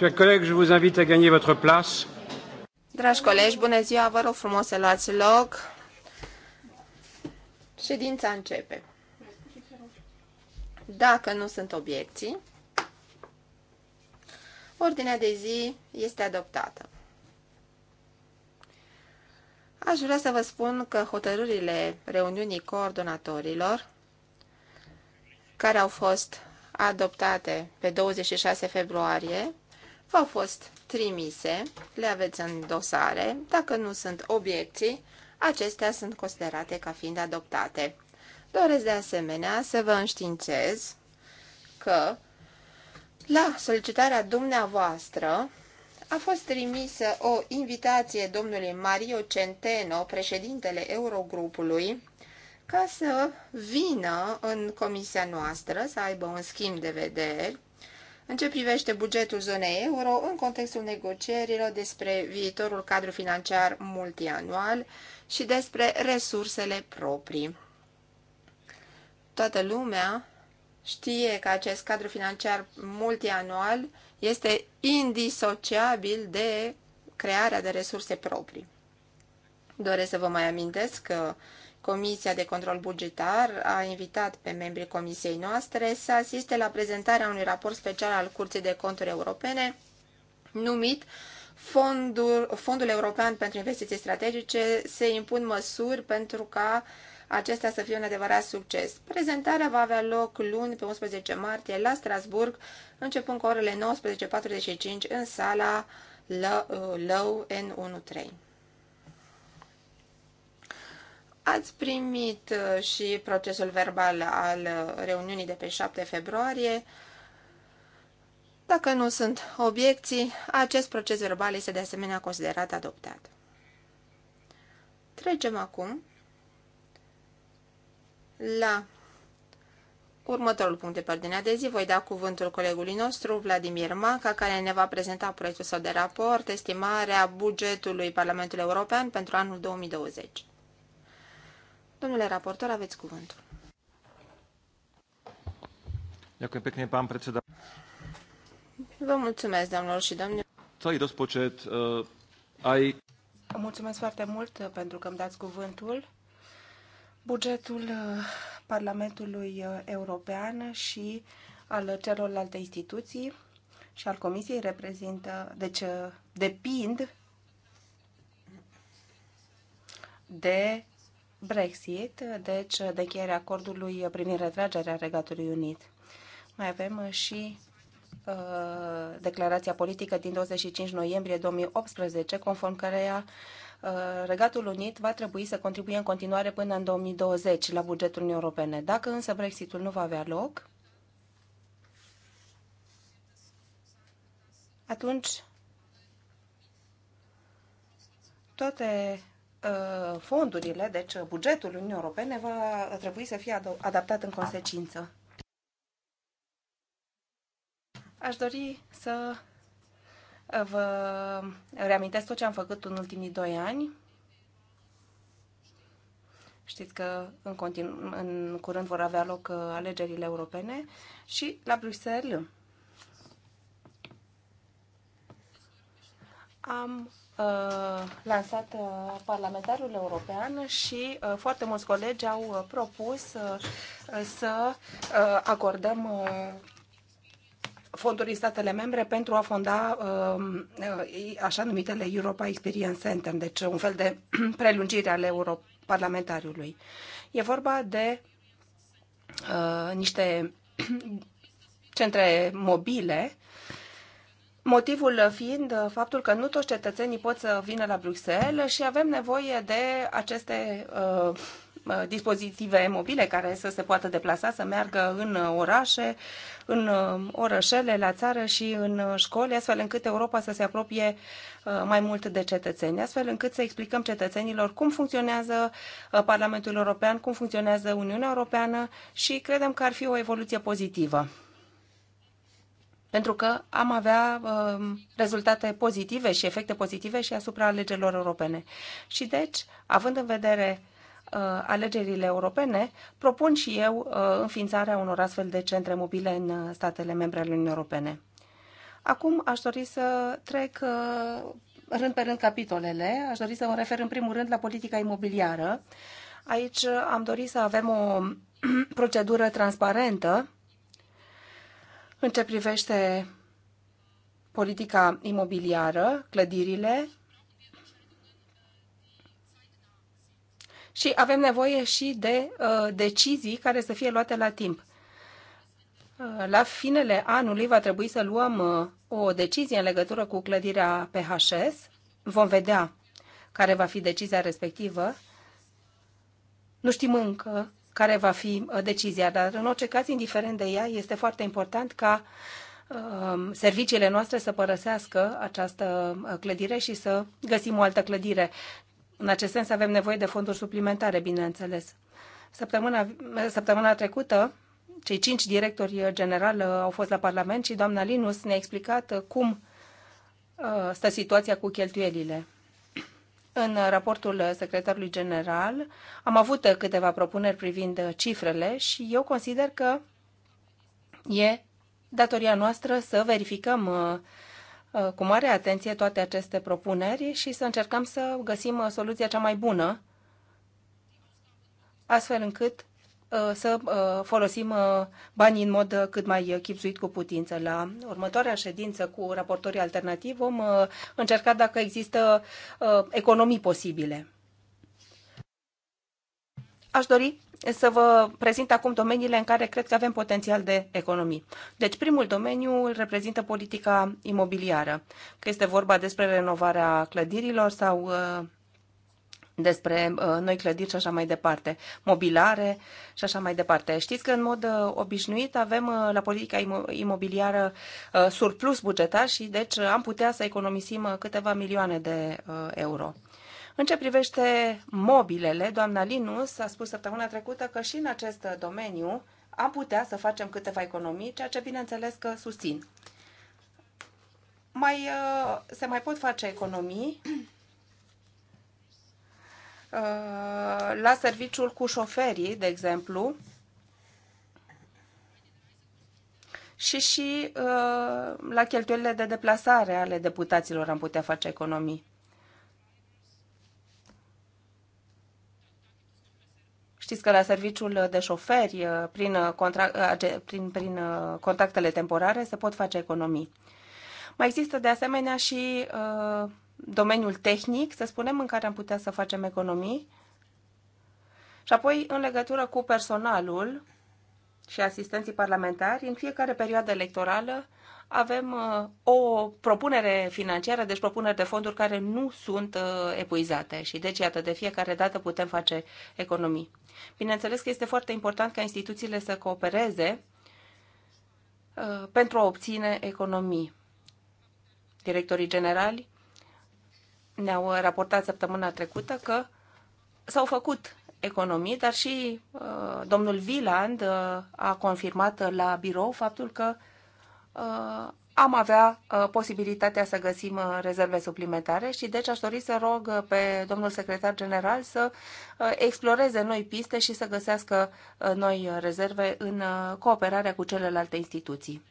Chers collègues, je vous invite à gagner votre place. Dragi colegi, bună ziua, vă rog frumos să luați loc. Ședința începe. Dacă nu sunt obiecții, ordinea de zi este adoptată. Aș vrea să vă spun că hotărârile reuniunii coordonatorilor care au fost adoptate pe 26 februarie v-au fost trimise, le aveți în dosare. Dacă nu sunt obiecții, acestea sunt considerate ca fiind adoptate. Doresc de asemenea să vă înștiințez că la solicitarea dumneavoastră a fost trimisă o invitație domnului Mario Centeno, președintele Eurogrupului, ca să vină în comisia noastră să aibă un schimb de vederi în ce privește bugetul zonei euro, în contextul negocierilor despre viitorul cadru financiar multianual și despre resursele proprii. Toată lumea știe că acest cadru financiar multianual este indisociabil de crearea de resurse proprii. Doresc să vă mai amintesc că Comisia de Control Bugetar a invitat pe membrii comisiei noastre să asiste la prezentarea unui raport special al Curții de Conturi Europene numit Fondul, Fondul European pentru Investiții Strategice se impun măsuri pentru ca acesta să fie un adevărat succes. Prezentarea va avea loc luni pe 11 martie la Strasburg, începând cu orele 19.45 în sala Lău L- N13. Ați primit uh, și procesul verbal al uh, reuniunii de pe 7 februarie. Dacă nu sunt obiecții, acest proces verbal este de asemenea considerat adoptat. Trecem acum la următorul punct de ordinea de zi. Voi da cuvântul colegului nostru, Vladimir Maca, care ne va prezenta proiectul său de raport, estimarea bugetului Parlamentului European pentru anul 2020. Domnule raportor, aveți cuvântul. Ďakujem pekne, pán predseda. Vă mulțumesc, doamnelor și domnilor. Celý rozpočet uh, eh, ai... Mulțumesc foarte mult pentru că îmi dați cuvântul. Bugetul eh, Parlamentului eh, European și al celorlalte instituții și al Comisiei reprezintă, deci depind de Brexit, deci de încheierea acordului privind retragerea Regatului Unit. Mai avem și uh, declarația politică din 25 noiembrie 2018, conform căreia uh, Regatul Unit va trebui să contribuie în continuare până în 2020 la bugetul Uniunii Europene. Dacă însă Brexitul nu va avea loc, atunci toate Uh, fondurile, deci uh, bugetul Uniunii Europene va trebui să fie adaptat în consecință. Aș dori să uh, vă reamintesc tot ce am făcut în ultimii doi ani. Știți că în, continu- în curând vor avea loc alegerile europene și la Bruxelles am Uh, lansat uh, Parlamentarul European și uh, foarte mulți colegi au propus să acordăm fonduri statele membre pentru a fonda um, așa numitele Europa Experience Center, deci un fel de prelungire ale europarlamentariului. E vorba de niște centre mobile Motivul fiind faptul că nu toți cetățenii pot să vină la Bruxelles și avem nevoie de aceste uh, dispozitive mobile care să se poată deplasa, să meargă în orașe, în uh, orășele, la țară și în școli, astfel încât Europa să se apropie uh, mai mult de cetățeni, astfel încât să explicăm cetățenilor cum funcționează uh, Parlamentul European, cum funcționează Uniunea Europeană și credem că ar fi o evoluție pozitivă pentru că am avea uh, rezultate pozitive și efecte pozitive și asupra alegerilor europene. Și deci, având în vedere uh, alegerile europene, propun și eu uh, înființarea unor astfel de centre mobile în uh, statele membre ale Uniunii Europene. Acum aș dori să trec uh, rând pe rând capitolele. Aș dori să mă refer în primul rând la politica imobiliară. Aici uh, am dorit să avem o procedură transparentă în ce privește politica imobiliară, clădirile, și avem nevoie și de uh, decizii care să fie luate la timp. Uh, la finele anului va trebui să luăm uh, o decizie în legătură cu clădirea PHS. Vom vedea care va fi decizia respectivă. Nu știm încă care va fi uh, decizia, dar în orice caz, indiferent de ea, este foarte important ca um, serviciile noastre să părăsească această uh, clădire și să găsim o altă clădire. În acest sens avem nevoie de fonduri suplimentare, bineînțeles. Săptămâna, săptămâna trecută, cei cinci directori generali uh, au fost la Parlament și doamna Linus ne-a explicat cum stă situația cu cheltuielile. În raportul secretarului general am avut câteva propuneri privind cifrele și eu consider că e datoria noastră să verificăm uh, uh, cu mare atenție toate aceste propuneri și să încercăm să găsim uh, soluția cea mai bună, astfel încât Uh, să uh, folosim uh, banii în mod cât mai chipzuit cu putință. La următoarea ședință cu raportorii alternativi vom încerca dacă există economii posibile. Aș dori să vă prezint acum domeniile în care cred că avem potențial de economii. Deci primul domeniu îl reprezintă politica imobiliară, că este vorba despre renovarea clădirilor sau despre uh, noi clădiri și așa mai departe, mobilare și așa mai departe. Știți că în mod uh, obișnuit avem uh, la politica imobiliară surplus bugetar și deci am putea să economisim câteva milioane de euro. În ce privește mobilele, doamna Linus a spus săptămâna trecută că și în acest domeniu am putea să facem câteva economii, ceea ce bineînțeles că susțin. Mai, se mai pot face economii Uh, la serviciul cu șoferii, de exemplu, și și uh, la cheltuielile de deplasare ale deputaților am putea face economii. Știți că la serviciul de șoferi, uh, prin, contract, prin, prin contactele temporare, se pot face economii. Mai există de asemenea și uh, domeniul tehnic, să spunem, în care am putea să facem economii. Și apoi, în legătură cu personalul și asistenții parlamentari, în fiecare perioadă electorală avem uh, o propunere financiară, deci propuneri de fonduri care nu sunt uh, epuizate. Și deci, iată, de fiecare dată putem face economii. Bineînțeles că este foarte important ca instituțiile să coopereze uh, pentru a obține economii. Directorii generali ne-au raportat săptămâna trecută că s-au făcut economii, dar și uh, domnul Viland uh, a confirmat la birou faptul că uh, am avea uh, posibilitatea să găsim uh, rezerve suplimentare și deci aș dori să rog uh, pe domnul secretar general să uh, exploreze noi piste și să găsească uh, noi rezerve în uh, cooperarea cu celelalte instituții.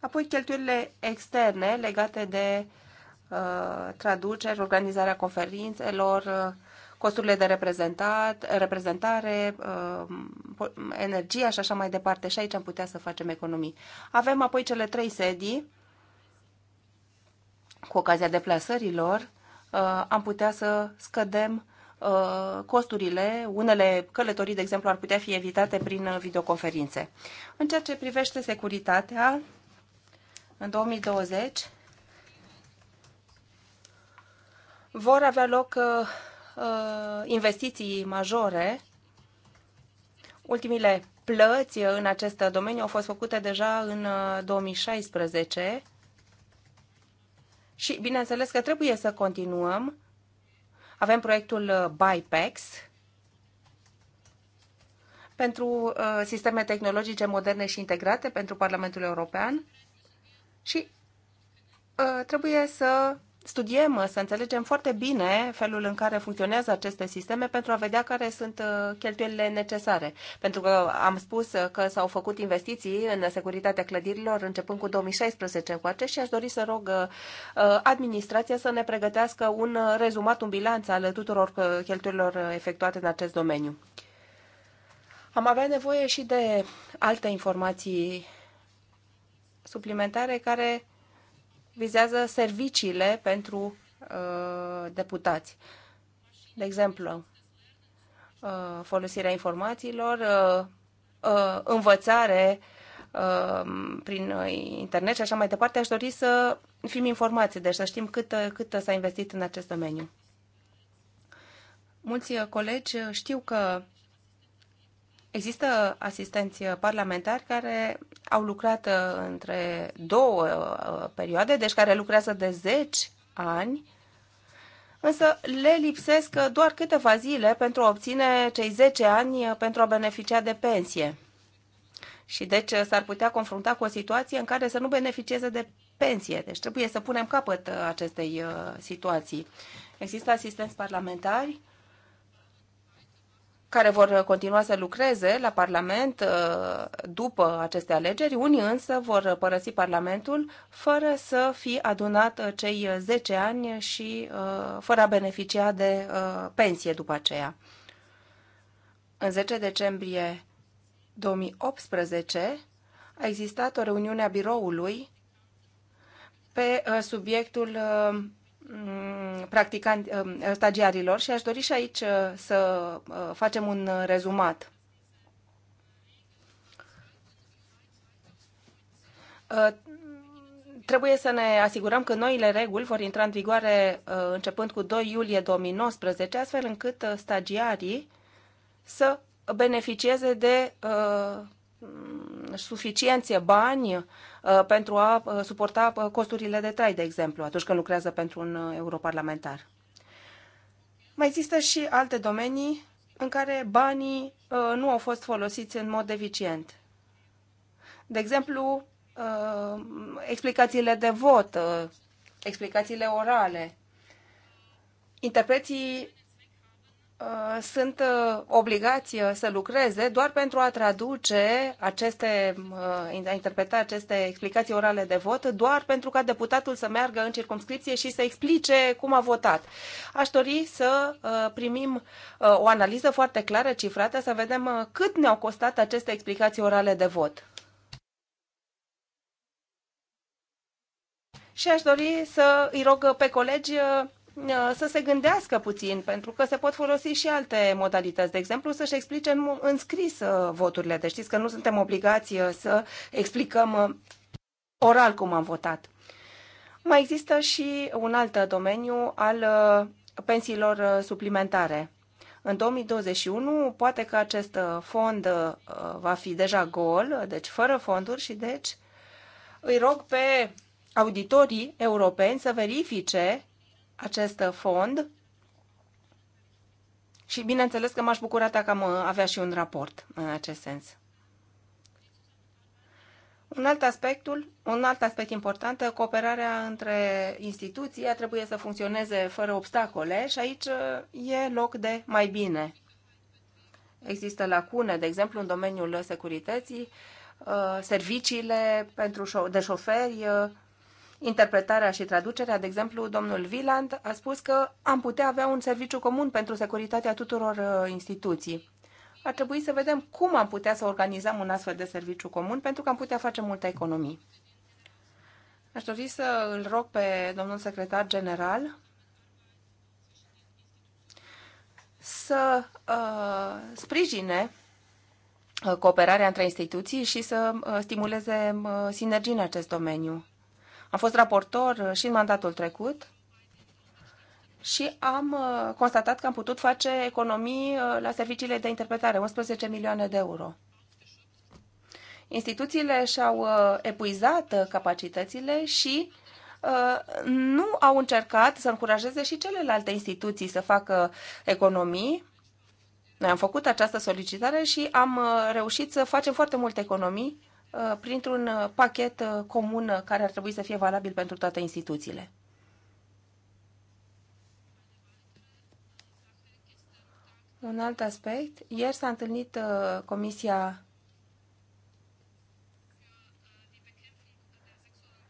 Apoi cheltuielile externe legate de uh, Uh, traduceri, organizarea conferințelor, uh, costurile de reprezentat, reprezentare, uh, energia și așa mai departe. Și aici am putea să facem economii. Avem apoi cele trei sedii cu ocazia deplasărilor, am putea să scădem costurile, unele călătorii, de exemplu, ar putea fi evitate prin videoconferințe. În ceea ce privește securitatea, în 2020 vor avea loc uh, uh, investiții majore. Ultimile plăți în acest domeniu au fost făcute deja în 2016 uh, și bineînțeles că trebuie să continuăm. Avem proiectul BIPEX pentru sisteme tehnologice moderne și integrate pentru Parlamentul European și trebuie să studiem, să înțelegem foarte bine felul în care funcționează aceste sisteme pentru a vedea care sunt uh, cheltuielile necesare. Pentru că am spus uh, că s-au făcut investiții în securitatea clădirilor începând cu 2016 acest și aș dori să rog uh, administrația să ne pregătească un rezumat, un bilanț al tuturor cheltuielilor efectuate în acest domeniu. Am avea nevoie și de alte informații suplimentare care vizează serviciile pentru uh, deputați. De exemplu, uh, folosirea informațiilor, uh, uh, învățare uh, prin internet și așa mai departe. Aș dori să fim informați, deci să știm cât, cât s-a investit în acest domeniu. Mulți colegi știu că Există asistenți parlamentari care au lucrat uh, între două uh, perioade, deci care lucrează de 10 ani, însă le lipsesc uh, doar câteva zile pentru a obține cei 10 ani pentru a beneficia de pensie. Și deci s-ar putea confrunta cu o situație în care să nu beneficieze de pensie. Deci trebuie să punem capăt acestei situații. Există asistenți parlamentari care vor continua să lucreze la Parlament uh, după aceste alegeri. Unii însă vor părăsi Parlamentul fără să fi adunat uh, cei 10 ani și uh, fără a beneficia de pensie după aceea. În 10 decembrie 2018 a existat o reuniune a biroului pe subiectul Mm, practicanți, mm, stagiarilor și aș dori și aici uh, să uh, facem un rezumat. Uh, trebuie să ne asigurăm că noile reguli vor intra în vigoare începând cu 2 iulie 2019, astfel încât stagiarii să beneficieze de mm, suficienție bani Uh, pentru a uh, suporta uh, costurile de trai, de exemplu, atunci când lucrează pentru un europarlamentar. Mai există și alte domenii în care banii nu au fost folosiți în mod eficient. De exemplu, explicațiile de vot, explicațiile orale. Interpreții Uh, sunt uh, obligați uh, să lucreze doar pentru a traduce aceste, a interpreta aceste explicații orale de vot, doar pentru ca deputatul să meargă în circunscripție și să explice cum a votat. Aș dori să primim o analiză foarte clară, cifrată, să vedem cât ne-au costat aceste explicații orale de vot. Și aș dori să îi rog pe colegi Uh, să se gândească puțin, pentru că se pot folosi și alte modalități. De exemplu, să-și explice în, în scris uh, voturile. Deci știți că nu suntem obligați uh, să explicăm oral cum am votat. Mai există și un alt domeniu al pensiilor suplimentare. În 2021 poate că acest fond va fi deja gol, deci fără fonduri și deci îi rog pe auditorii europeni să verifice acest fond și bineînțeles că m-aș bucura dacă am avea și un raport în acest sens. Un alt, aspectul, un alt aspect important, cooperarea între instituții trebuie să funcționeze fără obstacole și aici uh, e loc de mai bine. Există lacune, de exemplu, în domeniul securității, uh, serviciile pentru șo- de șoferi uh, interpretarea și traducerea, de exemplu, domnul Viland a spus că am putea avea un serviciu comun pentru securitatea tuturor uh, instituții. Ar trebui să vedem cum am putea să organizăm un astfel de serviciu comun pentru că am putea face multe economii. Aș dori să îl rog pe domnul secretar general să uh, sprijine uh, cooperarea între instituții și să uh, stimuleze sinergii în acest domeniu. Am fost raportor uh, și în mandatul trecut și am uh, constatat că am putut face economii uh, la serviciile de interpretare, 11 milioane de euro. Instituțiile și-au epuizat capacitățile și nu au încercat să încurajeze și celelalte instituții să facă economii. Noi am făcut această solicitare și am reușit să facem foarte multe economii Uh, printr-un uh, pachet uh, comun care ar trebui să fie valabil pentru toate instituțiile. Un alt aspect, ieri s-a întâlnit Comisia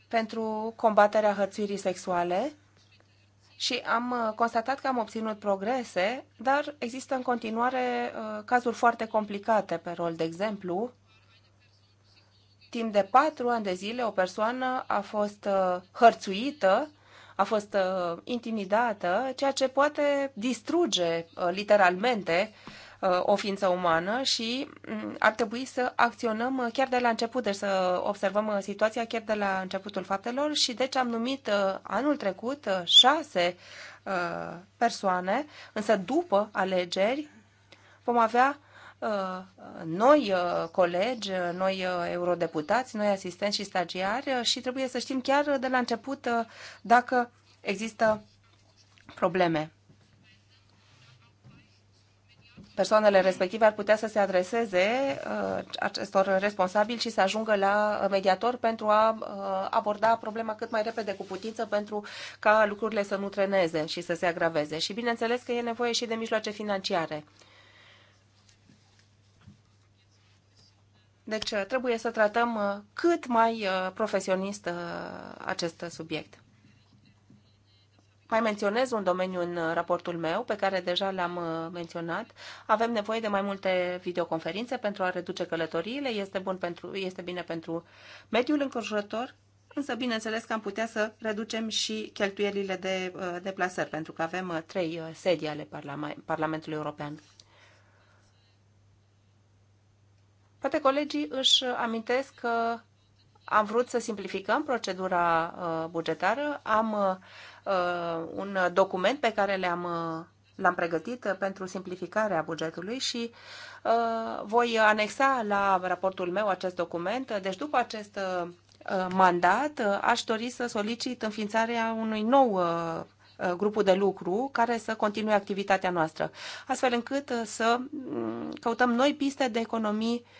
pentru combaterea hărțuirii sexuale și am constatat că am obținut progrese, dar există în continuare cazuri foarte complicate pe rol, de exemplu, timp de patru ani de zile o persoană a fost uh, hărțuită, a fost uh, intimidată, ceea ce poate distruge uh, literalmente o ființă umană și mm, ar trebui să acționăm chiar de la început, deci să observăm situația chiar de la începutul faptelor și deci am numit anul trecut șase persoane, însă după alegeri vom avea Uh, noi uh, colegi, uh, noi eurodeputați, noi asistenți și stagiari și trebuie să știm chiar de la început dacă există probleme. Persoanele respective ar putea să se adreseze acestor responsabili și să ajungă la mediator pentru a aborda problema cât mai repede cu putință pentru ca lucrurile să nu treneze și să se agraveze. Și bineînțeles că e nevoie și de mijloace financiare. Deci uh, trebuie să tratăm uh, cât mai uh, profesionist acest subiect. Mai menționez un domeniu în raportul meu, pe care deja l-am menționat. Avem nevoie de mai multe videoconferințe pentru a reduce călătoriile. Este, bun pentru, este bine pentru mediul înconjurător, însă bineînțeles că am putea să reducem și cheltuielile de deplasări, pentru că avem trei sedii ale Parlamentului European. Poate colegii își amintesc că am vrut să simplificăm procedura uh, bugetară, am uh, un document pe care le-am uh, l-am pregătit pentru simplificarea bugetului și uh, voi anexa la raportul meu acest document. Deci după acest uh, mandat uh, aș dori să solicit înființarea unui nou uh, grupul de lucru care să continue activitatea noastră, astfel încât să mm, căutăm noi piste de economii uh,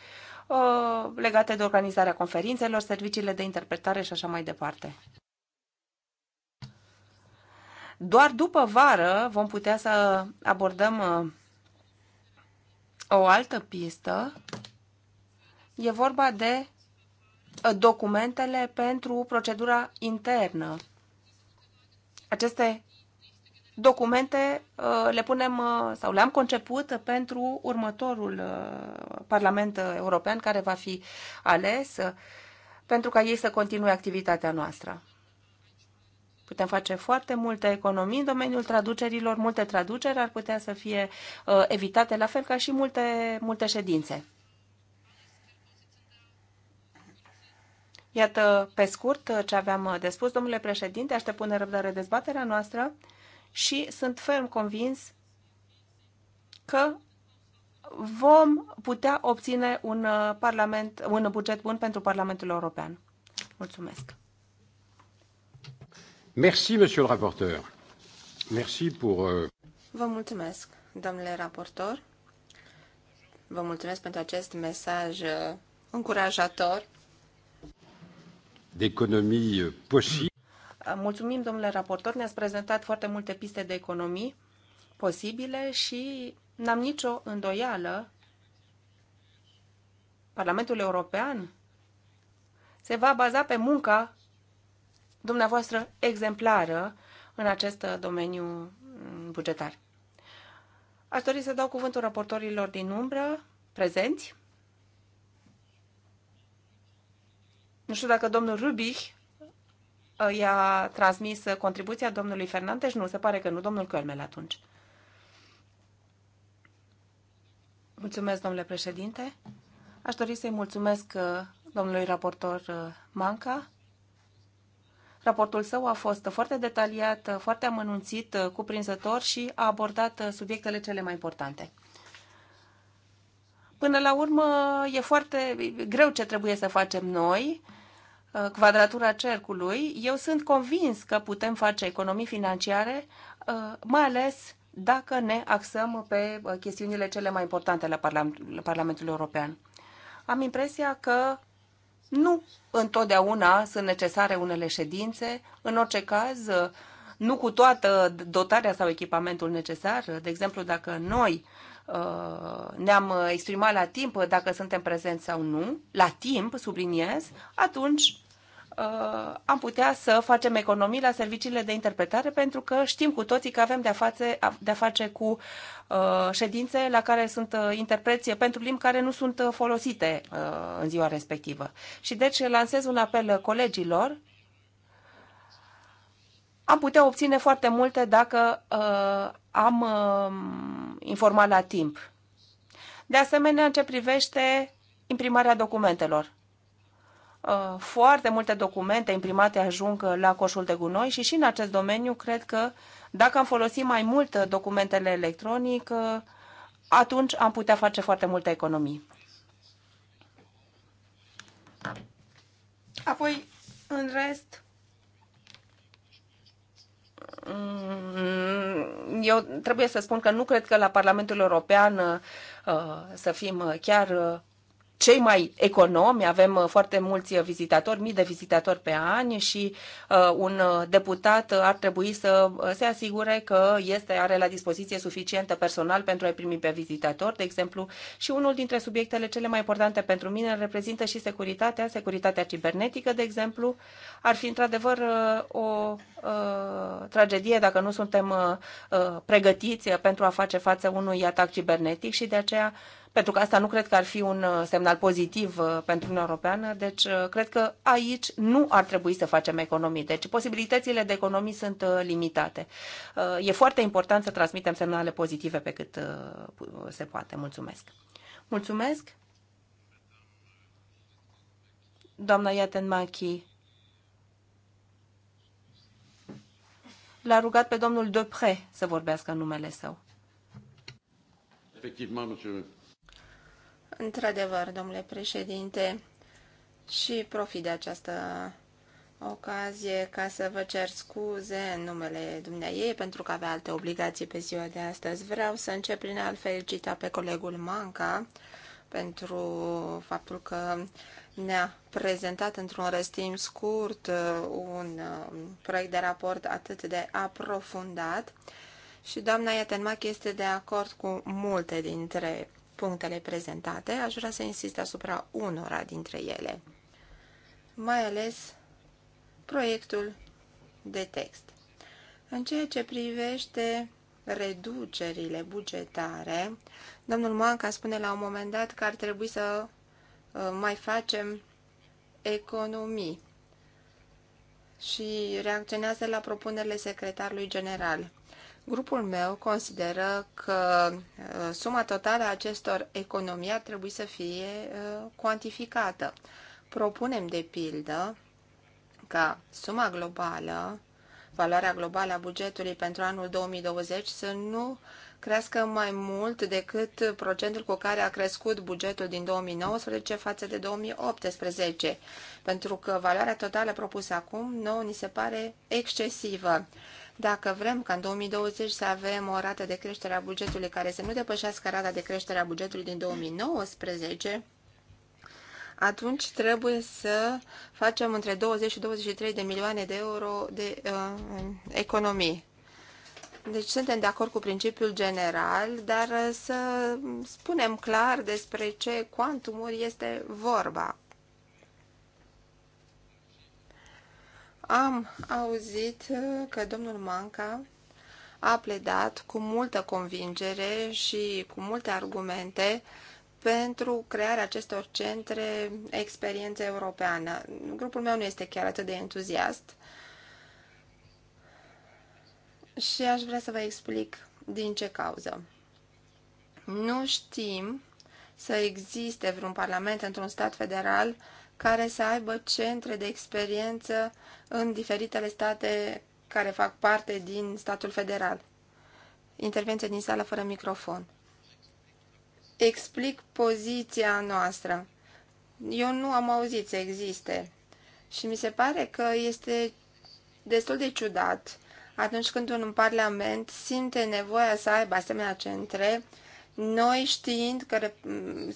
Uh, legate de organizarea conferințelor, serviciile de interpretare și așa mai departe. Doar după vară vom putea să abordăm uh, o altă pistă. E vorba de uh, documentele pentru procedura internă. Aceste documente uh, le punem uh, sau le-am conceput pentru următorul uh, Parlament European care va fi ales pentru ca ei să continue activitatea noastră. Putem face foarte multe economii în domeniul traducerilor, multe traduceri ar putea să fie evitate, la fel ca și multe, multe ședințe. Iată, pe scurt, ce aveam de spus, domnule președinte, aștept cu nerăbdare dezbaterea noastră și sunt ferm convins că vom putea obține un, uh, parlament, un buget bun pentru Parlamentul European. Mulțumesc. Merci, monsieur le rapporteur. Merci pour... Euh, Vă mulțumesc, domnule raportor. Vă mulțumesc pentru acest mesaj uh, încurajator. D'économie possible. Mulțumim, domnule raportor, ne-ați prezentat foarte multe piste de economii posibile și n-am nicio îndoială. Parlamentul European se va baza pe munca dumneavoastră exemplară în acest domeniu bugetar. Aș dori să dau cuvântul raportorilor din umbră prezenți. Nu știu dacă domnul Rubich i-a transmis contribuția domnului Fernandez? Nu, se pare că nu, domnul Călmel atunci. Mulțumesc, domnule președinte. Aș dori să-i mulțumesc uh, domnului raportor uh, Manca. Raportul său a fost foarte detaliat, uh, foarte amănunțit, cuprinzător și a abordat subiectele cele mai importante. Până la urmă, e foarte greu ce trebuie să facem noi, Uh, quadratura cercului, eu sunt convins că putem face economii financiare, uh, mai ales dacă ne axăm pe uh, chestiunile cele mai importante la Parlamentul European. Am impresia că nu întotdeauna sunt necesare unele ședințe, în orice caz, nu cu toată dotarea sau echipamentul necesar. De exemplu, dacă noi Uh, ne-am uh, exprimat la timp dacă suntem prezenți sau nu, la timp, subliniez, atunci uh, am putea să facem economii la serviciile de interpretare pentru că știm cu toții că avem de-a, face, de face cu ședințe la care sunt interpreție pentru limbi care nu sunt folosite în ziua respectivă. Și deci lansez un apel colegilor am putea obține foarte multe dacă uh, am uh, informat la timp. De asemenea, în ce privește imprimarea documentelor. Uh, foarte multe documente imprimate ajung la coșul de gunoi și și în acest domeniu cred că dacă am folosit mai mult documentele electronic, uh, atunci am putea face foarte multe economii. Apoi, în rest, Mm, eu trebuie să spun că nu cred că la Parlamentul European uh, să fim chiar uh, cei mai economi, avem uh, foarte mulți uh, vizitatori, mii de vizitatori pe an și uh, un uh, deputat ar trebui să se asigure că este, are la dispoziție suficientă personal pentru a-i primi pe vizitatori, de exemplu, și unul dintre subiectele cele mai importante pentru mine reprezintă și securitatea, securitatea cibernetică, de exemplu. Ar fi într-adevăr o uh, tragedie dacă nu suntem uh, pregătiți pentru a face față unui atac cibernetic și de aceea pentru că asta nu cred că ar fi un uh, semnal pozitiv uh, pentru Uniunea Europeană, deci uh, cred că aici nu ar trebui să facem economii. Deci posibilitățile de economii sunt limitate. E foarte important să transmitem semnale pozitive pe cât se poate. Mulțumesc! Mulțumesc! Doamna Iatenmachi l-a rugat pe domnul Depre să vorbească în numele său. Efectiv, monsieur Într-adevăr, domnule președinte, și profit de această ocazie ca să vă cer scuze în numele dumneai pentru că avea alte obligații pe ziua de astăzi. Vreau să încep prin a-l felicita pe colegul Manca pentru faptul că ne-a prezentat într-un răstim scurt uh, un uh, proiect de raport atât de aprofundat și doamna Iatenmach este de acord cu multe dintre punctele prezentate, aș vrea să insist asupra unora dintre ele, mai ales proiectul de text. În ceea ce privește reducerile bugetare, domnul Moanca spune la un moment dat că ar trebui să uh, mai facem economii și reacționează la propunerile secretarului general. Grupul meu consideră că uh, suma totală a acestor economii ar trebui să fie uh, cuantificată. Propunem, de pildă, ca suma globală, valoarea globală a bugetului pentru anul 2020 să nu crească mai mult decât procentul cu care a crescut bugetul din 2019 față de 2018, pentru că valoarea totală propusă acum nouă ni se pare excesivă dacă vrem ca în 2020 să avem o rată de creștere a bugetului care să nu depășească rata de creștere a bugetului din 2019, atunci trebuie să facem între 20 și 23 de milioane de euro de uh, economii. Deci suntem de acord cu principiul general, dar să spunem clar despre ce cuantumuri este vorba Am auzit uh, că domnul Manca a pledat cu multă convingere și cu multe argumente pentru crearea acestor centre experiență europeană. Grupul meu nu este chiar atât de entuziast și aș vrea să vă explic din ce cauză. Nu știm să existe vreun parlament într-un stat federal care să aibă centre de experiență în diferitele state care fac parte din statul federal. Intervenție din sală fără microfon. Explic poziția noastră. Eu nu am auzit să existe și mi se pare că este destul de ciudat atunci când un parlament simte nevoia să aibă asemenea centre noi știind că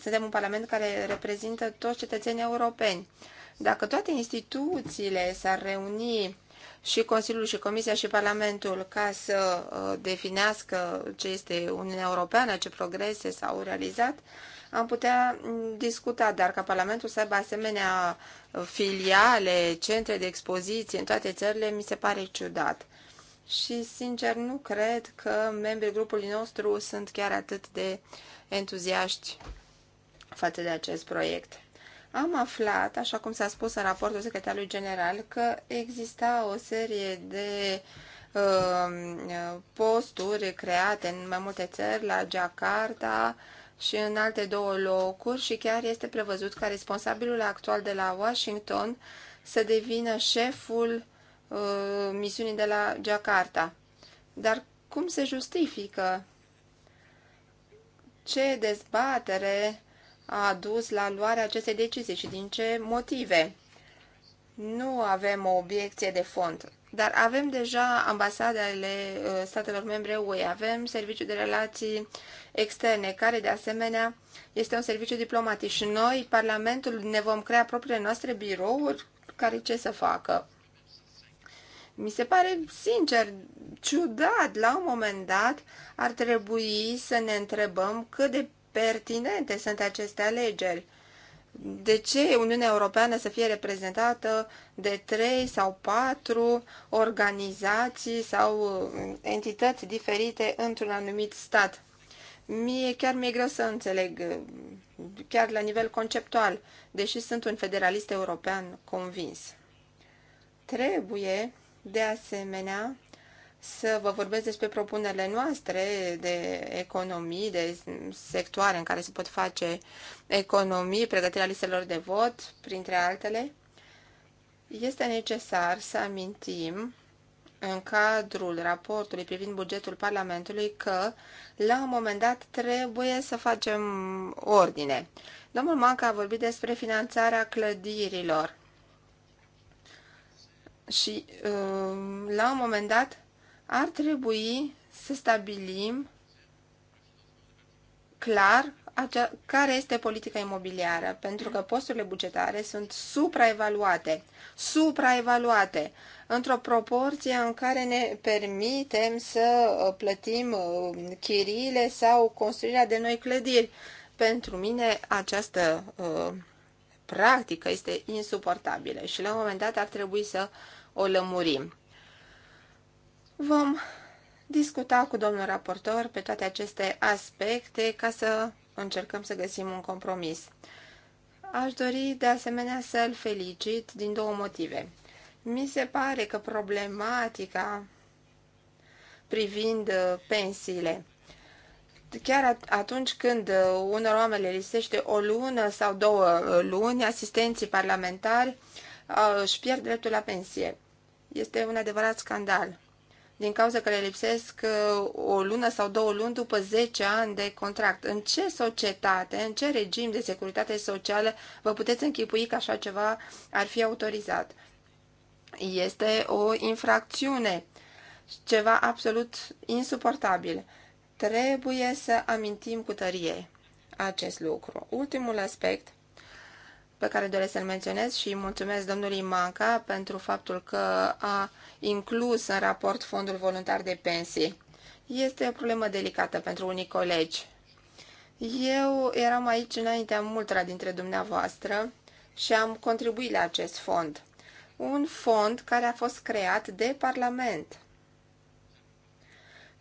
suntem un parlament care reprezintă toți cetățenii europeni, dacă toate instituțiile s-ar reuni și Consiliul și Comisia și Parlamentul ca să uh, definească ce este Uniunea Europeană, ce progrese s-au realizat, am putea mm, discuta, dar ca Parlamentul să aibă asemenea uh, filiale, centre de expoziție în toate țările, mi se pare ciudat și, sincer, nu cred că membrii grupului nostru sunt chiar atât de entuziaști față de acest proiect. Am aflat, așa cum s-a spus în raportul secretarului general, că exista o serie de uh, posturi create în mai multe țări, la Jakarta și în alte două locuri și chiar este prevăzut ca responsabilul actual de la Washington să devină șeful uh, Uh, misiunii de la Jakarta. Dar cum se justifică? Ce dezbatere a dus la luarea acestei decizii și din ce motive? Nu avem o obiecție de fond, dar avem deja ambasadele uh, statelor membre UE, avem serviciul de relații externe, care de asemenea este un serviciu diplomatic și noi, Parlamentul, ne vom crea propriile noastre birouri care ce să facă? Mi se pare, sincer, ciudat, la un moment dat ar trebui să ne întrebăm cât de pertinente sunt aceste alegeri. De ce Uniunea Europeană să fie reprezentată de trei sau patru organizații sau uh, entități diferite într-un anumit stat? Mie chiar mi-e greu să înțeleg, uh, chiar la nivel conceptual, deși sunt un federalist european convins. Trebuie de asemenea să vă vorbesc despre propunerile noastre de economii, de sectoare în care se pot face economii, pregătirea listelor de vot, printre altele. Este necesar să amintim în cadrul raportului privind bugetul Parlamentului că, la un moment dat, trebuie să facem ordine. Domnul Manca a vorbit despre finanțarea clădirilor și uh, la un moment dat ar trebui să stabilim clar acea, care este politica imobiliară, pentru că posturile bugetare sunt supraevaluate, supraevaluate, într-o proporție în care ne permitem să uh, plătim uh, chiriile sau construirea de noi clădiri. Pentru mine această uh, practică este insuportabilă și la un moment dat ar trebui să uh, o lămurim. Vom discuta cu domnul raportor pe toate aceste aspecte ca să încercăm să găsim un compromis. Aș dori de asemenea să-l felicit din două motive. Mi se pare că problematica privind uh, pensiile chiar atunci când uh, unor oameni le lisește o lună sau două uh, luni, asistenții parlamentari își pierd dreptul la pensie. Este un adevărat scandal din cauza că le lipsesc uh, o lună sau două luni după 10 ani de contract. În ce societate, în ce regim de securitate socială vă puteți închipui că așa ceva ar fi autorizat? Este o infracțiune, ceva absolut insuportabil. Trebuie să amintim cu tărie acest lucru. Ultimul aspect – pe care doresc să-l menționez și mulțumesc domnului Manca pentru faptul că a inclus în raport fondul voluntar de pensii. Este o problemă delicată pentru unii colegi. Eu eram aici înaintea multora dintre dumneavoastră și am contribuit la acest fond. Un fond care a fost creat de Parlament.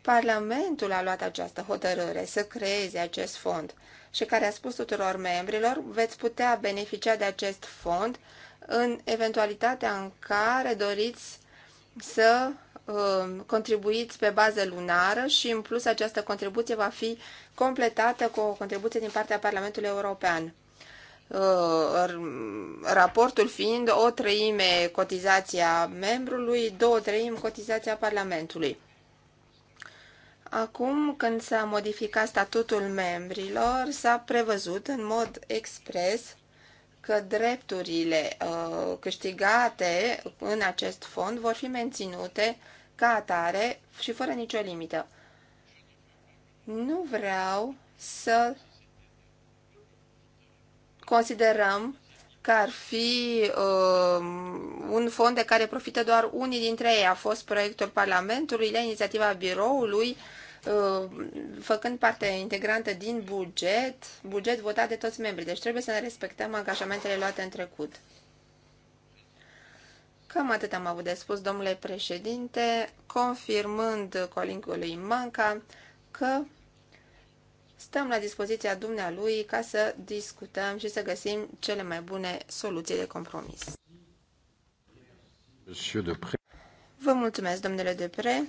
Parlamentul a luat această hotărâre să creeze acest fond și care a spus tuturor membrilor, veți putea beneficia de acest fond în eventualitatea în care doriți să um, contribuiți pe bază lunară și în plus această contribuție va fi completată cu o contribuție din partea Parlamentului European. Uh, raportul fiind o treime cotizația membrului, două treimi cotizația Parlamentului. Acum, când s-a modificat statutul membrilor, s-a prevăzut în mod expres că drepturile uh, câștigate în acest fond vor fi menținute ca atare și fără nicio limită. Nu vreau să considerăm că ar fi uh, un fond de care profită doar unii dintre ei. A fost proiectul Parlamentului la inițiativa biroului, uh, făcând parte integrantă din buget, buget votat de toți membrii. Deci trebuie să ne respectăm angajamentele luate în trecut. Cam atât am avut de spus, domnule președinte, confirmând colegului Manca că stăm la dispoziția dumnealui ca să discutăm și să găsim cele mai bune soluții de compromis. Vă mulțumesc, domnule Depre.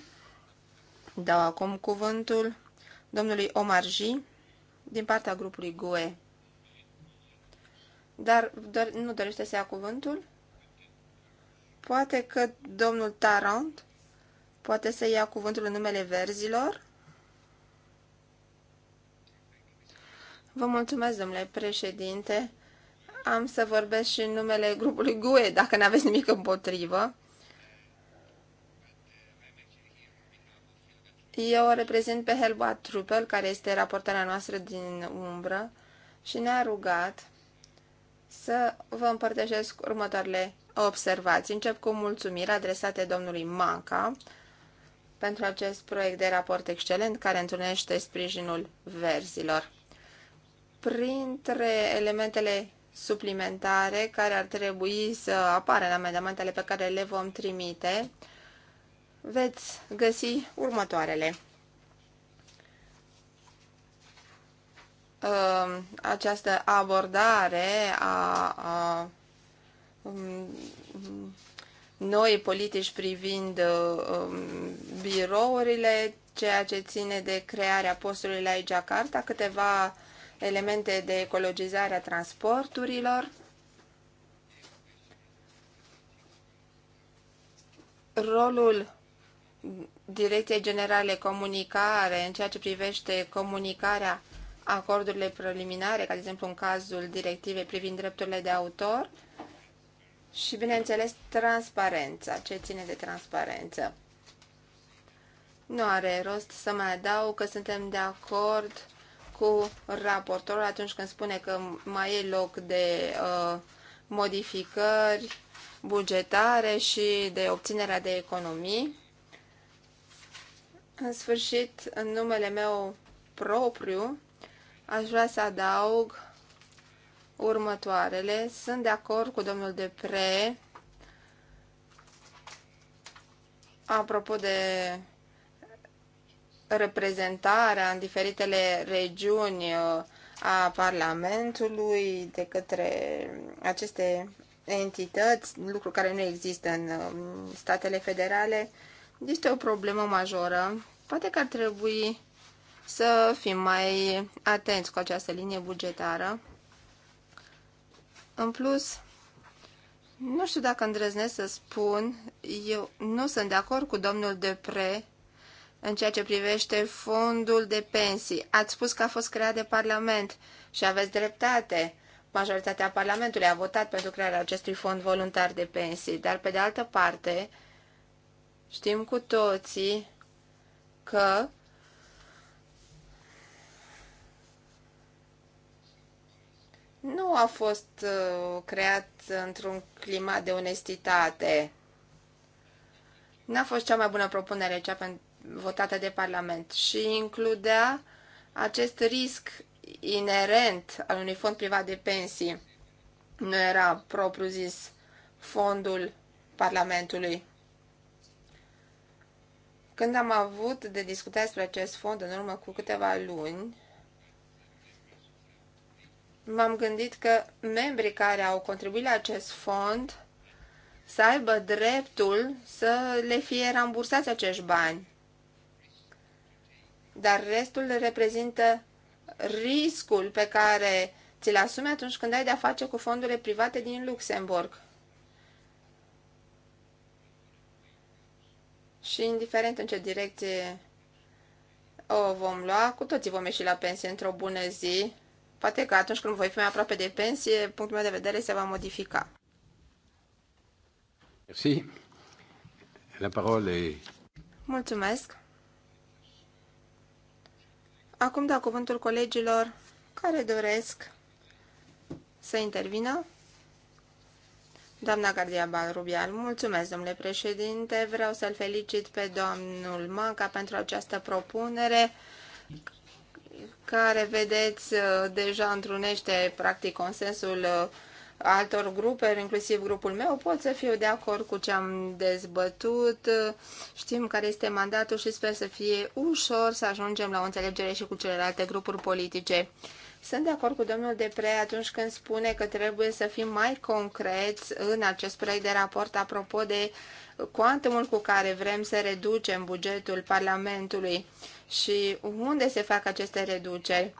Dau acum cuvântul domnului G, din partea grupului GUE. Dar nu dorește să ia cuvântul? Poate că domnul Tarant poate să ia cuvântul în numele verzilor? Vă mulțumesc, domnule președinte. Am să vorbesc și în numele grupului GUE, dacă nu aveți nimic împotrivă. Eu o reprezint pe Helba Trupel, care este raportarea noastră din umbră, și ne-a rugat să vă împărtășesc următoarele observații. Încep cu mulțumiri adresate domnului Manca pentru acest proiect de raport excelent care întâlnește sprijinul verzilor printre elementele suplimentare care ar trebui să apară în amendamentele pe care le vom trimite, veți găsi următoarele. Ă, această abordare a, um, noi politici privind ă, um, birourile, ceea ce ține de crearea postului la Jakarta, câteva elemente de ecologizare a transporturilor, rolul Direcției Generale Comunicare în ceea ce privește comunicarea acordurile preliminare, ca de exemplu în cazul directivei privind drepturile de autor și, bineînțeles, transparența, ce ține de transparență. Nu are rost să mai adaug că suntem de acord cu raportorul atunci când spune că mai e loc de uh, modificări bugetare și de obținerea de economii. În sfârșit, în numele meu propriu, aș vrea să adaug următoarele. Sunt de acord cu domnul Depre apropo de reprezentarea în diferitele regiuni uh, a Parlamentului de către aceste entități, lucru care nu există în uh, statele federale, este o problemă majoră. Poate că ar trebui să fim mai atenți cu această linie bugetară. În plus, nu știu dacă îndrăznesc să spun, eu nu sunt de acord cu domnul Depre în ceea ce privește fondul de pensii. Ați spus că a fost creat de Parlament și aveți dreptate. Majoritatea Parlamentului a votat pentru crearea acestui fond voluntar de pensii, dar pe de altă parte știm cu toții că nu a fost uh, creat într-un climat de onestitate. N-a fost cea mai bună propunere cea pentru votată de Parlament și includea acest risc inerent al unui fond privat de pensii. Nu era propriu zis fondul Parlamentului. Când am avut de discutat despre acest fond în urmă cu câteva luni, m-am gândit că membrii care au contribuit la acest fond să aibă dreptul să le fie rambursați acești bani dar restul reprezintă riscul pe care ți-l asumi atunci când ai de-a face cu fondurile private din Luxemburg. Și indiferent în ce direcție o vom lua, cu toții vom ieși la pensie într-o bună zi. Poate că atunci când voi fi mai aproape de pensie, punctul meu de vedere se va modifica. Mulțumesc acum da cuvântul colegilor care doresc să intervină. Doamna Gardia Barubial, mulțumesc, domnule președinte. Vreau să-l felicit pe domnul Manca pentru această propunere care, vedeți, deja întrunește practic consensul altor grupe, inclusiv grupul meu, pot să fiu de acord cu ce am dezbătut. Știm care este mandatul și sper să fie ușor să ajungem la o înțelegere și cu celelalte grupuri politice. Sunt de acord cu domnul Depre atunci când spune că trebuie să fim mai concreți în acest proiect de raport apropo de cuantumul cu care vrem să reducem bugetul Parlamentului și unde se fac aceste reduceri.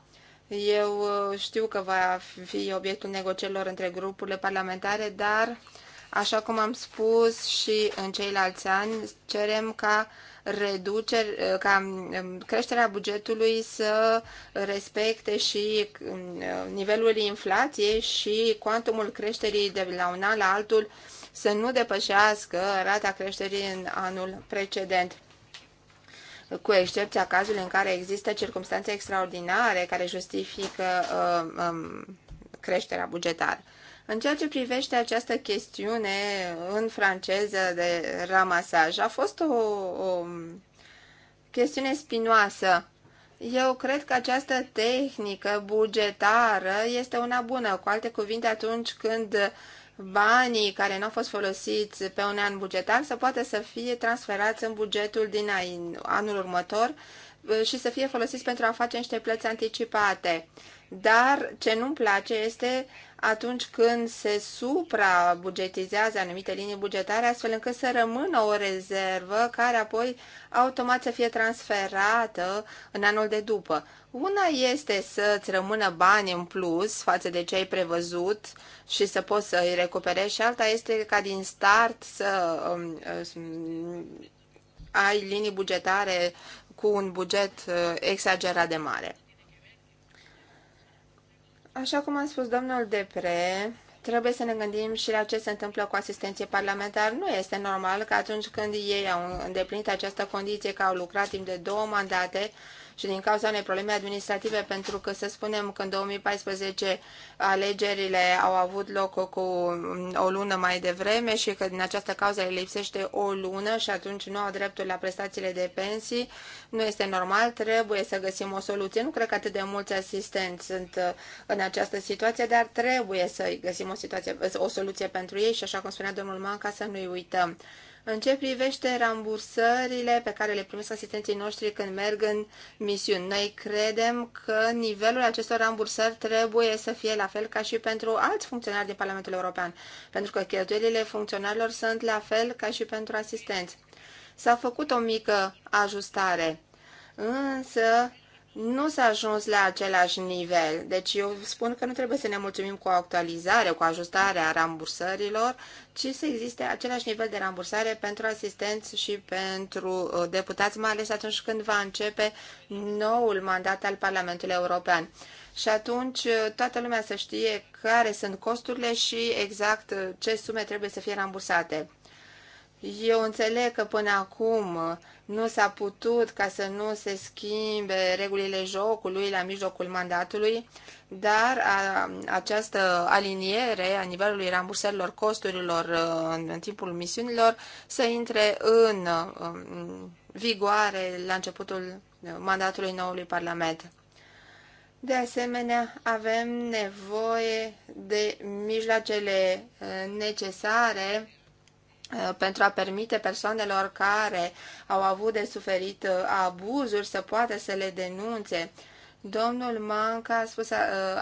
Eu uh, știu că va fi obiectul negocierilor între grupurile parlamentare, dar, așa cum am spus și în ceilalți ani, cerem ca reduceri, uh, ca um, creșterea bugetului să respecte și um, nivelul inflației și cuantumul creșterii de la un an la altul să nu depășească rata creșterii în anul precedent cu excepția cazului în care există circunstanțe extraordinare care justifică uh, um, creșterea bugetară. În ceea ce privește această chestiune în franceză de ramasaj, a fost o, o chestiune spinoasă. Eu cred că această tehnică bugetară este una bună. Cu alte cuvinte, atunci când banii care nu au fost folosiți pe un an bugetar să poată să fie transferați în bugetul din anul următor Uh, și să fie folosiți pentru a face niște plăți anticipate. Dar ce nu-mi place este atunci când se suprabugetizează anumite linii bugetare, astfel încât să rămână o rezervă care apoi automat să fie transferată în anul de după. Una este să-ți rămână bani în plus față de ce ai prevăzut și să poți să îi recuperezi și alta este ca din start să um, um, ai linii bugetare cu un buget uh, exagerat de mare. Așa cum a spus domnul Depre, trebuie să ne gândim și la ce se întâmplă cu asistenții parlamentari. Nu este normal că atunci când ei au îndeplinit această condiție că au lucrat timp de două mandate, și din cauza unei probleme administrative, pentru că, să spunem, că în 2014 alegerile au avut loc cu o lună mai devreme și că din această cauză le lipsește o lună și atunci nu au dreptul la prestațiile de pensii, nu este normal, trebuie să găsim o soluție. Nu cred că atât de mulți asistenți sunt uh, în această situație, dar trebuie să găsim o, situație, o soluție pentru ei și, așa cum spunea domnul Manca, să nu-i uităm. În ce privește rambursările pe care le primesc asistenții noștri când merg în misiuni, noi credem că nivelul acestor rambursări trebuie să fie la fel ca și pentru alți funcționari din Parlamentul European, pentru că cheltuielile funcționarilor sunt la fel ca și pentru asistenți. S-a făcut o mică ajustare, însă nu s-a ajuns la același nivel. Deci eu spun că nu trebuie să ne mulțumim cu actualizare, cu ajustarea rambursărilor, ci să existe același nivel de rambursare pentru asistenți și pentru uh, deputați, mai ales atunci când va începe noul mandat al Parlamentului European. Și atunci uh, toată lumea să știe care sunt costurile și exact uh, ce sume trebuie să fie rambursate. Eu înțeleg că până acum nu s-a putut ca să nu se schimbe regulile jocului la mijlocul mandatului, dar a, această aliniere a nivelului rambursărilor costurilor uh, în, în timpul misiunilor să intre în, uh, în vigoare la începutul uh, mandatului noului Parlament. De asemenea, avem nevoie de mijloacele necesare Uh, pentru a permite persoanelor care au avut de suferit uh, abuzuri să poată să le denunțe. Domnul Manca a spus uh,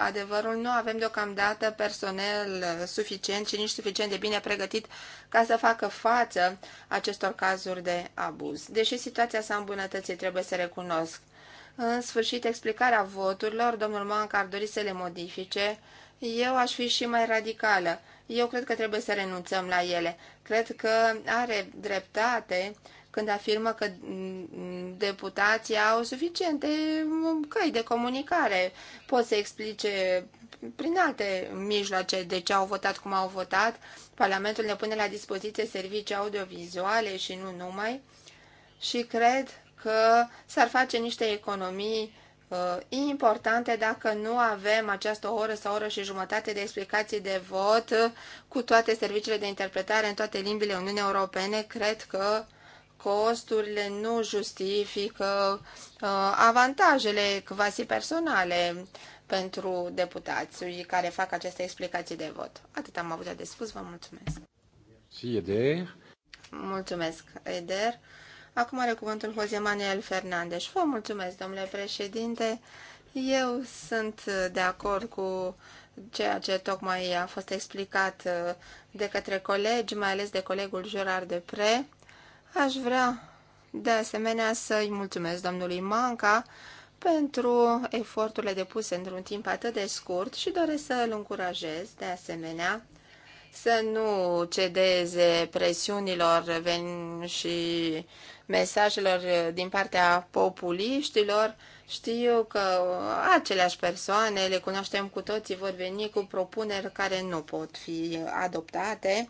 adevărul, nu avem deocamdată personel suficient și nici suficient de bine pregătit ca să facă față acestor cazuri de abuz. Deși situația s-a îmbunătățit, trebuie să recunosc. În sfârșit, explicarea voturilor, domnul Manca ar dori să le modifice. Eu aș fi și mai radicală eu cred că trebuie să renunțăm la ele. Cred că are dreptate când afirmă că mm, deputații au suficiente mm, căi de comunicare. Pot să explice prin alte mijloace de ce au votat cum au votat. Parlamentul ne pune la dispoziție servicii audiovizuale și nu numai. Și cred că s-ar face niște economii uh, importante dacă nu avem această oră sau oră și jumătate de explicații de vot cu toate serviciile de interpretare în toate limbile Uniunii Europene. Cred că costurile nu justifică uh, avantajele quasi personale pentru deputații care fac aceste explicații de vot. Atât am avut de spus, vă mulțumesc. Si, Eder. Mulțumesc, Eder. Acum are cuvântul Jose Manuel Fernandez. Vă mulțumesc, domnule președinte. Eu sunt de acord cu ceea ce tocmai a fost explicat uh, de către colegi, mai ales de colegul Jurar de Pre. Aș vrea de asemenea să-i mulțumesc domnului Manca pentru eforturile depuse într-un timp atât de scurt și doresc să îl încurajez de asemenea să nu cedeze presiunilor și mesajelor din partea populiștilor. Știu că aceleași persoane, le cunoaștem cu toții, vor veni cu propuneri care nu pot fi adoptate.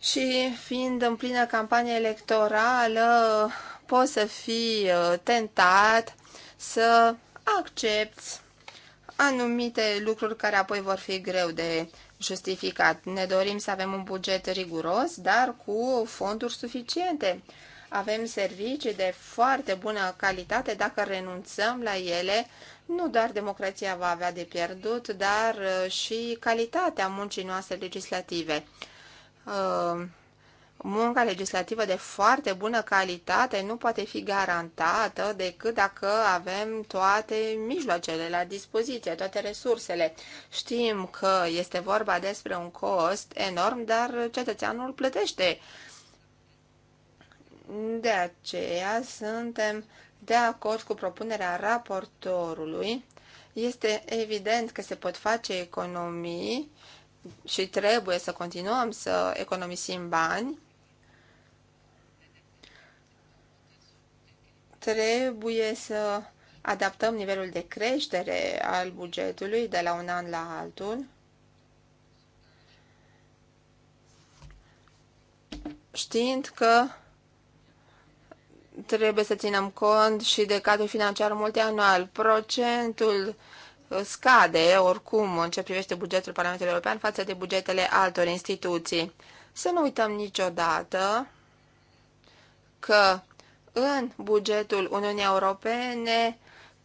Și fiind în plină campanie electorală, poți să fii uh, tentat să accepti anumite lucruri care apoi vor fi greu de justificat. Ne dorim să avem un buget riguros, dar cu fonduri suficiente. Avem servicii de foarte bună calitate, dacă renunțăm la ele, nu doar democrația va avea de pierdut, dar uh, și calitatea muncii noastre legislative. Uh, Munca legislativă de foarte bună calitate nu poate fi garantată decât dacă avem toate mijloacele la dispoziție, toate resursele. Știm că este vorba despre un cost enorm, dar cetățeanul plătește. De aceea suntem de acord cu propunerea raportorului. Este evident că se pot face economii și trebuie să continuăm să economisim bani, trebuie să adaptăm nivelul de creștere al bugetului de la un an la altul. Știind că trebuie să ținem cont și de cadrul financiar multianual, procentul scade oricum în ce privește bugetul Parlamentului European față de bugetele altor instituții. Să nu uităm niciodată că în bugetul Uniunii Europene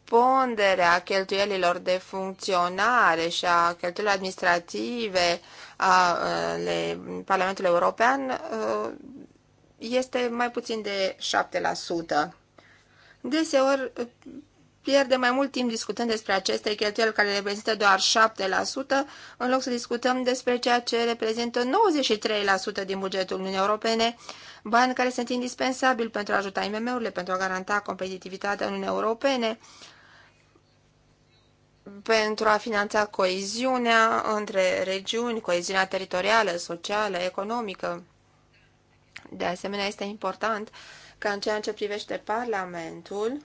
ponderea cheltuielilor de funcționare și a cheltuielilor administrative ale Parlamentului European este mai puțin de 7%. Deseori pierdem mai mult timp discutând despre aceste cheltuieli care reprezintă doar 7%, în loc să discutăm despre ceea ce reprezintă 93% din bugetul Uniunii Europene, bani care sunt indispensabili pentru a ajuta IMM-urile, pentru a garanta competitivitatea Uniunii Europene, pentru a finanța coeziunea între regiuni, coeziunea teritorială, socială, economică. De asemenea, este important ca în ceea ce privește Parlamentul,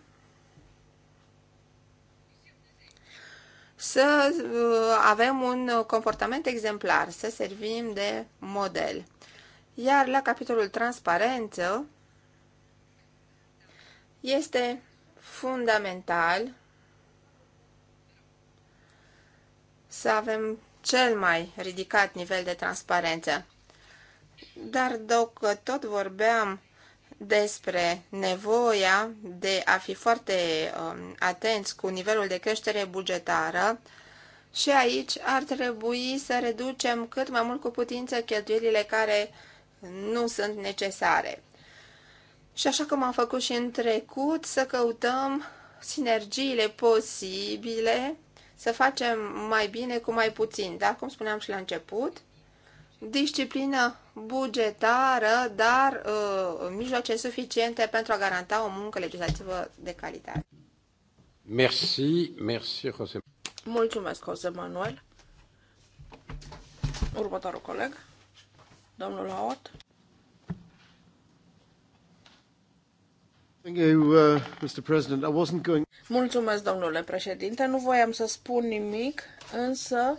să uh, avem un comportament exemplar, să servim de model. Iar la capitolul transparență este fundamental să avem cel mai ridicat nivel de transparență. Dar dacă tot vorbeam despre nevoia de a fi foarte um, atenți cu nivelul de creștere bugetară și aici ar trebui să reducem cât mai mult cu putință cheltuielile care nu sunt necesare. Și așa cum am făcut și în trecut, să căutăm sinergiile posibile, să facem mai bine cu mai puțin, da? Cum spuneam și la început, disciplină bugetară, dar uh, mijloace suficiente pentru a garanta o muncă legislativă de calitate. Merci, merci, José. Mulțumesc, José Manuel. Următorul coleg, domnul Thank you, uh, Mr. President. I wasn't going. Mulțumesc, domnule președinte. Nu voiam să spun nimic, însă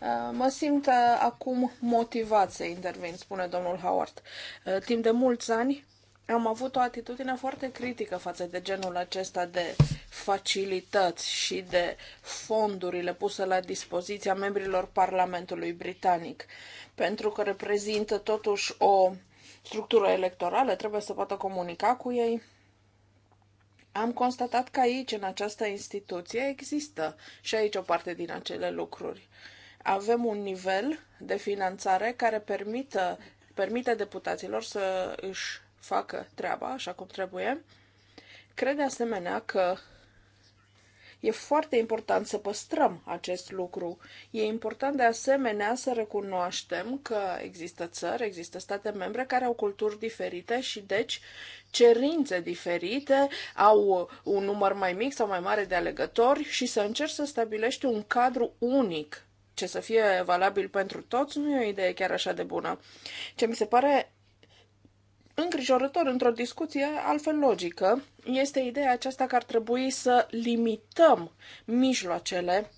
Uh, mă simt uh, acum motivat să intervin, spune domnul Howard. Uh, timp de mulți ani am avut o atitudine foarte critică față de genul acesta de facilități și de fondurile puse la dispoziția membrilor Parlamentului Britanic, pentru că reprezintă totuși o structură electorală, trebuie să poată comunica cu ei. Am constatat că aici, în această instituție, există și aici o parte din acele lucruri avem un nivel de finanțare care permită, permite deputaților să își facă treaba așa cum trebuie. Cred de asemenea că E foarte important să păstrăm acest lucru. E important de asemenea să recunoaștem că există țări, există state membre care au culturi diferite și deci cerințe diferite, au un număr mai mic sau mai mare de alegători și să încerci să stabilești un cadru unic ce să fie valabil pentru toți nu e o idee chiar așa de bună. Ce mi se pare îngrijorător într-o discuție altfel logică este ideea aceasta că ar trebui să limităm mijloacele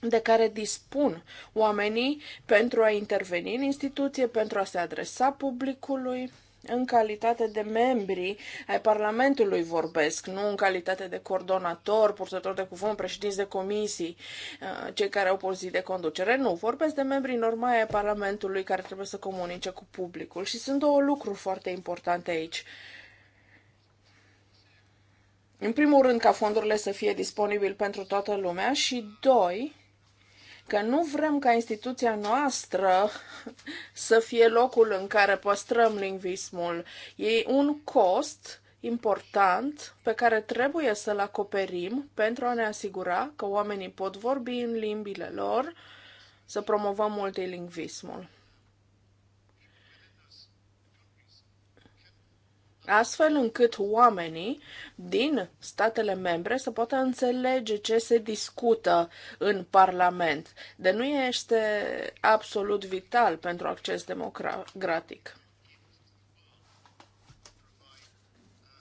de care dispun oamenii pentru a interveni în instituție, pentru a se adresa publicului, în calitate de membri ai Parlamentului vorbesc, nu în calitate de coordonator, purtător de cuvânt, președinți de comisii, uh, cei care au poziții de conducere. Nu, vorbesc de membrii normali ai Parlamentului care trebuie să comunice cu publicul și sunt două lucruri foarte importante aici. În primul rând, ca fondurile să fie disponibile pentru toată lumea și, doi, că nu vrem ca instituția noastră să fie locul în care păstrăm lingvismul. E un cost important pe care trebuie să-l acoperim pentru a ne asigura că oamenii pot vorbi în limbile lor, să promovăm multilingvismul. astfel încât oamenii din statele membre să poată înțelege ce se discută în Parlament. De nu este absolut vital pentru acces democratic.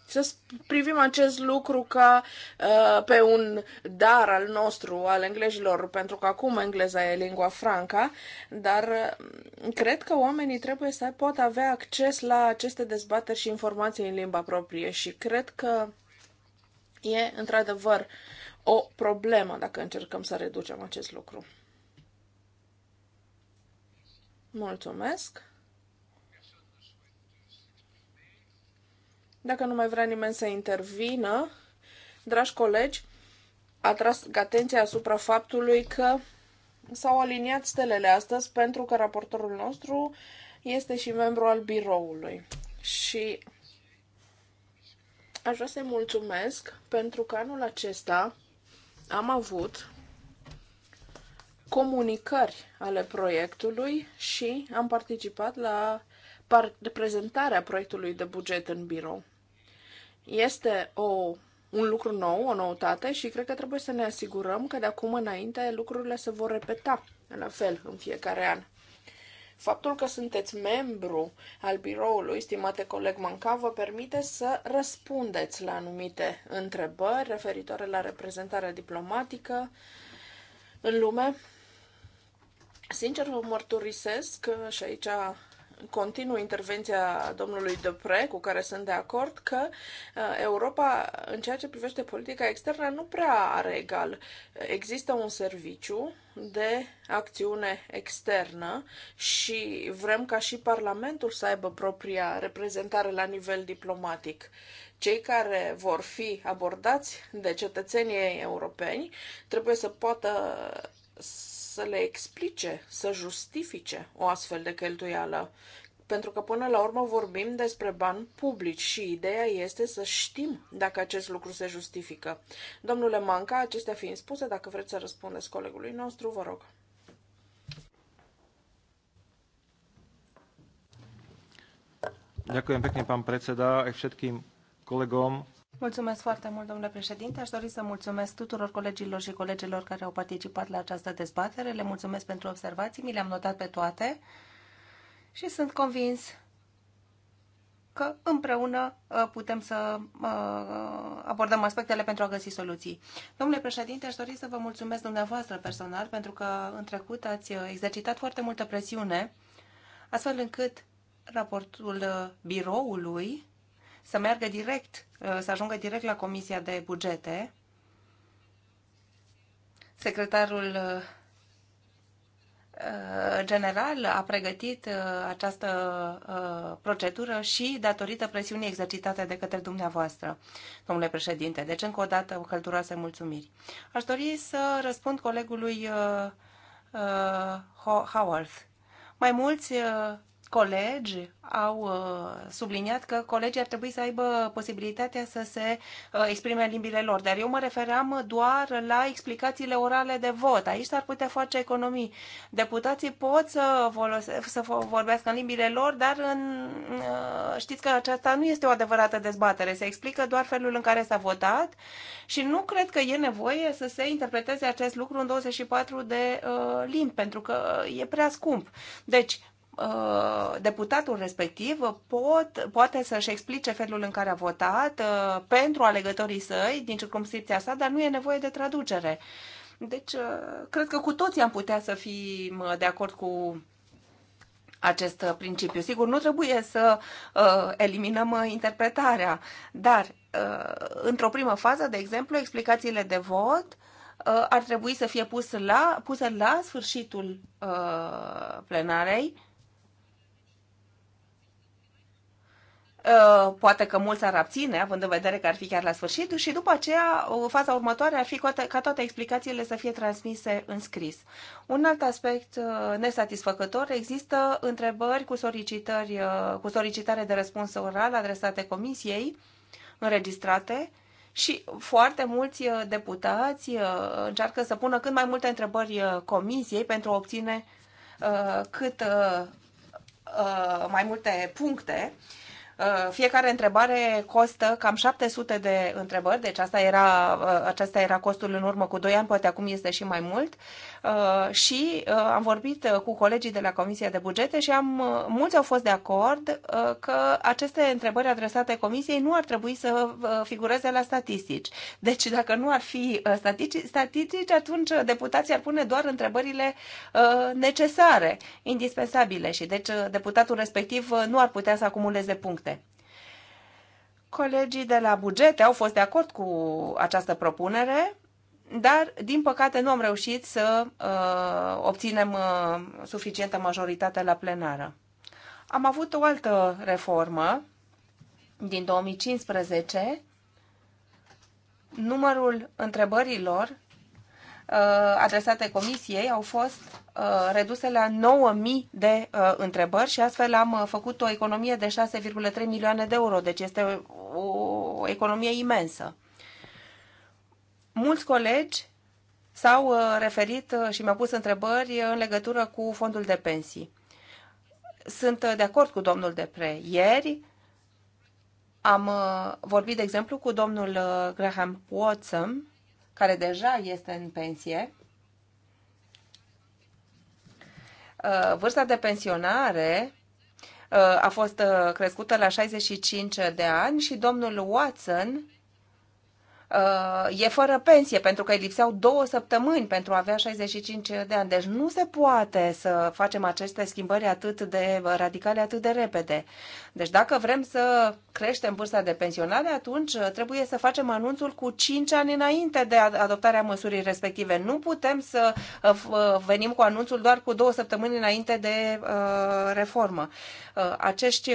să privim acest lucru ca uh, pe un dar al nostru, al englezilor, pentru că acum engleza e lingua franca, dar uh, cred că oamenii trebuie să pot avea acces la aceste dezbateri și informații în limba proprie și cred că e într-adevăr o problemă dacă încercăm să reducem acest lucru. Mulțumesc! Dacă nu mai vrea nimeni să intervină, dragi colegi, atras atenția asupra faptului că s-au aliniat stelele astăzi pentru că raportorul nostru este și membru al biroului. Și aș vrea să-i mulțumesc pentru că anul acesta am avut comunicări ale proiectului și am participat la prezentarea proiectului de buget în birou. Este o, un lucru nou, o noutate și cred că trebuie să ne asigurăm că de acum înainte lucrurile se vor repeta la fel în fiecare an. Faptul că sunteți membru al biroului, stimate coleg Manca, vă permite să răspundeți la anumite întrebări referitoare la reprezentarea diplomatică în lume. Sincer vă mărturisesc și aici continuu intervenția domnului Depre, cu care sunt de acord, că uh, Europa, în ceea ce privește politica externă, nu prea are egal. Există un serviciu de acțiune externă și vrem ca și Parlamentul să aibă propria reprezentare la nivel diplomatic. Cei care vor fi abordați de cetățenii europeni trebuie să poată să le explice, să justifice o astfel de cheltuială. Pentru că până la urmă vorbim despre bani publici și ideea este să știm dacă acest lucru se justifică. Domnule Manca, acestea fiind spuse, dacă vreți să răspundeți colegului nostru, vă rog. Ďakujem pekne, pán predseda, aj všetkým kolegom Mulțumesc foarte mult, domnule președinte. Aș dori să mulțumesc tuturor colegilor și colegilor care au participat la această dezbatere. Le mulțumesc pentru observații, mi le-am notat pe toate și sunt convins că împreună uh, putem să uh, abordăm aspectele pentru a găsi soluții. Domnule președinte, aș dori să vă mulțumesc dumneavoastră personal pentru că în trecut ați exercitat foarte multă presiune, astfel încât raportul biroului să meargă direct, uh, să ajungă direct la Comisia de Bugete. Secretarul uh, uh, general a pregătit această procedură și datorită presiunii exercitate de către dumneavoastră, domnule președinte. Deci, încă o dată, călduroase mulțumiri. Aș dori să răspund colegului Haworth. Mai mulți colegi au uh, subliniat că colegii ar trebui să aibă posibilitatea să se uh, exprime în limbile lor, dar eu mă refeream doar la explicațiile orale de vot. Aici s-ar putea face economii. Deputații pot să, volose, să vorbească în limbile lor, dar în, uh, știți că aceasta nu este o adevărată dezbatere. Se explică doar felul în care s-a votat și nu cred că e nevoie să se interpreteze acest lucru în 24 de limbi, pentru că e prea scump. Deci, Uh, deputatul respectiv pot, poate să-și explice felul în care a votat uh, pentru alegătorii săi din circumscripția sa, dar nu e nevoie de traducere. Deci, uh, cred că cu toții am putea să fim de acord cu acest principiu. Sigur, nu trebuie să uh, eliminăm interpretarea, dar uh, într-o primă fază, de exemplu, explicațiile de vot uh, ar trebui să fie pus la, puse la sfârșitul uh, plenarei Uh, poate că mulți ar abține, având în vedere că ar fi chiar la sfârșit, și după aceea, faza următoare ar fi ca toate explicațiile să fie transmise în scris. Un alt aspect uh, nesatisfăcător, există întrebări cu, solicitări, uh, cu solicitare de răspuns oral adresate comisiei, înregistrate, și foarte mulți deputați încearcă să pună cât mai multe întrebări comisiei pentru a obține cât mai multe puncte Uh, fiecare întrebare costă cam 700 de întrebări, deci asta era, uh, acesta era costul în urmă cu 2 ani, poate acum este și mai mult. Uh, și uh, am vorbit uh, cu colegii de la Comisia de Bugete și am, mulți au fost de acord că aceste întrebări adresate Comisiei nu ar trebui să figureze la statistici. Deci dacă nu ar fi statistici, statistici atunci deputații ar pune doar întrebările necesare, indispensabile și deci deputatul respectiv nu ar putea să acumuleze puncte. Colegii de la bugete au fost de acord cu această propunere dar, din păcate, nu am reușit să uh, obținem uh, suficientă majoritate la plenară. Am avut o altă reformă din 2015. Numărul întrebărilor uh, adresate comisiei au fost uh, reduse la 9.000 de uh, întrebări și astfel am făcut o economie de 6,3 milioane de euro, deci este o economie imensă. Mulți colegi s-au uh, referit uh, și mi-au pus întrebări uh, în legătură cu fondul de pensii. Sunt de acord cu domnul Depre. Ieri am vorbit, de exemplu, cu domnul Graham Watson, care deja este în pensie. Vârsta de pensionare a fost crescută la 65 de ani și domnul Watson Uh, e fără pensie pentru că îi lipseau două săptămâni pentru a avea 65 de ani. Deci nu se poate să facem aceste schimbări atât de radicale, atât de repede. Deci dacă vrem să creștem vârsta de pensionare, atunci trebuie să facem anunțul cu 5 ani înainte de adoptarea măsurii respective. Nu putem să uh, uh, venim cu anunțul doar cu două săptămâni înainte de reformă. Acești,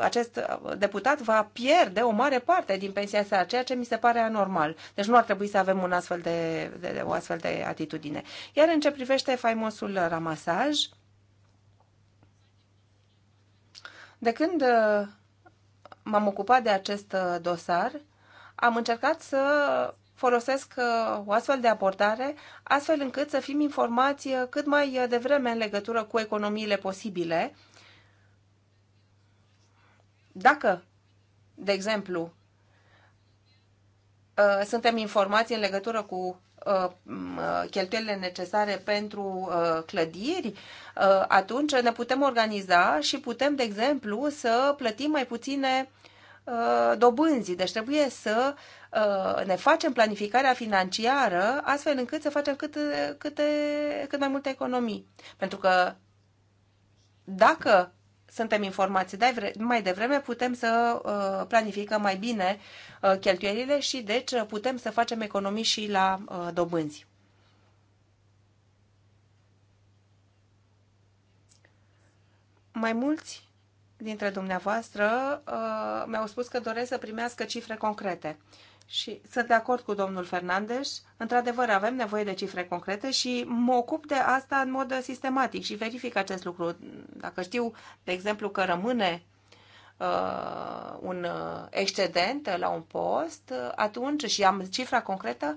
acest deputat va pierde o mare parte din pensia sa, ceea ce mi se pare anormal normal. Deci nu ar trebui să avem un astfel de, de, de o astfel de atitudine. Iar în ce privește faimosul ramasaj, de când uh, m-am ocupat de acest uh, dosar, am încercat să folosesc uh, o astfel de abordare, astfel încât să fim informați cât mai devreme în legătură cu economiile posibile. Dacă, de exemplu, Uh, suntem informați în legătură cu uh, uh, cheltuielile necesare pentru clădiri, atunci ne putem organiza și putem, de exemplu, să plătim mai puține dobânzi. Deci trebuie să ne facem planificarea financiară astfel încât să facem cât, câte, cât mai multe economii. Pentru că dacă suntem informați de mai devreme, putem să uh, planificăm mai bine uh, cheltuielile și deci uh, putem să facem economii și la dobânzi. Mai mulți dintre dumneavoastră mi-au spus că doresc să primească cifre concrete. Și sunt de acord cu domnul Fernandez. Într-adevăr, avem nevoie de cifre concrete și mă ocup de asta în mod sistematic și verific acest lucru. Dacă știu, de exemplu, că rămâne uh, un excedent la un post, uh, atunci și am cifra concretă,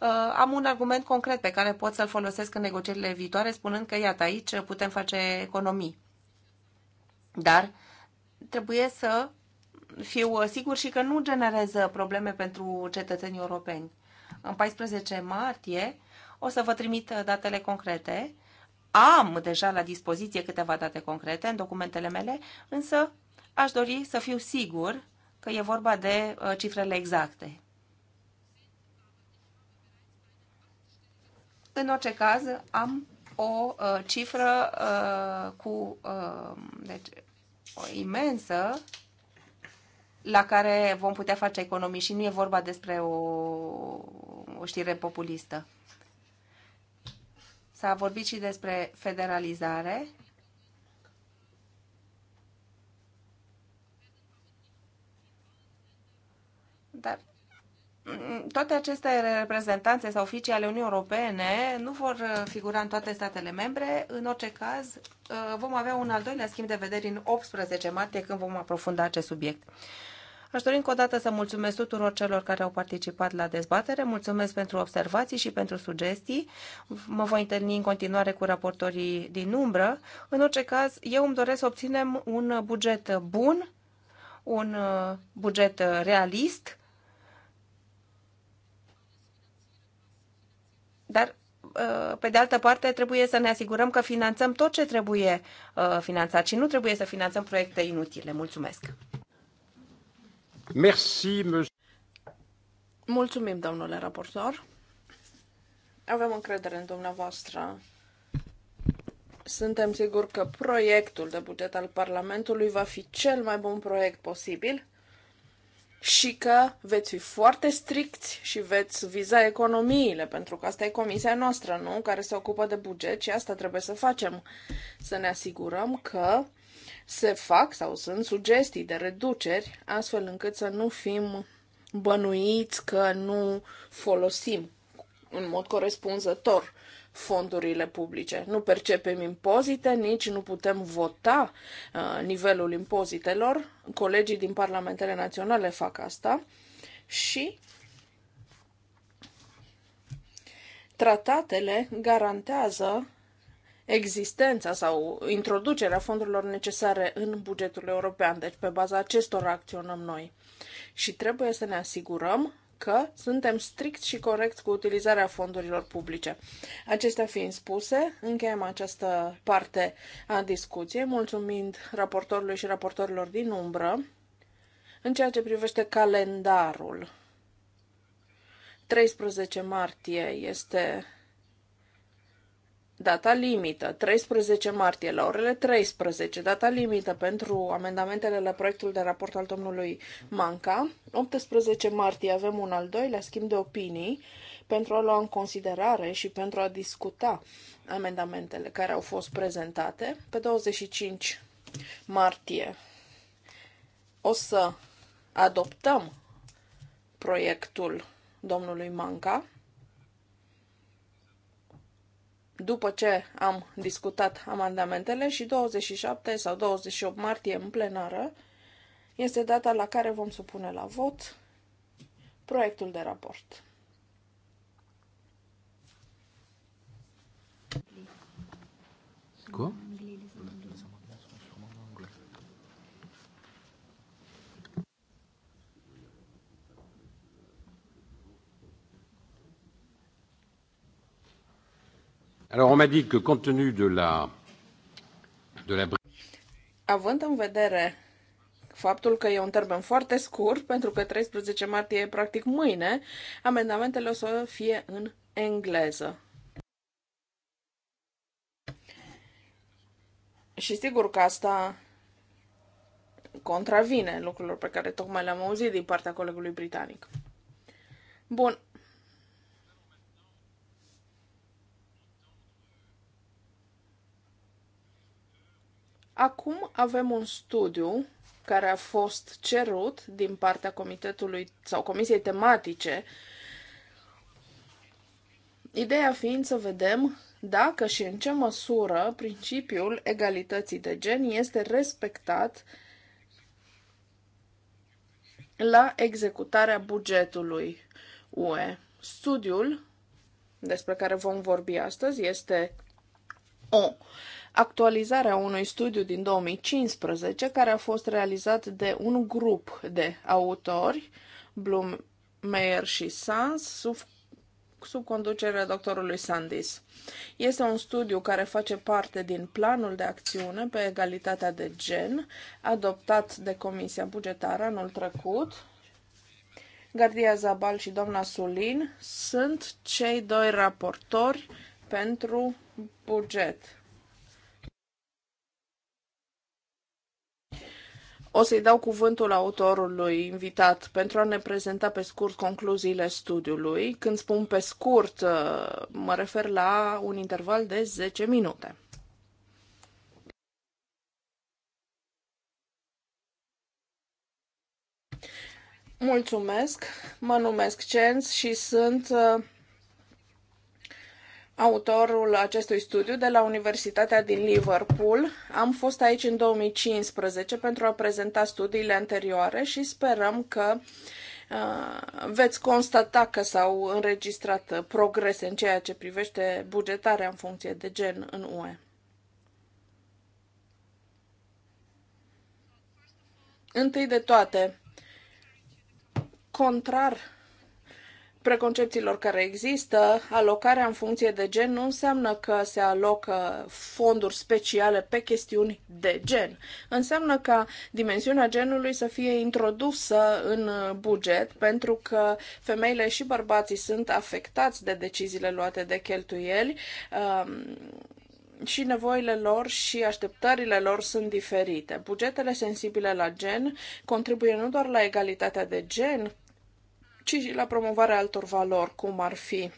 uh, am un argument concret pe care pot să-l folosesc în negocierile viitoare, spunând că, iată, aici putem face economii. Dar trebuie să fiu uh, sigur și că nu generează probleme pentru cetățenii europeni. În 14 martie o să vă trimit uh, datele concrete. Am deja la dispoziție câteva date concrete în documentele mele, însă aș dori să fiu sigur că e vorba de uh, cifrele exacte. În orice caz, am o uh, cifră uh, cu uh, deci, o imensă la care vom putea face economii și nu e vorba despre o, o știre populistă. S-a vorbit și despre federalizare. Dar mm, toate aceste reprezentanțe sau oficii ale Uniunii Europene nu vor uh, figura în toate statele membre. În orice caz, uh, vom avea un al doilea schimb de vederi în 18 martie când vom aprofunda acest subiect. Aș dori încă o dată să mulțumesc tuturor celor care au participat la dezbatere, mulțumesc pentru observații și pentru sugestii. Mă voi întâlni în continuare cu raportorii din umbră. În orice caz, eu îmi doresc să obținem un buget bun, un uh, buget realist, dar uh, pe de altă parte, trebuie să ne asigurăm că finanțăm tot ce trebuie uh, finanțat și nu trebuie să finanțăm proiecte inutile. Mulțumesc! Merci, Mulțumim, domnule raportor. Avem încredere în dumneavoastră. Suntem siguri că proiectul de buget al Parlamentului va fi cel mai bun proiect posibil și că veți fi foarte stricți și veți viza economiile, pentru că asta e comisia noastră, nu? Care se ocupă de buget și asta trebuie să facem. Să ne asigurăm că se fac sau sunt sugestii de reduceri, astfel încât să nu fim bănuiți că nu folosim în mod corespunzător fondurile publice. Nu percepem impozite, nici nu putem vota uh, nivelul impozitelor. Colegii din parlamentele naționale fac asta și tratatele garantează existența sau introducerea fondurilor necesare în bugetul european. Deci pe baza acestora acționăm noi. Și trebuie să ne asigurăm că suntem strict și corect cu utilizarea fondurilor publice. Acestea fiind spuse, încheiem această parte a discuției, mulțumind raportorului și raportorilor din umbră în ceea ce privește calendarul. 13 martie este Data limită, 13 martie, la orele 13, data limită pentru amendamentele la proiectul de raport al domnului Manca. 18 martie avem un al doilea schimb de opinii pentru a lua în considerare și pentru a discuta amendamentele care au fost prezentate. Pe 25 martie o să adoptăm proiectul domnului Manca după ce am discutat amendamentele și 27 sau 28 martie în plenară este data la care vom supune la vot proiectul de raport. Cool. Alors, on m'a dit que compte tenu de la, de la... Având în vedere faptul că e un termen foarte scurt, pentru că 13 martie e practic mâine, amendamentele o să fie în engleză. Și sigur că asta contravine lucrurilor pe care tocmai le-am auzit din partea colegului britanic. Bun, Acum avem un studiu care a fost cerut din partea comitetului sau comisiei tematice, ideea fiind să vedem dacă și în ce măsură principiul egalității de gen este respectat la executarea bugetului UE. Studiul despre care vom vorbi astăzi este o actualizarea unui studiu din 2015 care a fost realizat de un grup de autori, Bloom, Mayer și Sans, sub, sub conducerea doctorului Sandis. Este un studiu care face parte din planul de acțiune pe egalitatea de gen adoptat de Comisia Bugetară anul trecut Gardia Zabal și doamna Sulin sunt cei doi raportori pentru buget. O să-i dau cuvântul autorului invitat pentru a ne prezenta pe scurt concluziile studiului. Când spun pe scurt, uh, mă refer la un interval de 10 minute. Mulțumesc, mă numesc Cenz și sunt uh, autorul acestui studiu de la Universitatea din Liverpool. Am fost aici în 2015 pentru a prezenta studiile anterioare și sperăm că uh, veți constata că s-au înregistrat progrese în ceea ce privește bugetarea în funcție de gen în UE. Întâi de toate, contrar preconcepțiilor care există, alocarea în funcție de gen nu înseamnă că se alocă fonduri speciale pe chestiuni de gen. Înseamnă ca dimensiunea genului să fie introdusă în buget, pentru că femeile și bărbații sunt afectați de deciziile luate de cheltuieli um, și nevoile lor și așteptările lor sunt diferite. Bugetele sensibile la gen contribuie nu doar la egalitatea de gen, ci și la promovarea altor valori, cum ar fi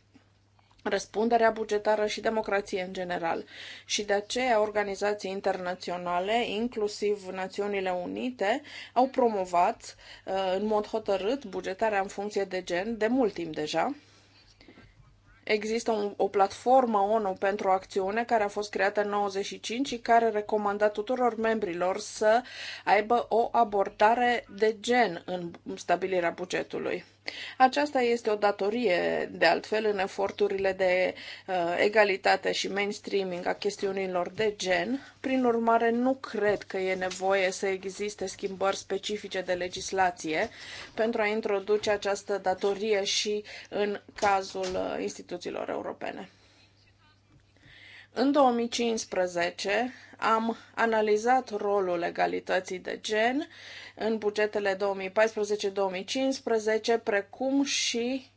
răspunderea bugetară și democrație în general. Și de aceea organizații internaționale, inclusiv Națiunile Unite, au promovat uh, în mod hotărât bugetarea în funcție de gen de mult timp deja. Există o platformă ONU pentru acțiune care a fost creată în 95 și care recomanda tuturor membrilor să aibă o abordare de gen în stabilirea bugetului. Aceasta este o datorie, de altfel, în eforturile de uh, egalitate și mainstreaming a chestiunilor de gen. Prin urmare, nu cred că e nevoie să existe schimbări specifice de legislație pentru a introduce această datorie și în cazul uh, instituțiilor europene. În 2015 am analizat rolul legalității de gen în bugetele 2014-2015, precum și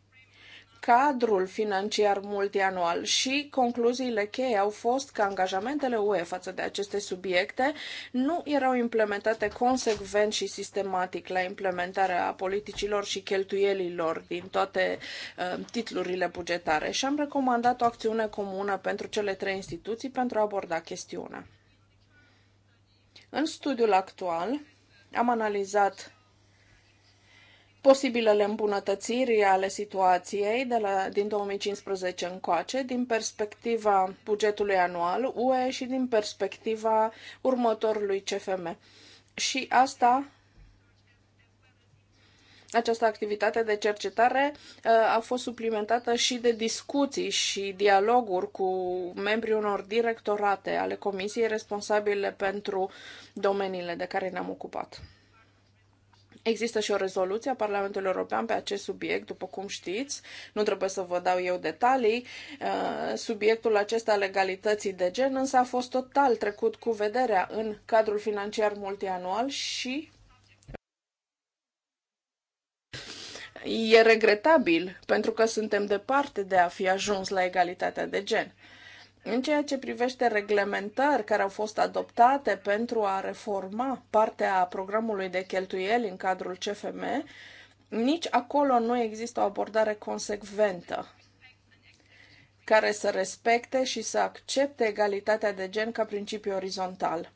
cadrul financiar multianual și concluziile cheie au fost că angajamentele UE față de aceste subiecte nu erau implementate consecvent și sistematic la implementarea politicilor și cheltuielilor din toate uh, titlurile bugetare și am recomandat o acțiune comună pentru cele trei instituții pentru a aborda chestiunea. În studiul actual am analizat posibilele îmbunătățiri ale situației de la, din 2015 încoace, din perspectiva bugetului anual UE și din perspectiva următorului CFM. Și asta această activitate de cercetare uh, a fost suplimentată și de discuții și dialoguri cu membrii unor directorate ale comisiei responsabile pentru domeniile de care ne-am ocupat. Există și o rezoluție a Parlamentului European pe acest subiect, după cum știți, nu trebuie să vă dau eu detalii. Uh, subiectul acesta legalității de gen însă a fost total trecut cu vederea în cadrul financiar multianual și e regretabil pentru că suntem departe de a fi ajuns la egalitatea de gen. În ceea ce privește reglementări care au fost adoptate pentru a reforma partea programului de cheltuieli în cadrul CFM, nici acolo nu există o abordare consecventă care să respecte și să accepte egalitatea de gen ca principiu orizontal.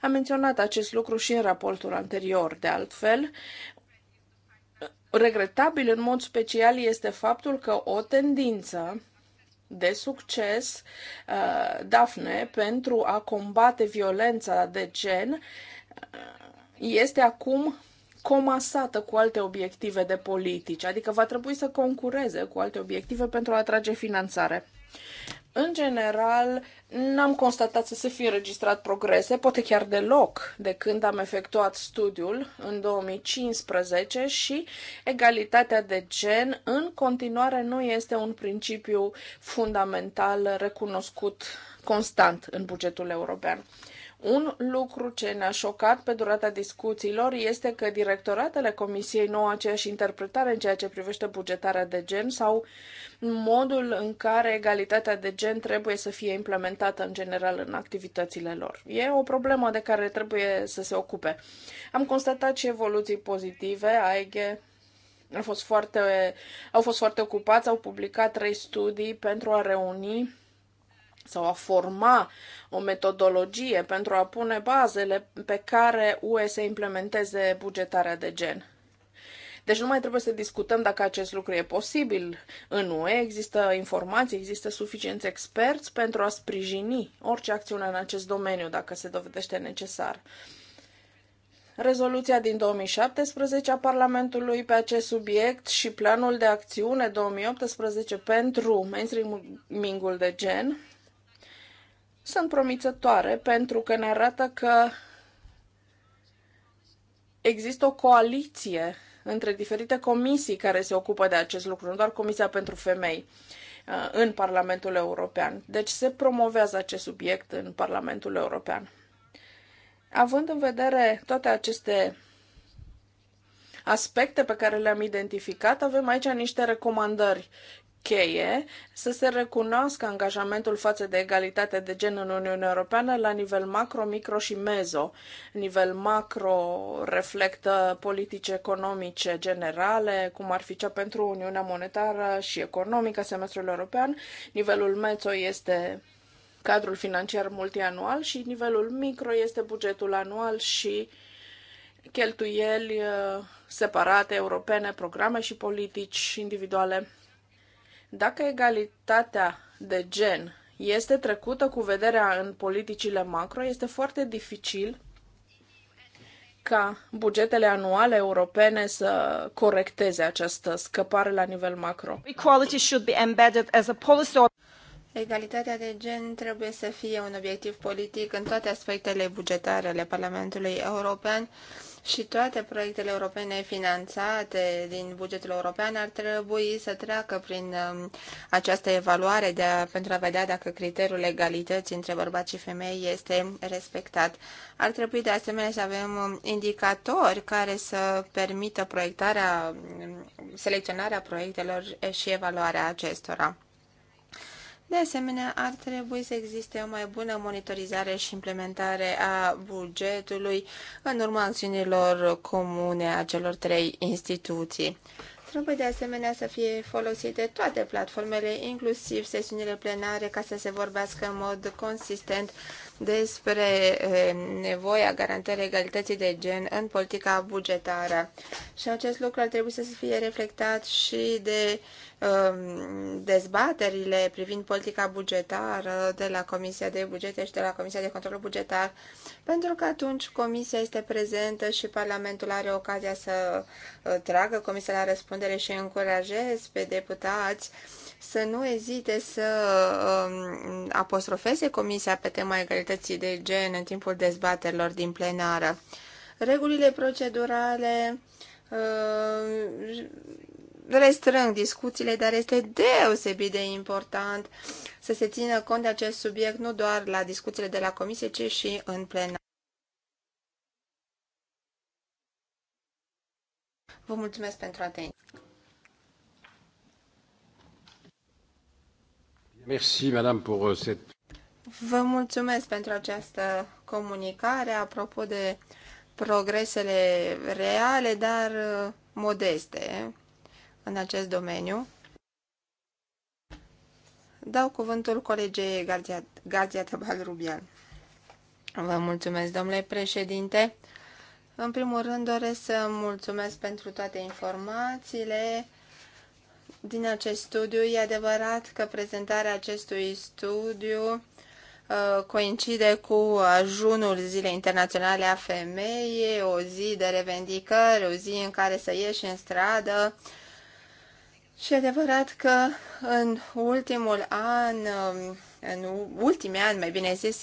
Am menționat acest lucru și în raportul anterior, de altfel. Regretabil în mod special este faptul că o tendință de succes uh, Dafne pentru a combate violența de gen uh, este acum comasată cu alte obiective de politici, adică va trebui să concureze cu alte obiective pentru a atrage finanțare. În general, n-am constatat să se fi înregistrat progrese, poate chiar deloc, de când am efectuat studiul în 2015 și egalitatea de gen în continuare nu este un principiu fundamental recunoscut constant în bugetul european. Un lucru ce ne-a șocat pe durata discuțiilor este că directoratele Comisiei nu au aceeași interpretare în ceea ce privește bugetarea de gen sau modul în care egalitatea de gen trebuie să fie implementată în general în activitățile lor. E o problemă de care trebuie să se ocupe. Am constatat și evoluții pozitive, AEG au fost foarte, au fost foarte ocupați, au publicat trei studii pentru a reuni sau a forma o metodologie pentru a pune bazele pe care UE să implementeze bugetarea de gen. Deci nu mai trebuie să discutăm dacă acest lucru e posibil în UE. Există informații, există suficienți experți pentru a sprijini orice acțiune în acest domeniu dacă se dovedește necesar. Rezoluția din 2017 a Parlamentului pe acest subiect și planul de acțiune 2018 pentru mainstreaming-ul de gen sunt promițătoare pentru că ne arată că există o coaliție între diferite comisii care se ocupă de acest lucru, nu doar Comisia pentru Femei uh, în Parlamentul European. Deci se promovează acest subiect în Parlamentul European. Având în vedere toate aceste aspecte pe care le-am identificat, avem aici niște recomandări cheie să se recunoască angajamentul față de egalitatea de gen în Uniunea Europeană la nivel macro, micro și mezo. Nivel macro reflectă politici economice generale, cum ar fi cea pentru Uniunea Monetară și Economică, semestrul european. Nivelul mezo este cadrul financiar multianual și nivelul micro este bugetul anual și cheltuieli uh, separate, europene, programe și politici individuale. Dacă egalitatea de gen este trecută cu vederea în politicile macro, este foarte dificil ca bugetele anuale europene să corecteze această scăpare la nivel macro. Equality should be embedded as a policy Egalitatea de gen trebuie să fie un obiectiv politic în toate aspectele bugetare ale Parlamentului European și toate proiectele europene finanțate din bugetul european ar trebui să treacă prin um, această evaluare de a, pentru a vedea dacă criteriul legalității între bărbați și femei este respectat. Ar trebui de asemenea să avem um, indicatori care să permită proiectarea, um, selecționarea proiectelor și evaluarea acestora. De asemenea, ar trebui să existe o mai bună monitorizare și implementare a bugetului în urma acțiunilor comune a celor trei instituții. Trebuie de asemenea să fie folosite toate platformele, inclusiv sesiunile plenare, ca să se vorbească în mod consistent despre eh, nevoia garantării egalității de gen în politica bugetară. Și acest lucru ar trebui să fie reflectat și de ehm, dezbaterile privind politica bugetară de la Comisia de Bugete și de la Comisia de Control Bugetar, pentru că atunci Comisia este prezentă și Parlamentul are ocazia să eh, tragă Comisia la răspundere și încurajez pe deputați uh, să nu ezite să um, apostrofeze Comisia pe tema egalității de gen în timpul dezbaterilor din plenară. Regulile procedurale uh, restrâng discuțiile, dar este deosebit de important să se țină cont de acest subiect nu doar la discuțiile de la comisie, ci și în plenară. Vă mulțumesc pentru atenție. Merci, madame, pour euh, cette... Vă mulțumesc pentru această comunicare apropo de progresele reale, dar uh, modeste în acest domeniu. Dau cuvântul colegei Garzia, Garzia Tăbal Rubian. Vă mulțumesc, domnule președinte. În primul rând doresc să mulțumesc pentru toate informațiile din acest studiu. E adevărat că prezentarea acestui studiu uh, coincide cu ajunul Zilei Internaționale a Femeii, o zi de revendicări, o zi în care să ieși în stradă. Și adevărat că în ultimul an, um, în ultimii ani, mai bine zis,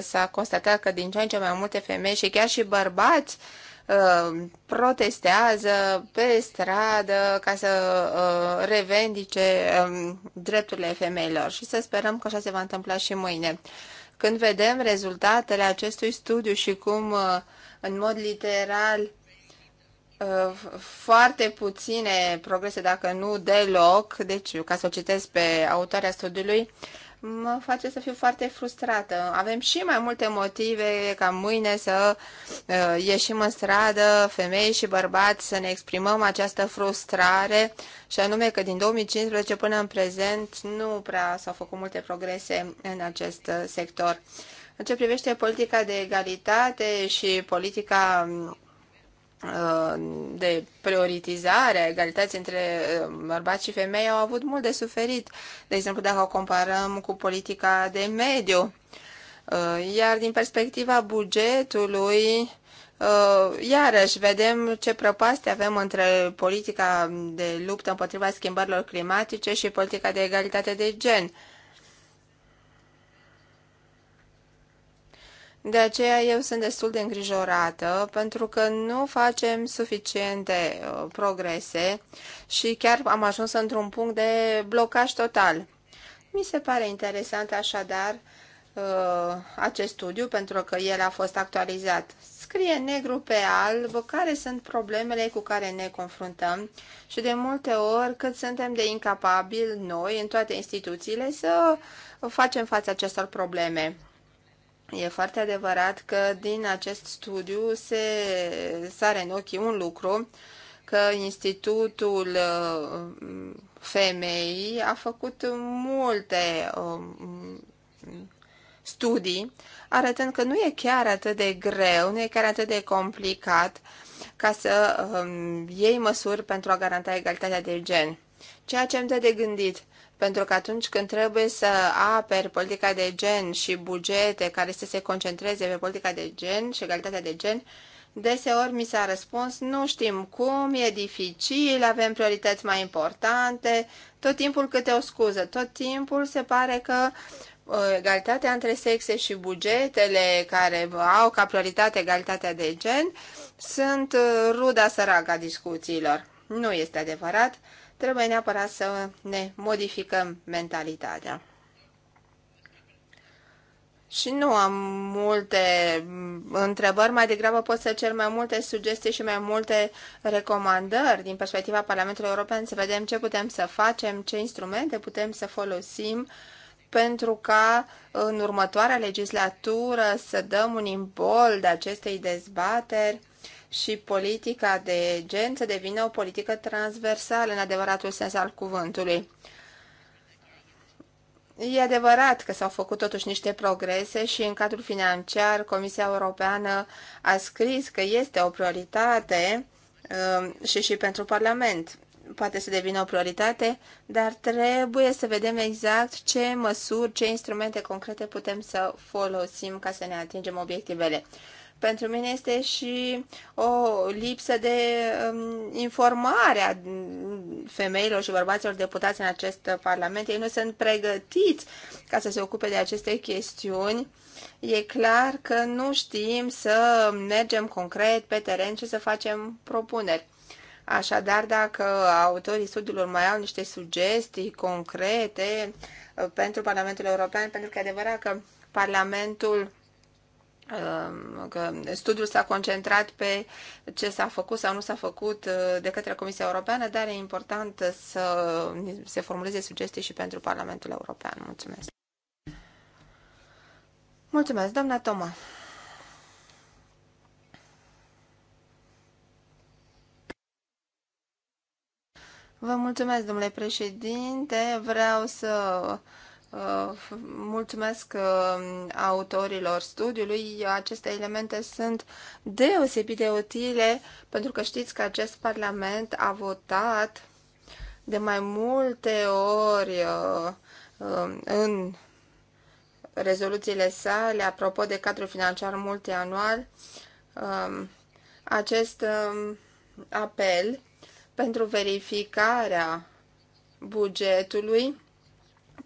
s-a constatat că din ce în ce mai multe femei și chiar și bărbați Uh, protestează pe stradă ca să uh, revendice um, drepturile femeilor și să sperăm că așa se va întâmpla și mâine. Când vedem rezultatele acestui studiu și cum, uh, în mod literal, foarte puține progrese, dacă nu deloc, deci ca să o citesc pe autoarea studiului, mă face să fiu foarte frustrată. Avem și mai multe motive ca mâine să uh, ieșim în stradă, femei și bărbați, să ne exprimăm această frustrare și anume că din 2015 până în prezent nu prea s-au făcut multe progrese în acest uh, sector. În ce privește politica de egalitate și politica mm, Uh, de prioritizare a egalității între uh, bărbați și femei au avut mult de suferit. De exemplu, dacă o comparăm cu politica de mediu, uh, iar din perspectiva bugetului, iarăși vedem ce prăpaste avem între politica de luptă împotriva schimbărilor climatice și politica de egalitate de gen. De aceea eu sunt destul de îngrijorată pentru că nu facem suficiente uh, progrese și chiar am ajuns într-un punct de blocaj total. Mi se pare interesant așadar uh, acest studiu pentru că el a fost actualizat. Scrie negru pe alb care sunt problemele cu care ne confruntăm și de multe ori cât suntem de incapabili noi în toate instituțiile să facem față acestor probleme. E foarte adevărat că din acest studiu se sare în ochi un lucru, că Institutul uh, Femeii a făcut multe um, studii arătând că nu e chiar atât de greu, nu e chiar atât de complicat ca să um, iei măsuri pentru a garanta egalitatea de gen. Ceea ce îmi dă de gândit, pentru că atunci când trebuie să aperi politica de gen și bugete care să se concentreze pe politica de gen și egalitatea de gen, deseori mi s-a răspuns, nu știm cum, e dificil, avem priorități mai importante, tot timpul câte o scuză, tot timpul se pare că uh, egalitatea între sexe și bugetele care au ca prioritate egalitatea de gen sunt uh, ruda săraca discuțiilor. Nu este adevărat trebuie neapărat să ne modificăm mentalitatea. Și nu am multe întrebări, mai degrabă pot să cer mai multe sugestii și mai multe recomandări din perspectiva Parlamentului European, să vedem ce putem să facem, ce instrumente putem să folosim pentru ca în următoarea legislatură să dăm un de acestei dezbateri și politica de gen să devină o politică transversală în adevăratul sens al cuvântului. E adevărat că s-au făcut totuși niște progrese și în cadrul financiar Comisia Europeană a scris că este o prioritate um, și și pentru Parlament. Poate să devină o prioritate, dar trebuie să vedem exact ce măsuri, ce instrumente concrete putem să folosim ca să ne atingem obiectivele. Pentru mine este și o lipsă de um, informare a femeilor și bărbaților deputați în acest parlament. Ei nu sunt pregătiți ca să se ocupe de aceste chestiuni. E clar că nu știm să mergem concret pe teren și să facem propuneri. Așadar, dacă autorii studiilor mai au niște sugestii concrete uh, pentru Parlamentul European, pentru că e adevărat că Parlamentul că studiul s-a concentrat pe ce s-a făcut sau nu s-a făcut uh, de către Comisia Europeană, dar e important să se formuleze sugestii și pentru Parlamentul European. Mulțumesc! Mulțumesc, doamna Toma! Vă mulțumesc, domnule președinte. Vreau să Uh, mulțumesc uh, autorilor studiului. Aceste elemente sunt deosebit de utile pentru că știți că acest Parlament a votat de mai multe ori uh, în rezoluțiile sale apropo de cadrul financiar multianual um, acest um, apel pentru verificarea bugetului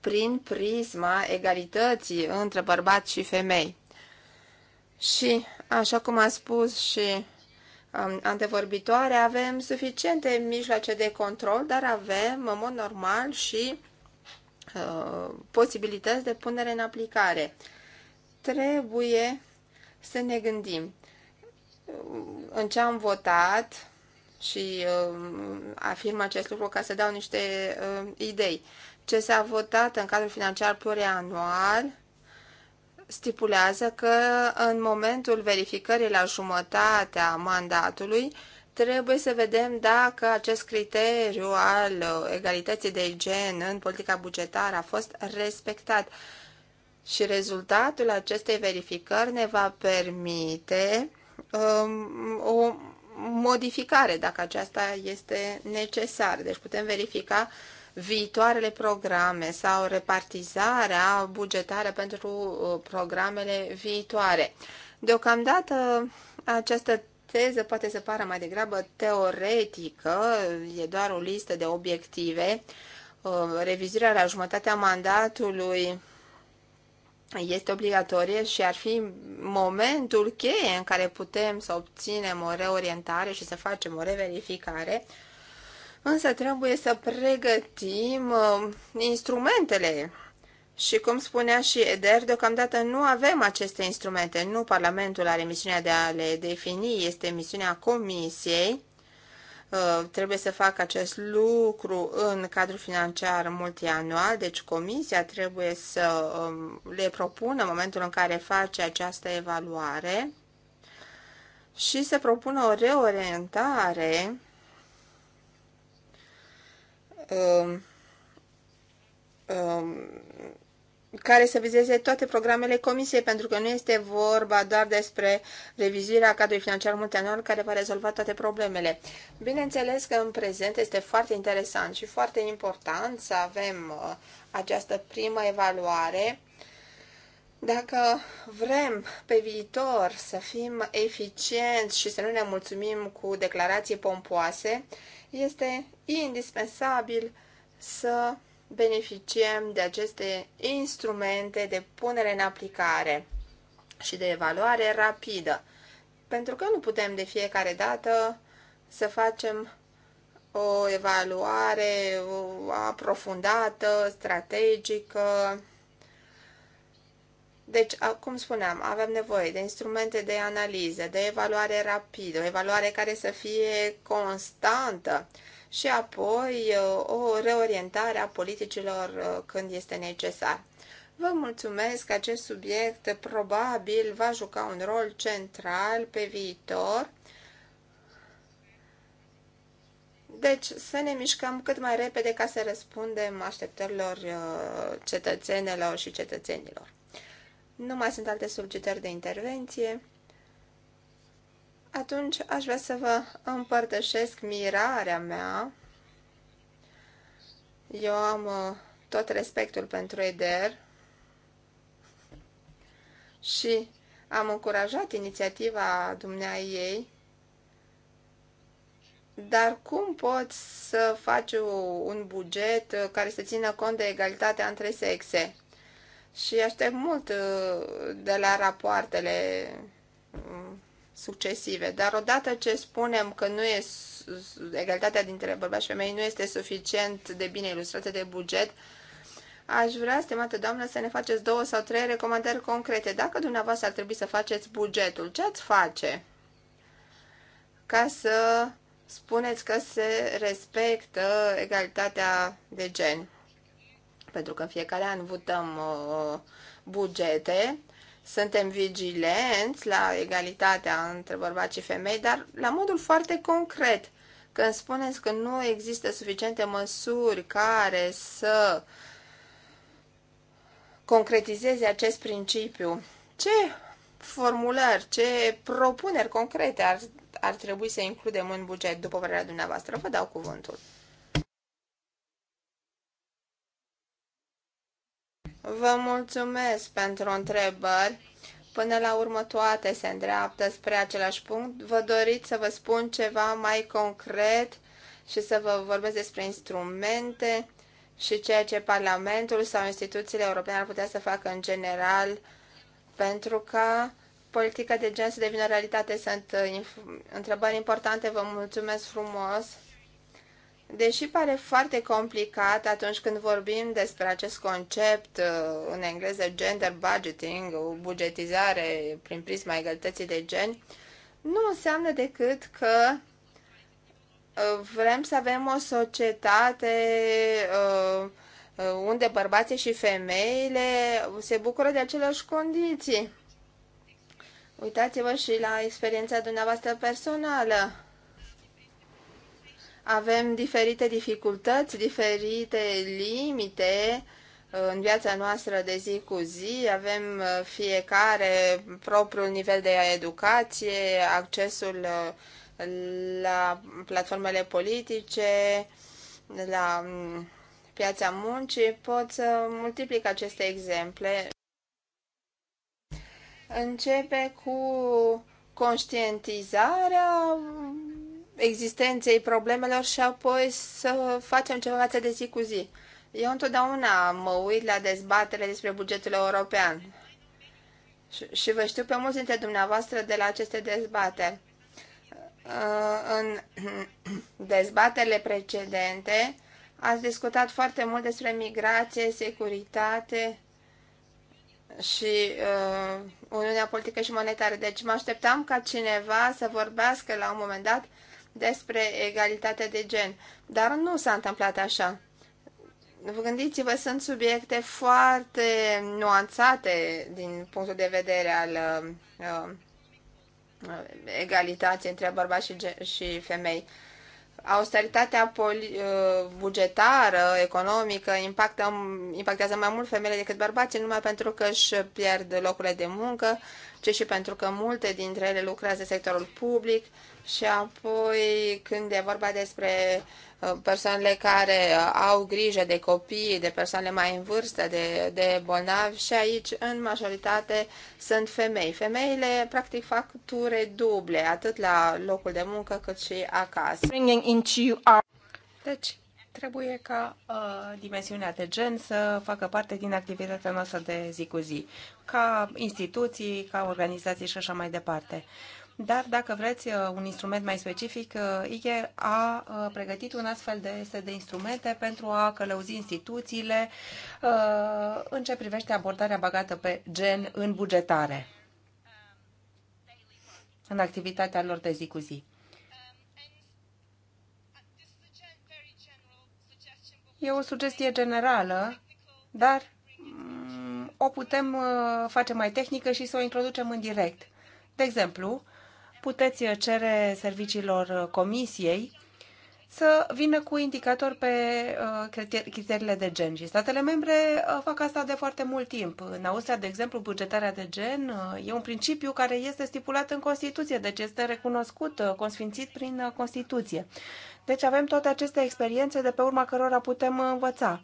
prin prisma egalității între bărbați și femei. Și, așa cum a spus și um, antevorbitoare, avem suficiente mijloace de control, dar avem, în mod normal, și uh, posibilități de punere în aplicare. Trebuie să ne gândim uh, în ce am votat și uh, afirm acest lucru ca să dau niște uh, idei ce s-a votat în cadrul financiar plurianual stipulează că în momentul verificării la jumătatea mandatului trebuie să vedem dacă acest criteriu al egalității de gen în politica bugetară a fost respectat. Și rezultatul acestei verificări ne va permite um, o modificare, dacă aceasta este necesară. Deci putem verifica uh, viitoarele programe sau repartizarea bugetară pentru uh, programele viitoare. Deocamdată această teză poate să pară mai degrabă teoretică, e doar o listă de obiective. Uh, revizuirea la jumătatea mandatului este obligatorie și ar fi momentul cheie în care putem să obținem o reorientare și să facem o reverificare Însă trebuie să pregătim uh, instrumentele. Și cum spunea și Eder, deocamdată nu avem aceste instrumente. Nu Parlamentul are misiunea de a le defini, este misiunea Comisiei. Uh, trebuie să facă acest lucru în cadrul financiar multianual, deci Comisia trebuie să uh, le propună în momentul în care face această evaluare și să propună o reorientare Um, um, care să vizeze toate programele comisiei, pentru că nu este vorba doar despre revizuirea cadrului financiar multianual care va rezolva toate problemele. Bineînțeles că în prezent este foarte interesant și foarte important să avem uh, această primă evaluare. Dacă vrem pe viitor să fim eficienți și să nu ne mulțumim cu declarații pompoase, este indispensabil să beneficiem de aceste instrumente de punere în aplicare și de evaluare rapidă, pentru că nu putem de fiecare dată să facem o evaluare aprofundată, strategică, deci, cum spuneam, avem nevoie de instrumente de analiză, de evaluare rapidă, o evaluare care să fie constantă și apoi o reorientare a politicilor când este necesar. Vă mulțumesc, că acest subiect probabil va juca un rol central pe viitor. Deci să ne mișcăm cât mai repede ca să răspundem așteptărilor cetățenilor și cetățenilor. Nu mai sunt alte solicitări de intervenție. Atunci aș vrea să vă împărtășesc mirarea mea. Eu am uh, tot respectul pentru EDER și am încurajat inițiativa dumneai ei, dar cum pot să faci un buget care să țină cont de egalitatea între sexe? și aștept mult uh, de la rapoartele uh, succesive. Dar odată ce spunem că nu e egalitatea dintre bărbați și femei nu este suficient de bine ilustrată de buget, aș vrea, stimată doamnă, să ne faceți două sau trei recomandări concrete. Dacă dumneavoastră ar trebui să faceți bugetul, ce ați face ca să spuneți că se respectă egalitatea de gen? pentru că în fiecare an votăm uh, bugete, suntem vigilenți la egalitatea între bărbați și femei, dar la modul foarte concret. Când spuneți că nu există suficiente măsuri care să concretizeze acest principiu, ce formulări, ce propuneri concrete ar, ar trebui să includem în buget, după părerea dumneavoastră? Vă dau cuvântul. Vă mulțumesc pentru întrebări. Până la urmă toate se îndreaptă spre același punct. Vă doriți să vă spun ceva mai concret și să vă vorbesc despre instrumente și ceea ce Parlamentul sau instituțiile europene ar putea să facă în general pentru ca politica de gen să devină realitate. Sunt uh, întrebări importante. Vă mulțumesc frumos! Deși pare foarte complicat atunci când vorbim despre acest concept uh, în engleză gender budgeting, o bugetizare prin prisma egalității de gen, nu înseamnă decât că uh, vrem să avem o societate uh, unde bărbații și femeile se bucură de aceleași condiții. Uitați-vă și la experiența dumneavoastră personală avem diferite dificultăți, diferite limite uh, în viața noastră de zi cu zi, avem uh, fiecare propriul nivel de educație, accesul uh, la platformele politice, la mm, piața muncii, pot să multiplic aceste exemple. Începe cu conștientizarea existenței problemelor și apoi să facem ceva față de zi cu zi. Eu întotdeauna mă uit la dezbatere despre bugetul european și, și vă știu pe mulți dintre dumneavoastră de la aceste dezbateri. Uh, în dezbaterile precedente ați discutat foarte mult despre migrație, securitate și uh, Uniunea Politică și Monetară. Deci mă așteptam ca cineva să vorbească la un moment dat uh, despre egalitatea de gen, dar nu s-a întâmplat așa. gândiți-vă, sunt subiecte foarte nuanțate din punctul de vedere al uh, uh egalității între bărbați și, și femei. Austeritatea poli, uh, bugetară, economică, impactă, impactează mai mult femeile decât bărbații, numai pentru că își pierd locurile de muncă, ci și pentru că multe dintre ele lucrează în sectorul public și apoi, când e vorba despre uh, persoanele care uh, au grijă de copii, de persoanele mai în vârstă, de, de bolnavi, și aici, în majoritate, sunt femei. Femeile, practic, fac ture duble, atât la locul de muncă, cât și acasă. Deci, trebuie ca uh, dimensiunea de gen să facă parte din activitatea noastră de zi cu zi, ca instituții, ca organizații și așa mai departe. Uh, dar dacă vreți uh, un instrument mai specific, uh, IE a uh, pregătit un astfel de set de instrumente pentru a călăuzi instituțiile în ce privește abordarea bagată pe gen în bugetare, în activitatea lor de zi cu zi. E o sugestie generală, dar mm, o putem face mai tehnică și să o introducem în direct. De exemplu, puteți cere serviciilor comisiei să vină cu indicatori pe uh, criteriile de gen. Și statele membre uh, fac asta de foarte mult timp. În Austria, de exemplu, bugetarea de gen uh, e un principiu care este stipulat în Constituție, deci este recunoscut, consfințit prin Constituție. Deci avem toate aceste experiențe de pe urma cărora putem învăța.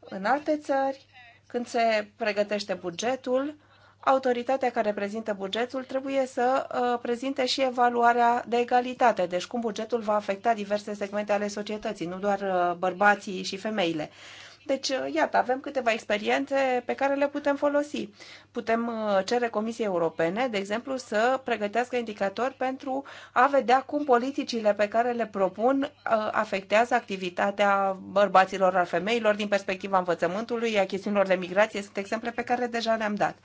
În alte țări, când se pregătește bugetul, autoritatea care prezintă bugetul trebuie să uh, prezinte și evaluarea de egalitate, deci cum bugetul va afecta diverse segmente ale societății, nu doar uh, bărbații și femeile. Deci, uh, iată, avem câteva experiențe pe care le putem folosi. Putem uh, cere Comisiei Europene, de exemplu, să pregătească indicatori pentru a vedea cum politicile pe care le propun uh, afectează activitatea bărbaților, al femeilor din perspectiva învățământului, a chestiunilor de migrație. Sunt exemple pe care deja le-am dat.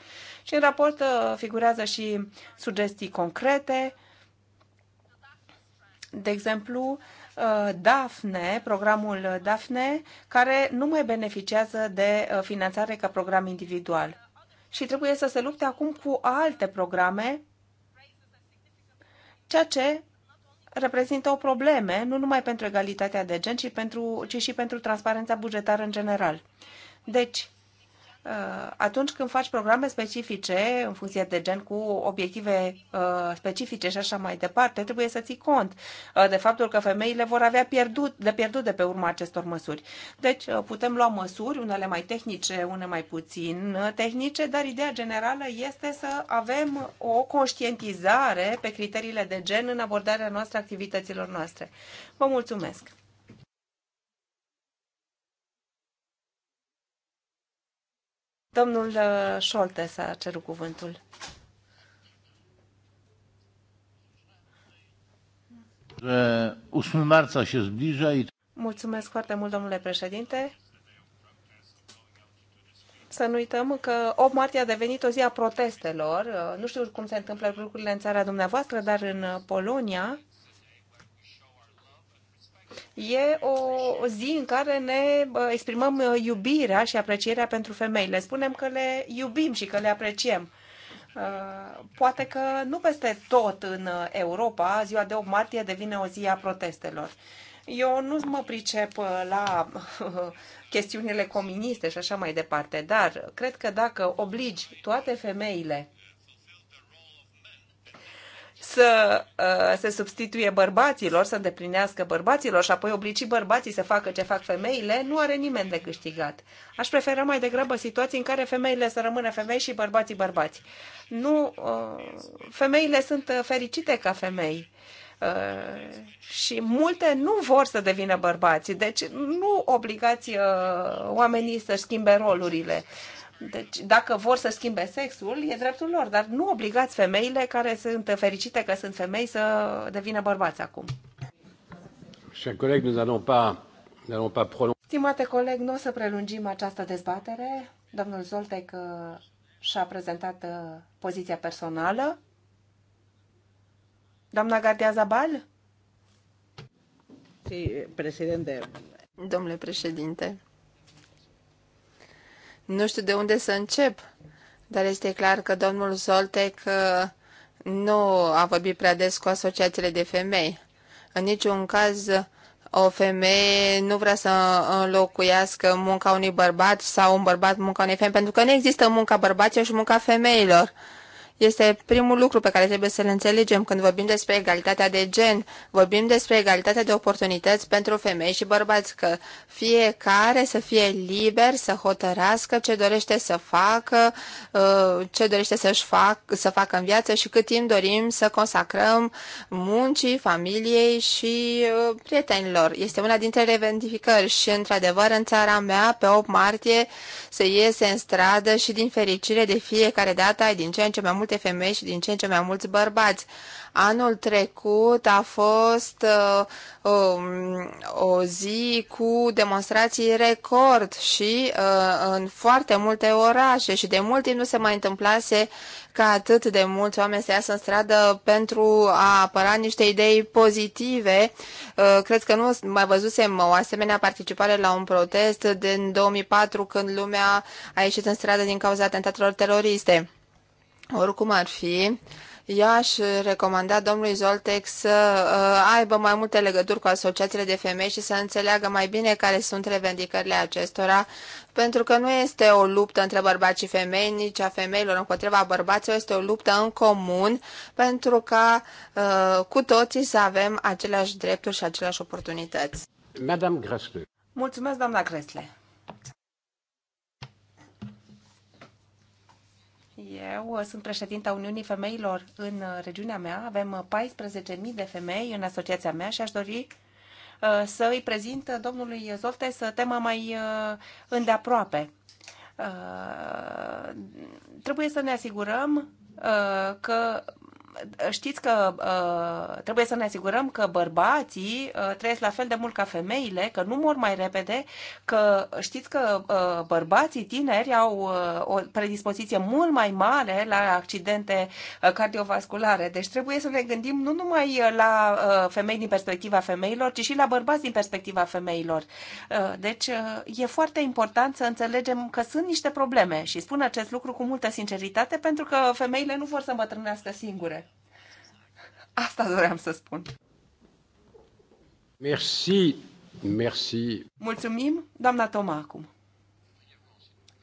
Și în raport figurează și sugestii concrete, de exemplu, Uh, DAFNE, programul DAFNE, care nu mai beneficiază de uh, finanțare ca program individual. Și trebuie să se lupte acum cu alte programe, ceea ce reprezintă o probleme, nu numai pentru egalitatea de gen, ci, pentru, ci și pentru transparența bugetară în general. Deci, Uh, atunci când faci programe specifice în funcție de gen cu obiective uh, specifice și așa mai departe, trebuie să ții cont uh, de faptul că femeile vor avea pierdut, de pierdut de pe urma acestor măsuri. Deci putem lua măsuri, unele mai tehnice, unele mai puțin tehnice, dar ideea generală este să avem o conștientizare pe criteriile de gen în abordarea noastră activităților noastre. Vă mulțumesc! Domnul uh, Șolte s-a cerut cuvântul. Mulțumesc foarte mult, domnule președinte. Să nu uităm că 8 martie a devenit o zi a protestelor. Uh, nu știu cum se întâmplă lucrurile în țara dumneavoastră, dar în Polonia E o zi în care ne exprimăm uh, iubirea și aprecierea pentru femei. Le spunem că le iubim și că le apreciem. Uh, poate că nu peste tot în uh, Europa, ziua de 8 martie devine o zi a protestelor. Eu nu mă pricep la chestiunile comuniste și așa mai departe, dar cred că dacă obligi toate femeile să uh, se substituie bărbaților, să îndeplinească bărbaților și apoi obligi bărbații să facă ce fac femeile, nu are nimeni de câștigat. Aș prefera mai degrabă situații în care femeile să rămână femei și bărbații bărbați. Nu, uh, femeile sunt uh, fericite ca femei. Uh, și multe nu vor să devină bărbați, deci nu obligați uh, oamenii să schimbe rolurile. Uh, deci, dacă vor să schimbe sexul, e dreptul lor, dar nu obligați femeile care sunt fericite că sunt femei să devină bărbați acum. Chers nous allons pas, pas Stimate coleg, nu o să prelungim această dezbatere. Domnul Zoltec uh, și-a prezentat uh, poziția personală. Doamna Gardia Zabal? Sí, președinte. Domnule președinte, nu știu de unde să încep, dar este clar că domnul Zoltec uh, nu a vorbit prea des cu asociațiile de femei. În niciun caz, o femeie nu vrea să înlocuiască munca unui bărbat sau un bărbat munca unei femei, pentru că nu există munca bărbaților și munca femeilor. Este primul lucru pe care trebuie să-l înțelegem când vorbim despre egalitatea de gen. Vorbim despre egalitatea de oportunități pentru femei și bărbați, că fiecare să fie liber să hotărască ce dorește să facă, uh, ce dorește să-și fac, să facă în viață și cât timp dorim să consacrăm muncii, familiei și uh, prietenilor. Este una dintre revendicări și, într-adevăr, în țara mea, pe 8 martie, se iese în stradă și, din fericire, de fiecare dată ai din ce în ce mai mult multe femei și din ce în ce mai mulți bărbați. Anul trecut a fost uh, um, o zi cu demonstrații record și uh, în foarte multe orașe și de mult timp nu se mai întâmplase ca atât de mulți oameni să iasă în stradă pentru a apăra niște idei pozitive. Uh, cred că nu mai văzusem o asemenea participare la un protest din 2004 când lumea a ieșit în stradă din cauza atentatelor teroriste. Oricum ar fi, eu aș recomanda domnului Zoltex să uh, aibă mai multe legături cu asociațiile de femei și să înțeleagă mai bine care sunt revendicările acestora, pentru că nu este o luptă între bărbați și femei, nici a femeilor împotriva bărbaților, este o luptă în comun pentru ca uh, cu toții să avem aceleași drepturi și aceleași oportunități. Madame Mulțumesc, doamna Cresle. Eu sunt președinta Uniunii Femeilor în uh, regiunea mea. Avem 14.000 uh, de femei în asociația mea și aș dori uh, să îi prezint domnului Zoltes tema mai îndeaproape. Trebuie să ne asigurăm că știți că uh, trebuie să ne asigurăm că bărbații uh, trăiesc la fel de mult ca femeile, că nu mor mai repede, că știți că uh, bărbații tineri au uh, o predispoziție mult mai mare la accidente uh, cardiovasculare. Deci trebuie să ne gândim nu numai uh, la uh, femei din perspectiva femeilor, ci și la bărbați din perspectiva femeilor. Uh, deci uh, e foarte important să înțelegem că sunt niște probleme și spun acest lucru cu multă sinceritate pentru că femeile nu vor să îmbătrânească singure. Asta doream să spun. Merci, merci. Mulțumim, doamna Toma, acum.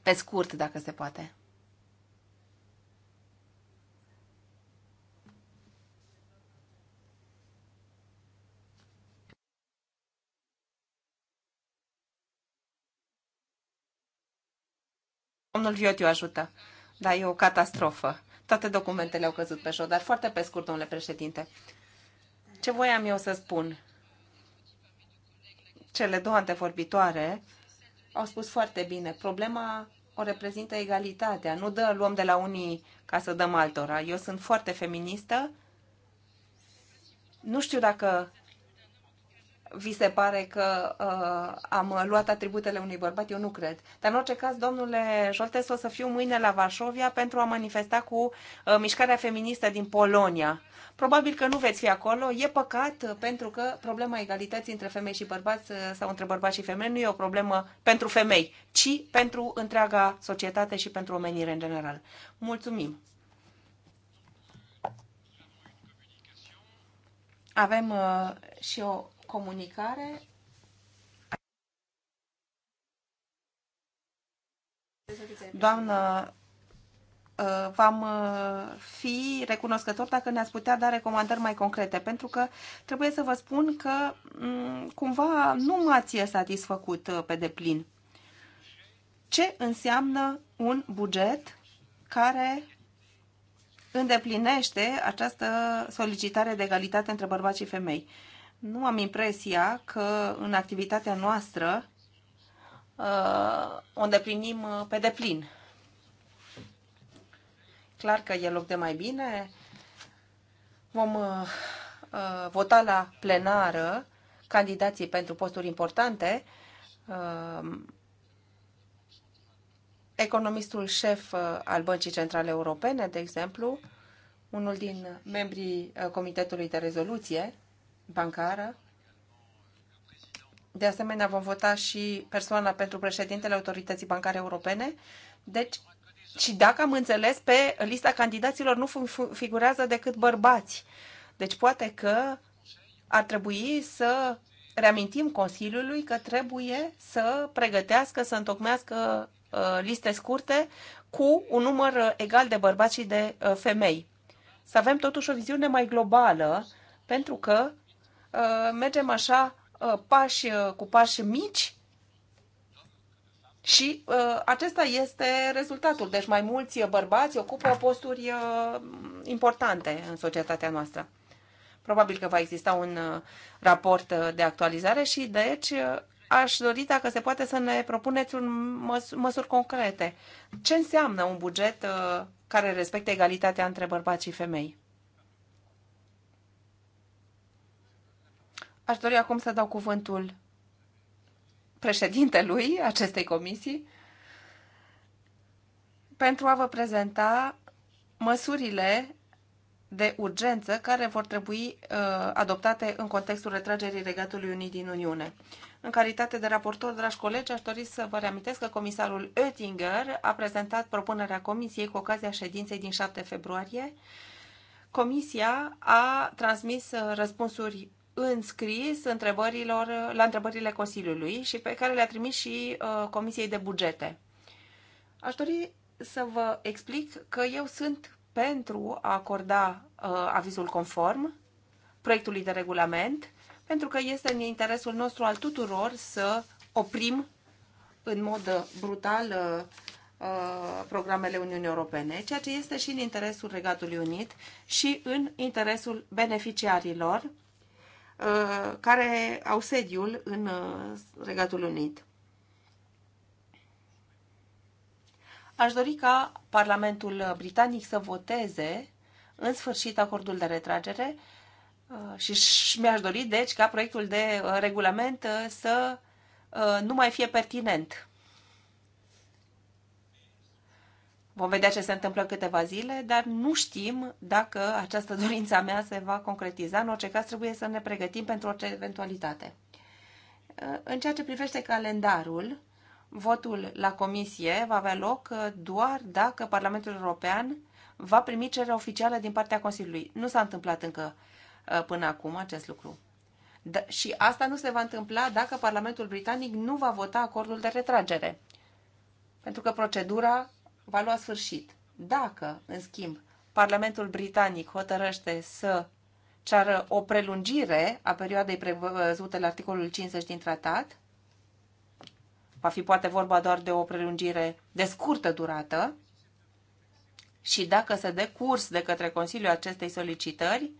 Pe scurt, dacă se poate. Domnul Viotiu ajută. Da, e o catastrofă toate documentele au căzut pe șo, dar foarte pe scurt, domnule președinte. Ce voiam eu să spun? Cele două antevorbitoare au spus foarte bine. Problema o reprezintă egalitatea. Nu dă, luăm de la unii ca să dăm altora. Eu sunt foarte feministă. Nu știu dacă vi se pare că uh, am luat atributele unui bărbat, eu nu cred. Dar în orice caz, domnule Joltes, o să fiu mâine la Varșovia pentru a manifesta cu uh, mișcarea feministă din Polonia. Probabil că nu veți fi acolo. E păcat pentru că problema egalității între femei și bărbați uh, sau între bărbați și femei nu e o problemă pentru femei, ci pentru întreaga societate și pentru omenire în general. Mulțumim! Avem uh, și o comunicare Doamnă, uh, v-am uh, fi recunoscător dacă ne-ați putea da recomandări mai concrete, pentru că trebuie să vă spun că mm, cumva nu m-ați satisfăcut uh, pe deplin. Ce înseamnă un buget care îndeplinește această solicitare de egalitate între bărbați și femei? nu am impresia că în activitatea noastră uh, o îndeplinim uh, pe deplin. Clar că e loc de mai bine. Vom uh, vota la plenară candidații pentru posturi importante. Economistul șef al Băncii Centrale Europene, de exemplu, unul din membrii Comitetului de Rezoluție, bancară. De asemenea, vom vota și persoana pentru președintele Autorității Bancare Europene. Deci, și dacă am înțeles, pe lista candidaților nu figurează decât bărbați. Deci, poate că ar trebui să reamintim Consiliului că trebuie să pregătească, să întocmească uh, liste scurte cu un număr uh, egal de bărbați și de uh, femei. Să avem totuși o viziune mai globală, pentru că Uh, mergem așa uh, pași uh, cu pași mici și acesta este rezultatul. Deci mai mulți bărbați ocupă posturi importante în societatea noastră. Probabil că va exista un raport de actualizare și deci aș dori dacă se poate să ne propuneți un măs- măsuri concrete. Ce înseamnă un buget care respectă egalitatea între bărbați și femei? Aș dori acum să dau cuvântul președintelui acestei comisii pentru a vă prezenta măsurile de urgență care vor trebui uh, adoptate în contextul retragerii Regatului unii din Uniune. În calitate de raportor, dragi colegi, aș dori să vă reamintesc că comisarul Oettinger a prezentat propunerea comisiei cu ocazia ședinței din 7 februarie. Comisia a transmis uh, răspunsuri înscris întrebărilor, la întrebările Consiliului și pe care le-a trimis și uh, Comisiei de Bugete. Aș dori să vă explic că eu sunt pentru a acorda uh, avizul conform proiectului de regulament, pentru că este în interesul nostru al tuturor să oprim în mod brutal uh, uh programele Uniunii Europene, ceea ce este și în interesul Regatului Unit și în interesul beneficiarilor Uh, care au sediul în uh, Regatul Unit. Aș dori ca Parlamentul Britanic să voteze în sfârșit acordul de retragere uh, și mi-aș dori, deci, ca proiectul de regulament să nu mai fie pertinent Vom vedea ce se întâmplă câteva zile, dar nu știm dacă această dorință mea se va concretiza. În orice caz, trebuie să ne pregătim pentru orice eventualitate. În ceea ce privește calendarul, votul la comisie va avea loc uh, doar dacă Parlamentul European va primi cererea oficială din partea Consiliului. Nu s-a întâmplat încă uh, până acum acest lucru. D- da, și asta nu se va întâmpla dacă Parlamentul Britanic nu va vota acordul de retragere. Pentru că procedura va lua sfârșit dacă, în schimb, Parlamentul Britanic hotărăște să ceară o prelungire a perioadei prevăzute la articolul 50 din tratat, va fi poate vorba doar de o prelungire de scurtă durată, și dacă se dă curs de către Consiliul acestei solicitări,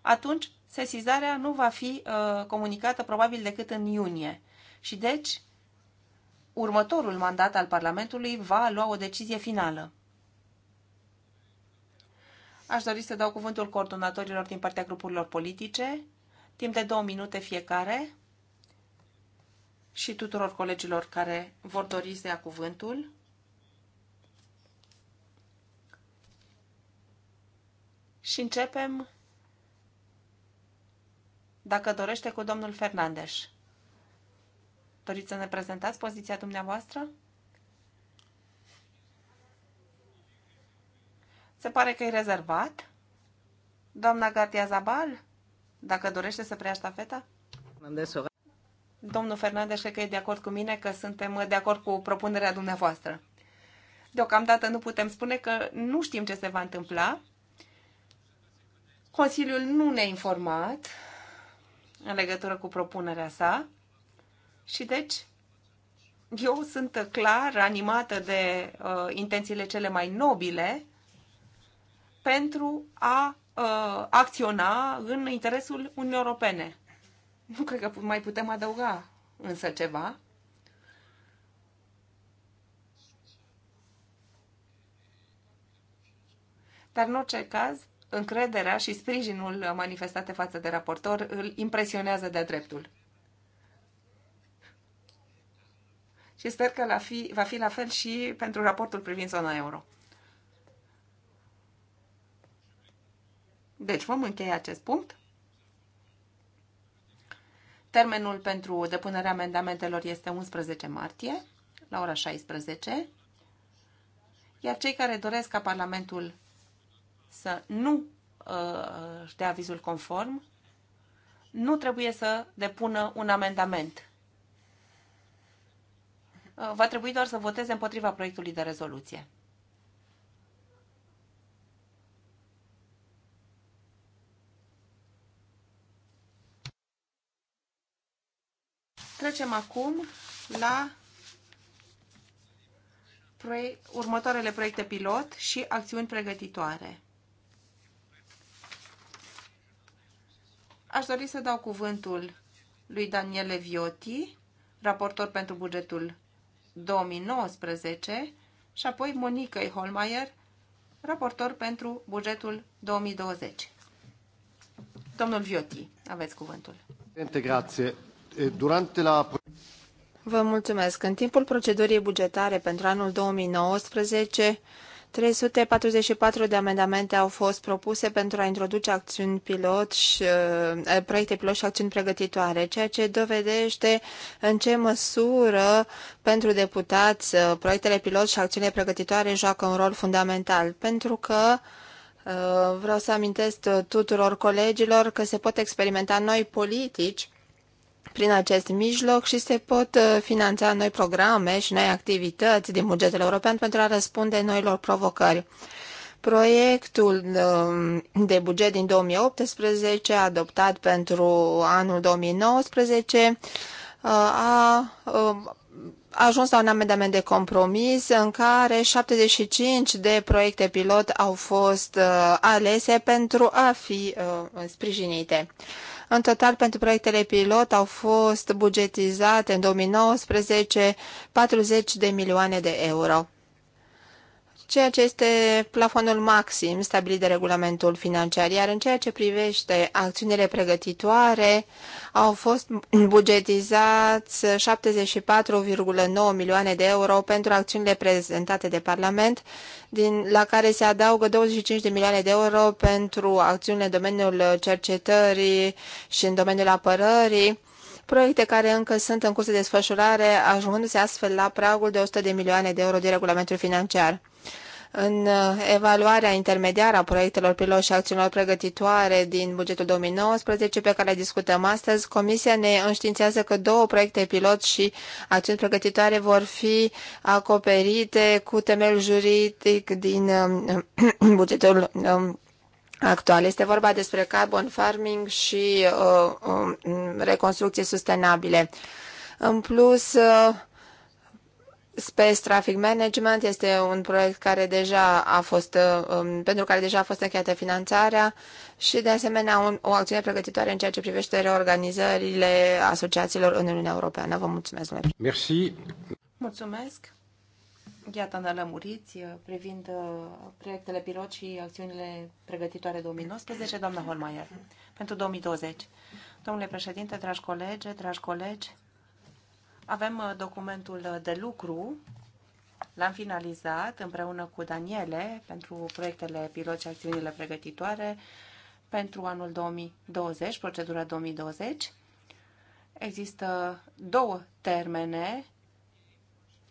atunci sesizarea nu va fi uh, comunicată probabil decât în iunie. Și deci următorul mandat al Parlamentului va lua o decizie finală. Aș dori să dau cuvântul coordonatorilor din partea grupurilor politice, timp de două minute fiecare, și tuturor colegilor care vor dori să ia cuvântul. Și începem, dacă dorește, cu domnul Fernandes. Doriți să ne prezentați poziția dumneavoastră? Se pare că e rezervat. Doamna Gatia Zabal, dacă dorește să preia ștafeta? Domnul Fernandez, cred că e de acord cu mine că suntem de acord cu propunerea dumneavoastră. Deocamdată nu putem spune că nu știm ce se va întâmpla. Consiliul nu ne-a informat în legătură cu propunerea sa. Și deci, eu sunt clar animată de uh, intențiile cele mai nobile pentru a uh, acționa în interesul Uniunii Europene. Nu cred că mai putem adăuga însă ceva. Dar în orice caz, încrederea și sprijinul manifestate față de raportor îl impresionează de-a dreptul. și sper că la fi, va fi la fel și pentru raportul privind zona euro. Deci vom încheia acest punct. Termenul pentru depunerea amendamentelor este 11 martie, la ora 16, iar cei care doresc ca Parlamentul să nu uh, dea avizul conform, nu trebuie să depună un amendament Uh, va trebui doar să voteze împotriva proiectului de rezoluție. Trecem acum la proiect, următoarele proiecte pilot și acțiuni pregătitoare. Aș dori să dau cuvântul lui Daniele Vioti, raportor pentru bugetul 2019 și apoi Monica Holmeier, raportor pentru bugetul 2020. Domnul Vioti, aveți cuvântul. Grazie. Durante la... Vă mulțumesc. În timpul procedurii bugetare pentru anul 2019, 344 de amendamente au fost propuse pentru a introduce acțiuni pilot și eh, proiecte pilot și acțiuni pregătitoare, ceea ce dovedește în ce măsură pentru deputați eh, proiectele pilot și acțiunile pregătitoare joacă un rol fundamental, pentru că eh, vreau să amintesc tuturor colegilor că se pot experimenta noi politici prin acest mijloc și se pot uh, finanța noi programe și noi activități din bugetul european pentru a răspunde noilor provocări. Proiectul um, de buget din 2018, adoptat pentru anul 2019, uh, a um, ajuns la un amendament de compromis în care 75 de proiecte pilot au fost uh, alese pentru a fi sprijinite. În total, pentru proiectele pilot au fost bugetizate în 2019 40 de milioane de euro ceea ce este plafonul maxim stabilit de regulamentul financiar, iar în ceea ce privește acțiunile pregătitoare, au fost bugetizați 74,9 milioane de euro pentru acțiunile prezentate de Parlament, din, la care se adaugă 25 de milioane de euro pentru acțiunile în domeniul cercetării și în domeniul apărării, proiecte care încă sunt în curs de desfășurare, ajungându-se astfel la pragul de 100 de milioane de euro din regulamentul financiar. În uh, evaluarea intermediară a proiectelor pilot și acțiunilor pregătitoare din bugetul 2019, pe care le discutăm astăzi, Comisia ne înștiințează că două proiecte pilot și acțiuni pregătitoare vor fi acoperite cu temel juridic din um, bugetul um, actual. Este vorba despre carbon farming și uh, uh, reconstrucții sustenabile. În plus, uh, Space Traffic Management este un proiect care deja a fost, um, pentru care deja a fost încheiată finanțarea și, de asemenea, un, o acțiune pregătitoare în ceea ce privește reorganizările asociațiilor în Uniunea Europeană. Vă mulțumesc, domnule Merci. Mulțumesc. Iată, ne lămuriți uh, privind uh, proiectele pilot și acțiunile pregătitoare 2019, doamna Holmaier, pentru 2020. Domnule președinte, dragi colegi, dragi colegi, avem uh, documentul uh, de lucru, l-am finalizat împreună cu Daniele pentru proiectele pilot și acțiunile pregătitoare pentru anul 2020, procedura 2020. Există două termene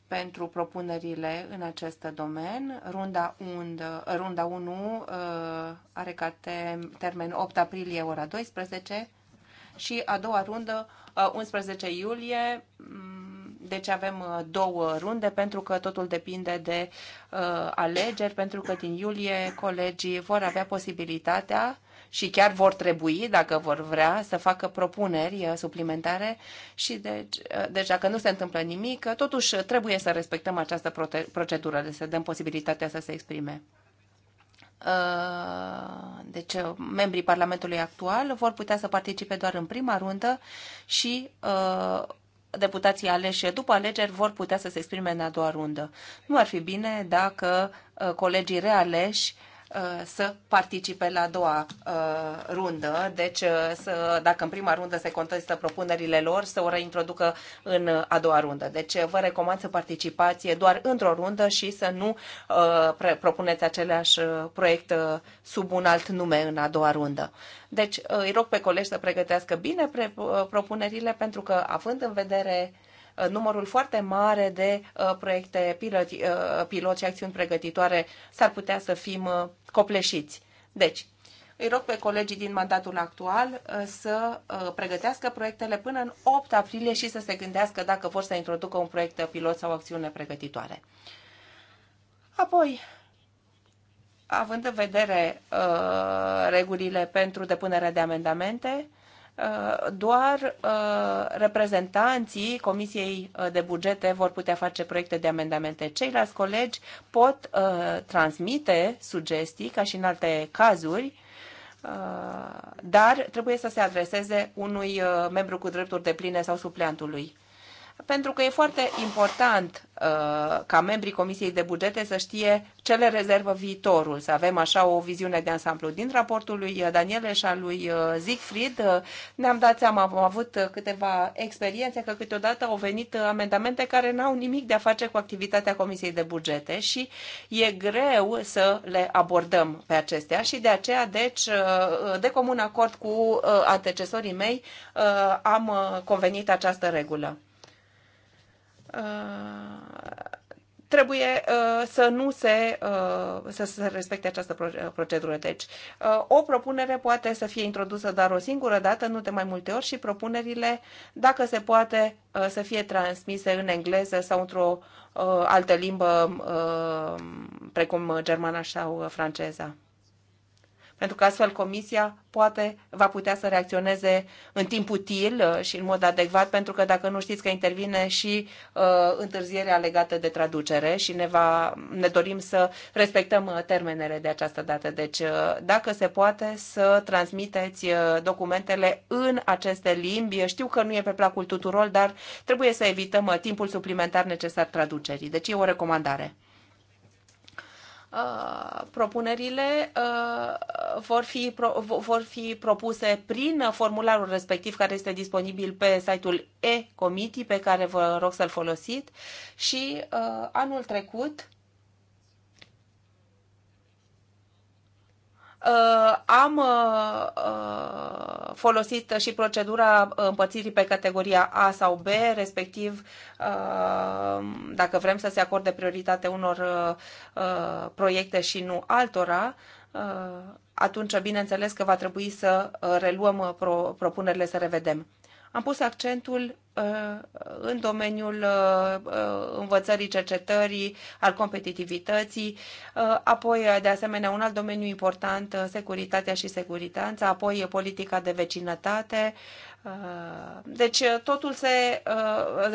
pentru propunerile în acest domen. Runda, und, uh, runda 1 are ca termen 8 aprilie ora 12 și a doua rundă 11 iulie deci avem uh, două runde pentru că totul depinde de uh, alegeri, pentru că din iulie colegii vor avea posibilitatea și chiar vor trebui, dacă vor vrea, să facă propuneri uh, suplimentare și deci, uh, deci dacă nu se întâmplă nimic, totuși trebuie să respectăm această procedură, de să dăm posibilitatea să se exprime. Deci, membrii Parlamentului actual vor putea să participe doar în prima rundă și deputații aleși după alegeri vor putea să se exprime în a doua rundă. Nu ar fi bine dacă uh, colegii realeși uh, Uh, să participe la a doua uh, rundă. Deci, uh, să, dacă în prima rundă se contestă propunerile lor, să o reintroducă în a doua rundă. Deci, vă recomand să participați doar într-o rundă și să nu propuneți aceleași proiect sub un alt nume în a doua rundă. Deci, îi rog pe colegi să pregătească bine propunerile, pentru că, având în vedere uh, Uh, numărul foarte mare de uh, proiecte pilot, uh, pilot și acțiuni pregătitoare s-ar putea să fim copleșiți. Deci, îi rog pe colegii din mandatul actual să pregătească proiectele până în 8 aprilie și să se gândească dacă vor să introducă un proiect pilot sau acțiune pregătitoare. Apoi, având în vedere uh, regulile pentru depunerea de amendamente, uh, Uh, doar uh, reprezentanții Comisiei uh, de Bugete vor putea face proiecte de amendamente. Ceilalți colegi pot transmite sugestii, ca și în alte cazuri, dar trebuie să se adreseze unui membru cu drepturi de pline sau supleantului pentru că e foarte important uh, ca membrii Comisiei de Bugete să știe ce le rezervă viitorul, să avem așa o viziune de ansamblu. Din raportul lui uh, Daniele și al lui uh, Siegfried uh, ne-am dat seama, am avut uh, câteva experiențe că câteodată au venit amendamente care n-au nimic de a face cu activitatea Comisiei de Bugete și e greu să le abordăm pe acestea și de aceea, deci, uh, de comun acord cu antecesorii mei, am convenit această regulă. Uh, trebuie uh, să nu se, uh, să se respecte această uh, procedură. Deci, uh, o propunere poate să fie introdusă dar o singură dată, nu de mai multe ori, și propunerile, dacă se poate, uh, să fie transmise în engleză sau într-o uh, altă limbă, uh, precum germana sau franceza pentru că astfel Comisia poate va putea să reacționeze în timp util uh, și în mod adecvat, pentru că dacă nu știți că intervine și uh, întârzierea legată de traducere și ne, va, ne dorim să respectăm uh, termenele de această dată. Deci, uh, dacă se poate să transmiteți uh, documentele în aceste limbi, știu că nu e pe placul tuturor, dar trebuie să evităm timpul suplimentar necesar traducerii. Deci e o recomandare. Uh, propunerile uh, vor fi, vor fi propuse prin formularul respectiv care este disponibil pe site-ul e-comitii pe care vă rog să-l folosiți și uh, anul trecut Uh, am uh, uh, folosit și procedura împărțirii pe categoria A sau B, respectiv dacă vrem să se acorde prioritate unor proiecte și nu altora, atunci bineînțeles că va trebui să reluăm propunerile, să revedem am pus accentul uh, în domeniul uh, uh, învățării, cercetării, al competitivității, apoi, de asemenea, un alt domeniu important, securitatea și securitanța, apoi politica de vecinătate. Deci, totul se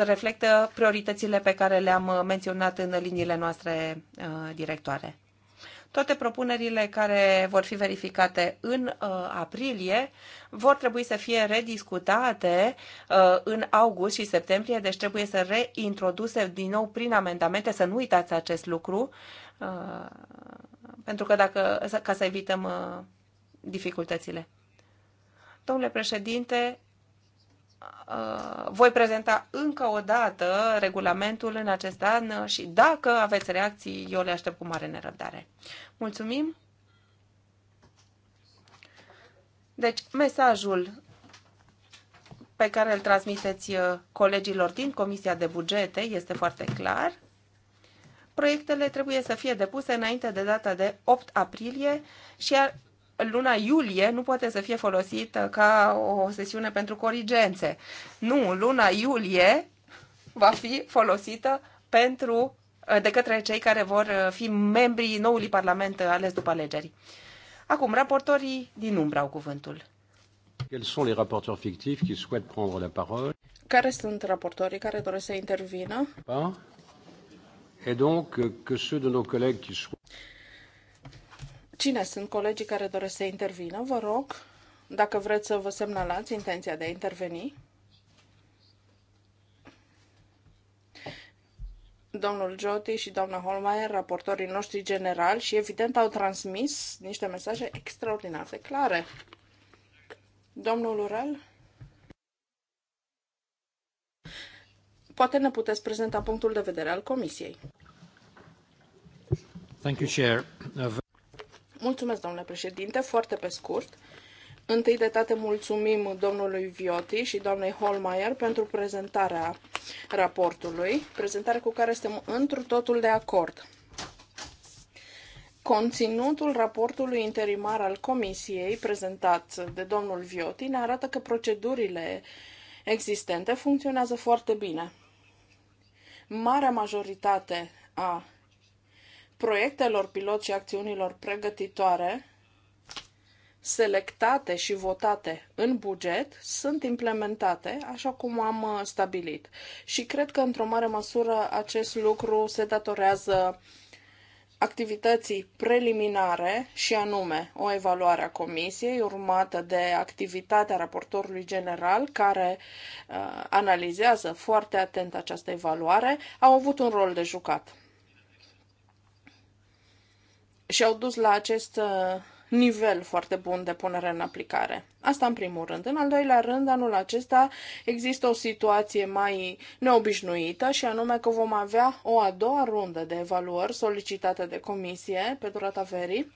reflectă prioritățile pe care le-am menționat în liniile noastre directoare. Toate propunerile care vor fi verificate în uh, aprilie vor trebui să fie rediscutate uh, în august și septembrie, deci trebuie să reintroduse din nou prin amendamente, să nu uitați acest lucru, uh, pentru că dacă, ca să evităm dificultățile. Domnule președinte, Uh, voi prezenta încă o dată regulamentul în acest an și dacă aveți reacții, eu le aștept cu mare nerăbdare. Mulțumim! Deci, mesajul pe care îl transmiteți uh, colegilor din Comisia de Bugete este foarte clar. Proiectele trebuie să fie depuse înainte de data de 8 aprilie și luna iulie nu poate să fie folosită ca o sesiune pentru corigențe. Nu, luna iulie va fi folosită pentru uh, de către cei care vor uh, fi membrii noului parlament uh, ales după alegeri. Acum, raportorii din umbră au cuvântul. Quels sont les fictifs qui souhaitent prendre la parole? Care sunt raportorii care doresc să intervină? Et donc, euh, que ceux de nos collègues qui souhaitent... Cine sunt colegii care doresc să intervină? Vă rog, dacă vreți să vă semnalați intenția de a interveni. domnul Joti și doamna Holmeier, raportorii noștri generali, și evident au transmis niște mesaje extraordinar de clare. Domnul Urel? Poate ne puteți prezenta punctul de vedere al Comisiei. Thank you, Chair. Mulțumesc, domnule președinte, foarte pe scurt. Întâi de toate mulțumim domnului Vioti și doamnei Holmeier pentru prezentarea raportului, prezentare cu care suntem întru totul de acord. Conținutul raportului interimar al comisiei prezentat de domnul Vioti ne arată că procedurile existente funcționează foarte bine. Marea majoritate a proiectelor pilot și acțiunilor pregătitoare selectate și votate în buget sunt implementate așa cum am uh, stabilit. Și cred că, într-o mare măsură, acest lucru se datorează activității preliminare și anume o evaluare a comisiei urmată de activitatea raportorului general care uh, analizează foarte atent această evaluare, au avut un rol de jucat și au dus la acest uh, nivel foarte bun de punere în aplicare. Asta în primul rând. În al doilea rând, anul acesta există o situație mai neobișnuită și anume că vom avea o a doua rundă de evaluări solicitată de comisie pe durata verii.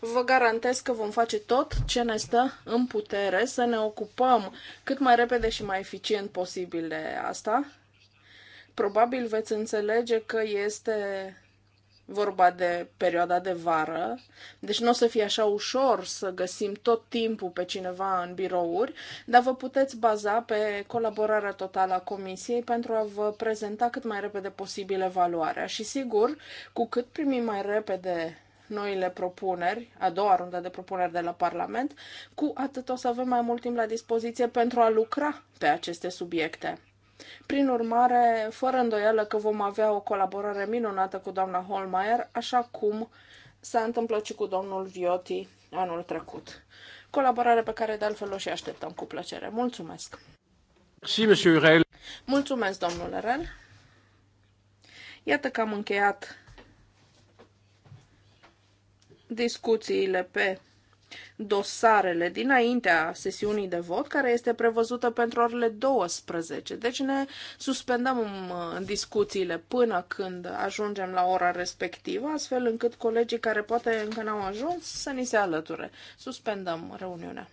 Vă garantez că vom face tot ce ne stă în putere să ne ocupăm cât mai repede și mai eficient posibil de asta. Probabil veți înțelege că este vorba de perioada de vară, deci nu o să fie așa ușor să găsim tot timpul pe cineva în birouri, dar vă puteți baza pe colaborarea totală a comisiei pentru a vă prezenta cât mai repede posibil evaluarea. Și sigur, cu cât primim mai repede noile propuneri, a doua rundă de propuneri de la Parlament, cu atât o să avem mai mult timp la dispoziție pentru a lucra pe aceste subiecte. Prin urmare, fără îndoială că vom avea o colaborare minunată cu doamna Holmeier, așa cum s-a întâmplat și cu domnul Vioti anul trecut. Colaborare pe care de altfel o și așteptăm cu plăcere. Mulțumesc! Și, Rel. Mulțumesc, domnule Rel. Iată că am încheiat discuțiile pe dosarele dinaintea sesiunii de vot, care este prevăzută pentru orele 12. Deci ne suspendăm uh, discuțiile până când ajungem la ora respectivă, astfel încât colegii care poate încă n-au ajuns să ni se alăture. Suspendăm reuniunea.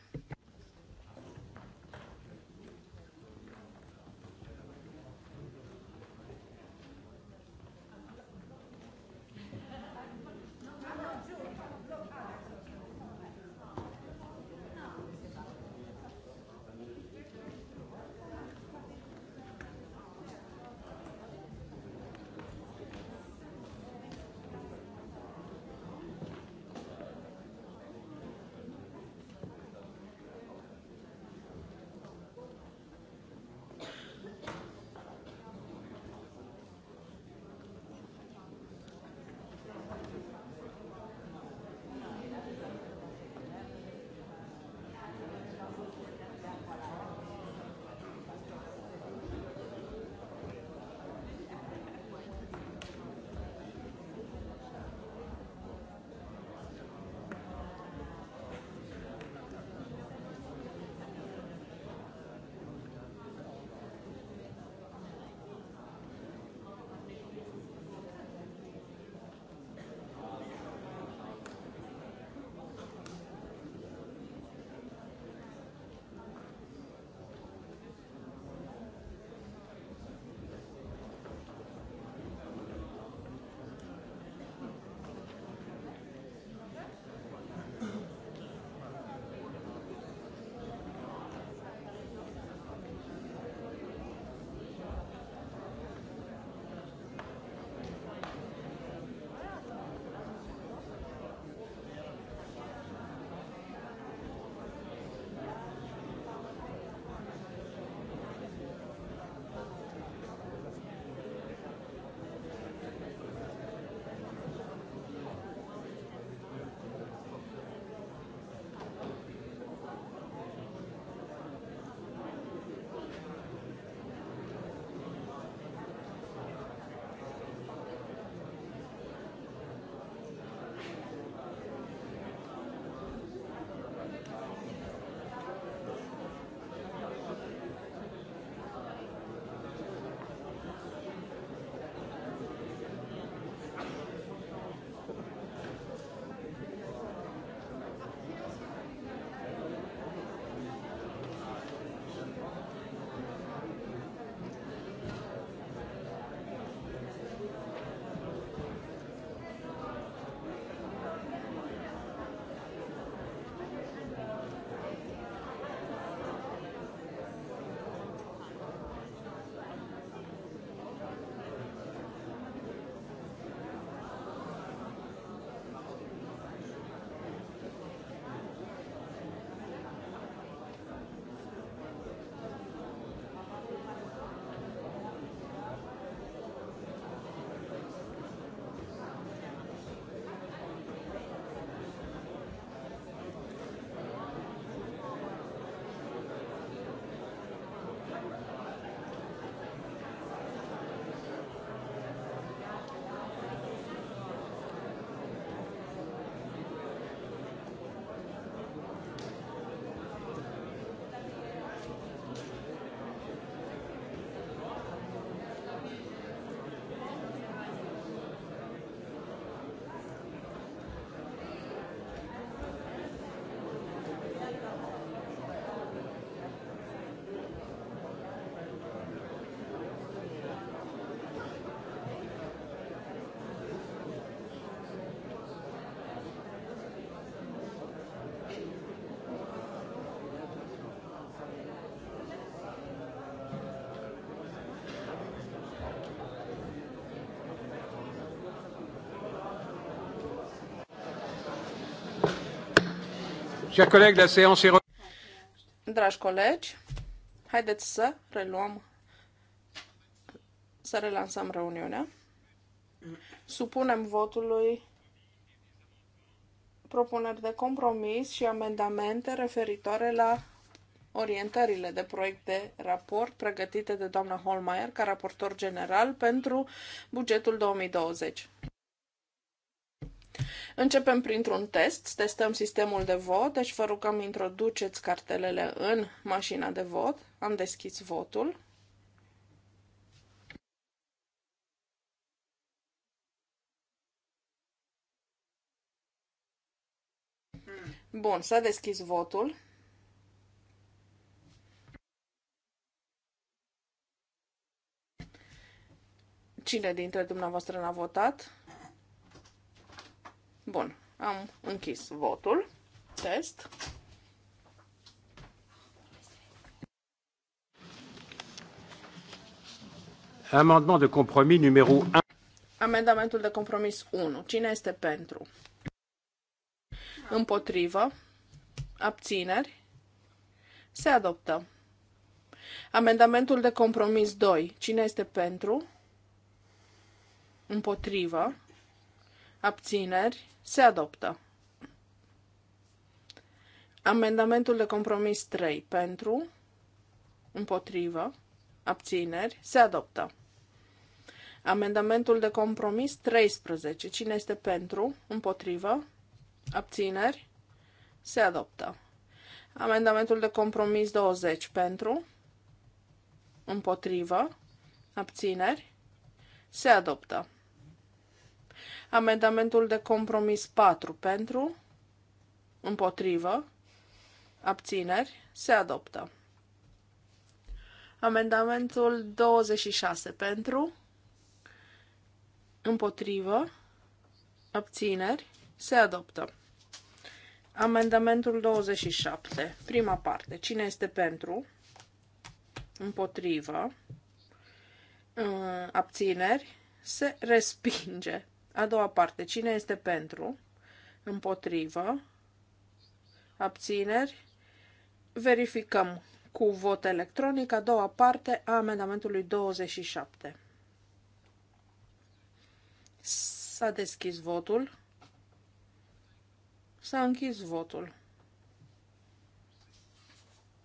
Chers collègues, la séance est... Dragi colegi, haideți să reluăm, să relansăm reuniunea. Supunem votului propuneri de compromis și amendamente referitoare la orientările de proiect de raport pregătite de doamna Holmeier ca raportor general pentru bugetul 2020. Începem printr-un test, testăm sistemul de vot, deci vă rugăm introduceți cartelele în mașina de vot. Am deschis votul. Bun, s-a deschis votul. Cine dintre dumneavoastră n-a votat? Bun, am închis votul. Test. Amendement de compromis numărul 1. Amendamentul de compromis 1. Cine este pentru? Împotrivă. Abțineri. Se adoptă. Amendamentul de compromis 2. Cine este pentru? Împotrivă abțineri, se adoptă. Amendamentul de compromis 3 pentru, împotrivă, abțineri, se adoptă. Amendamentul de compromis 13. Cine este pentru, împotrivă, abțineri, se adoptă. Amendamentul de compromis 20 pentru, împotrivă, abțineri, se adoptă. Amendamentul de compromis 4 pentru, împotrivă, abțineri, se adoptă. Amendamentul 26 pentru, împotrivă, abțineri, se adoptă. Amendamentul 27, prima parte. Cine este pentru? Împotrivă. Ă, abțineri. Se respinge. A doua parte. Cine este pentru? Împotrivă. Abțineri. Verificăm cu vot electronic a doua parte a amendamentului 27. S-a deschis votul. S-a închis votul.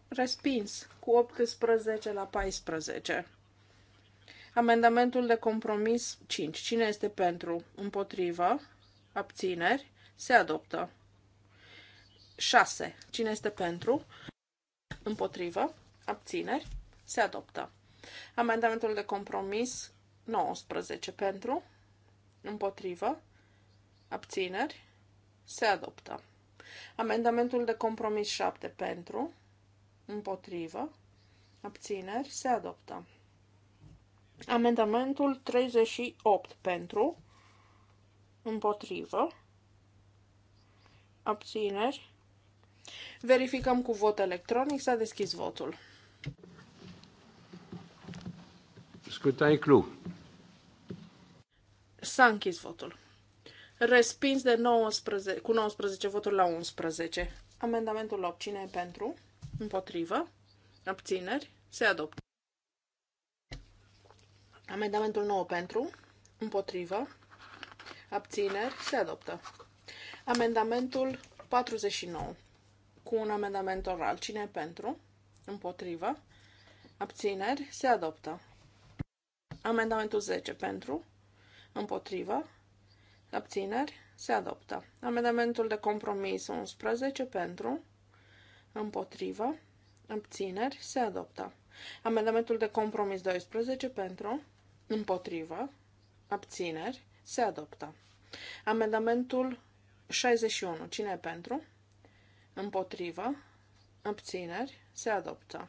Respins cu 18 la 14. Amendamentul de compromis 5. Cine este pentru? Împotrivă? Abțineri? Se adoptă. 6. Cine este pentru? Împotrivă? Abțineri? Se adoptă. Amendamentul de compromis 19 pentru, împotrivă, abțineri, se adoptă. Amendamentul de compromis 7 pentru, împotrivă, abțineri, se adoptă. Amendamentul 38 pentru, împotrivă, abțineri. Verificăm cu vot electronic, s-a deschis votul. Scutai Clu. S-a închis votul. Respins de 19, cu 19 voturi la 11. Amendamentul 8. pentru? Împotrivă? Abțineri? Se adoptă. Amendamentul 9 pentru, împotrivă, abțineri, se adoptă. Amendamentul 49 cu un amendament oral. Cine e pentru? Împotrivă. Abțineri, se adoptă. Amendamentul 10 pentru, împotrivă, abțineri, se adoptă. Amendamentul de compromis 11 pentru, împotrivă, abțineri, se adoptă. Amendamentul de compromis 12 pentru, Împotrivă. Abțineri. Se adoptă. Amendamentul 61. Cine e pentru? Împotrivă. Abțineri. Se adoptă.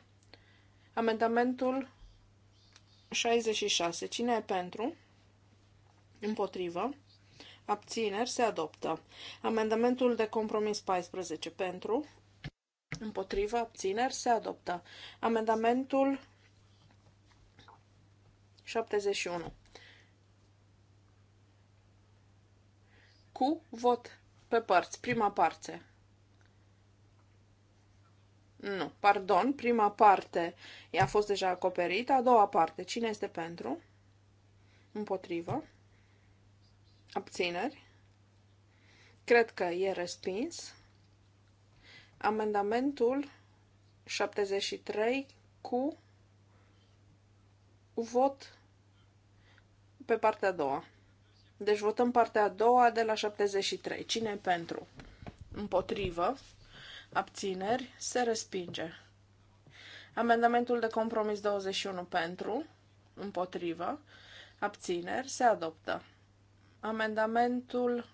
Amendamentul 66. Cine e pentru? Împotrivă. Abțineri. Se adoptă. Amendamentul de compromis 14. Pentru. Împotrivă. Abțineri. Se adoptă. Amendamentul 71. Cu vot pe părți, prima parte. Nu, pardon, prima parte a fost deja acoperită, a doua parte, cine este pentru? Împotrivă. Abțineri. Cred că e respins. Amendamentul 73 cu vot pe partea a doua. Deci votăm partea a doua de la 73. Cine e pentru? Împotrivă. Abțineri. Se respinge. Amendamentul de compromis 21 pentru. Împotrivă. Abțineri. Se adoptă. Amendamentul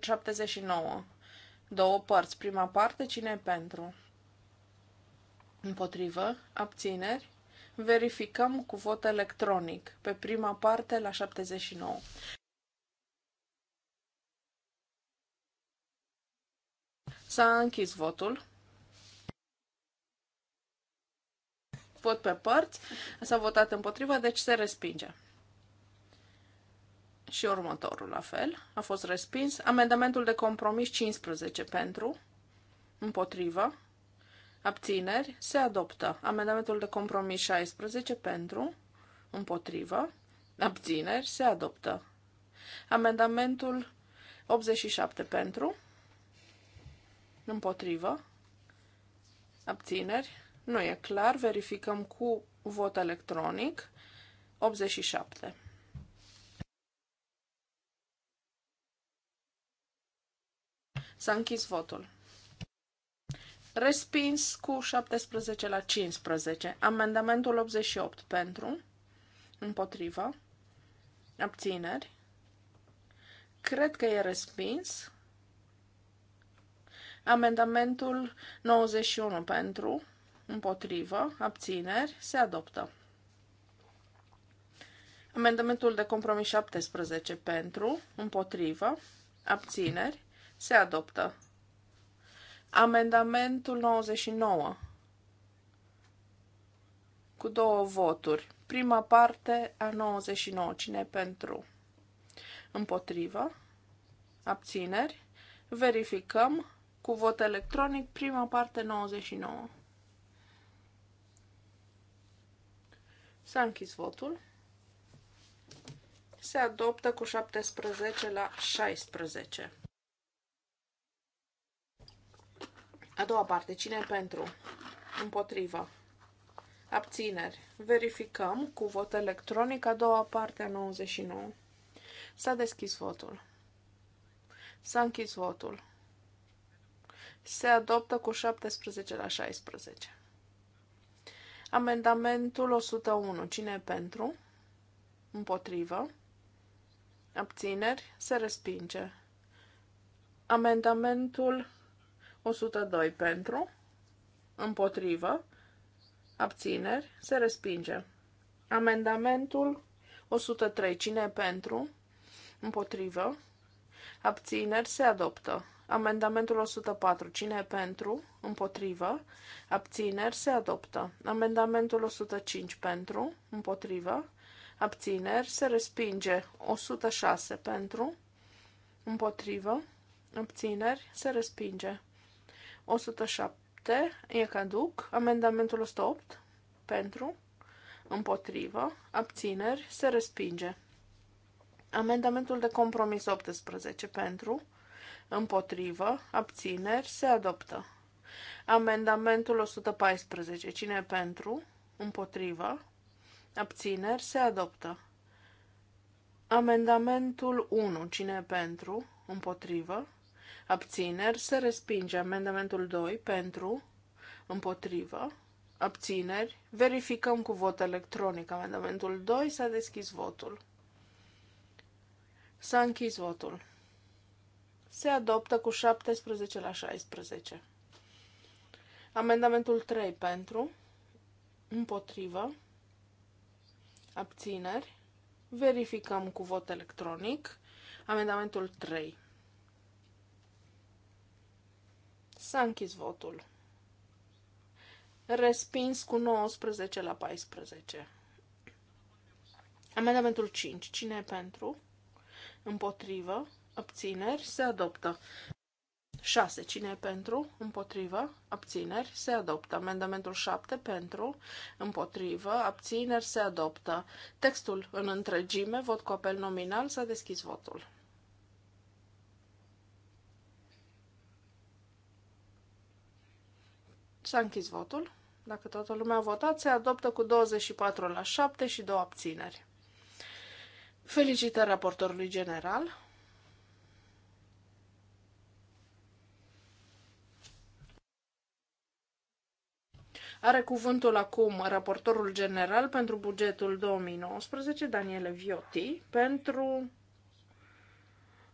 79. Două părți. Prima parte. Cine e pentru? Împotrivă. Abțineri. Verificăm cu vot electronic pe prima parte la 79. S-a închis votul. Vot pe părți. S-a votat împotriva, deci se respinge. Și următorul la fel. A fost respins. Amendamentul de compromis 15 pentru. Împotriva. Abțineri. Se adoptă. Amendamentul de compromis 16 pentru. Împotrivă. Abțineri. Se adoptă. Amendamentul 87 pentru. Împotrivă. Abțineri. Nu e clar. Verificăm cu vot electronic. 87. S-a închis votul. Respins cu 17 la 15. Amendamentul 88 pentru, împotrivă, abțineri. Cred că e respins. Amendamentul 91 pentru, împotrivă, abțineri, se adoptă. Amendamentul de compromis 17 pentru, împotrivă, abțineri, se adoptă. Amendamentul 99 cu două voturi. Prima parte a 99. Cine pentru? Împotrivă. Abțineri. Verificăm cu vot electronic prima parte 99. S-a închis votul. Se adoptă cu 17 la 16. A doua parte, cine pentru? Împotrivă. Abțineri. Verificăm cu vot electronic a doua parte a 99. S-a deschis votul. S-a închis votul. Se adoptă cu 17 la 16. Amendamentul 101. Cine pentru? Împotrivă. Abțineri. Se respinge. Amendamentul 102 pentru, împotrivă, abțineri, se respinge. Amendamentul 103, cine pentru, împotrivă, abțineri, se adoptă. Amendamentul 104, cine pentru, împotrivă, abțineri, se adoptă. Amendamentul 105, pentru, împotrivă, abțineri, se respinge. 106, pentru, împotrivă, abțineri, se respinge. 107 e caduc. Amendamentul 108 pentru, împotrivă, abțineri, se respinge. Amendamentul de compromis 18 pentru, împotrivă, abțineri, se adoptă. Amendamentul 114, cine e pentru, împotrivă, abțineri, se adoptă. Amendamentul 1, cine e pentru, împotrivă, abțineri, se respinge. Amendamentul 2 pentru, împotrivă, abțineri, verificăm cu vot electronic. Amendamentul 2 s-a deschis votul. S-a închis votul. Se adoptă cu 17 la 16. Amendamentul 3 pentru, împotrivă, abțineri, verificăm cu vot electronic. Amendamentul 3. S-a închis votul. Respins cu 19 la 14. Amendamentul 5. Cine e pentru? Împotrivă. Abțineri. Se adoptă. 6. Cine e pentru? Împotrivă. Abțineri. Se adoptă. Amendamentul 7. Pentru. Împotrivă. Abțineri. Se adoptă. Textul în întregime. Vot cu apel nominal. S-a deschis votul. S-a închis votul. Dacă toată lumea a votat, se adoptă cu 24 la 7 și 2 abțineri. Felicitări raportorului general. Are cuvântul acum raportorul general pentru bugetul 2019, Daniele Vioti, pentru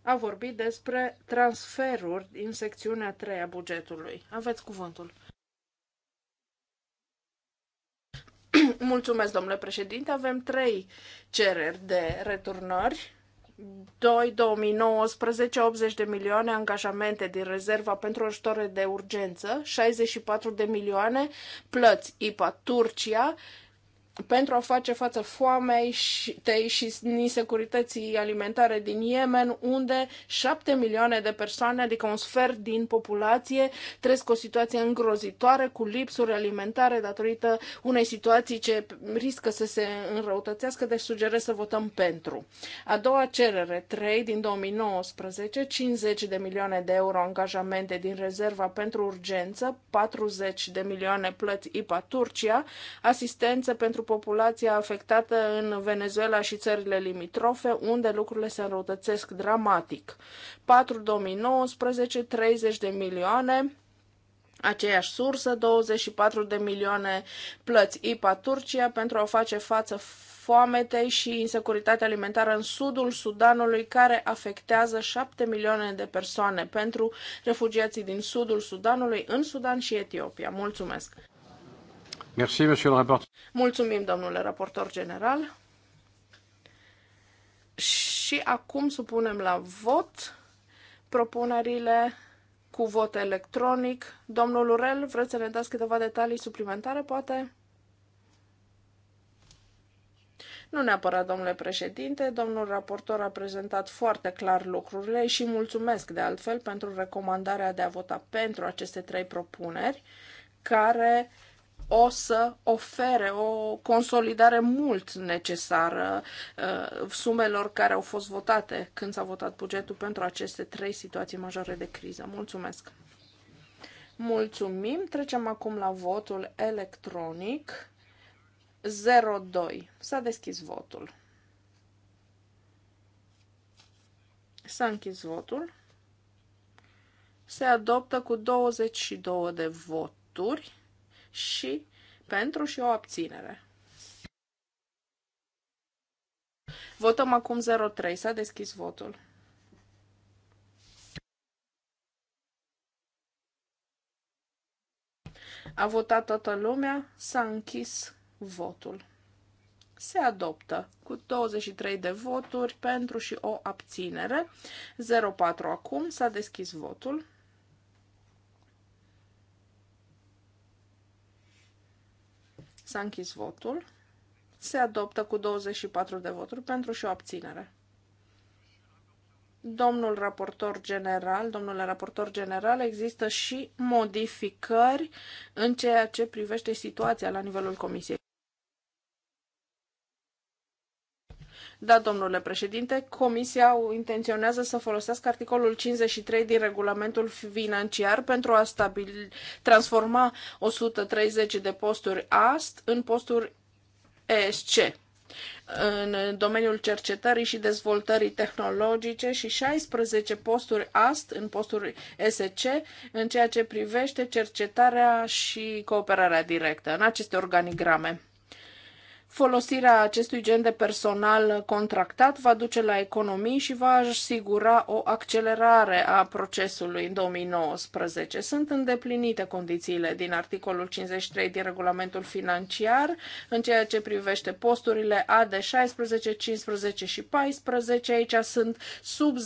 a vorbi despre transferuri din secțiunea 3 a bugetului. Aveți cuvântul. Mulțumesc, domnule președinte. Avem trei cereri de returnări. 2. 2019, 80 de milioane angajamente din rezerva pentru ajutoare de urgență, 64 de milioane plăți IPA Turcia pentru a face față foamei și, și insecurității alimentare din Yemen, unde 7 milioane de persoane, adică un sfert din populație, trăiesc o situație îngrozitoare cu lipsuri alimentare datorită unei situații ce riscă să se înrăutățească, deci sugerez să votăm pentru. A doua cerere, 3 din 2019, 50 de milioane de euro angajamente din rezerva pentru urgență, 40 de milioane plăți IPA Turcia, asistență pentru populația afectată în Venezuela și țările limitrofe, unde lucrurile se înrăutățesc dramatic. 4 2019, 30 de milioane, aceeași sursă, 24 de milioane plăți IPA Turcia pentru a face față foametei și insecuritatea alimentară în sudul Sudanului, care afectează 7 milioane de persoane pentru refugiații din sudul Sudanului, în Sudan și Etiopia. Mulțumesc! Merci, monsieur le Mulțumim, domnule raportor general. Și acum supunem la vot propunerile cu vot electronic. Domnul Urel, vreți să ne dați câteva detalii suplimentare, poate? Nu neapărat, domnule președinte, domnul raportor a prezentat foarte clar lucrurile și mulțumesc de altfel pentru recomandarea de a vota pentru aceste trei propuneri, care uh, o să ofere o consolidare mult necesară uh, sumelor care au fost votate când s-a votat bugetul pentru aceste trei situații majore de criză. Mulțumesc! Mulțumim! Trecem acum la votul electronic 02. S-a deschis votul. S-a închis votul. Se adoptă cu 22 de voturi și pentru și o abținere. Votăm acum 03. S-a deschis votul. A votat toată lumea, s-a închis votul. Se adoptă cu 23 de voturi pentru și o abținere. 04 acum, s-a deschis votul. S-a închis votul. Se adoptă cu 24 de voturi pentru și o abținere. Domnul raportor general, domnule raportor general, există și modificări în ceea ce privește situația la nivelul comisiei. Da, domnule președinte, Comisia intenționează să folosească articolul 53 din regulamentul financiar pentru a stabili, transforma 130 de posturi AST în posturi ESC în domeniul cercetării și dezvoltării tehnologice și 16 posturi AST în posturi SC în ceea ce privește cercetarea și cooperarea directă în aceste organigrame. Folosirea acestui gen de personal contractat va duce la economii și va asigura o accelerare a procesului în 2019. Sunt îndeplinite condițiile din articolul 53 din regulamentul financiar în ceea ce privește posturile AD 16, 15 și 14. Aici sunt sub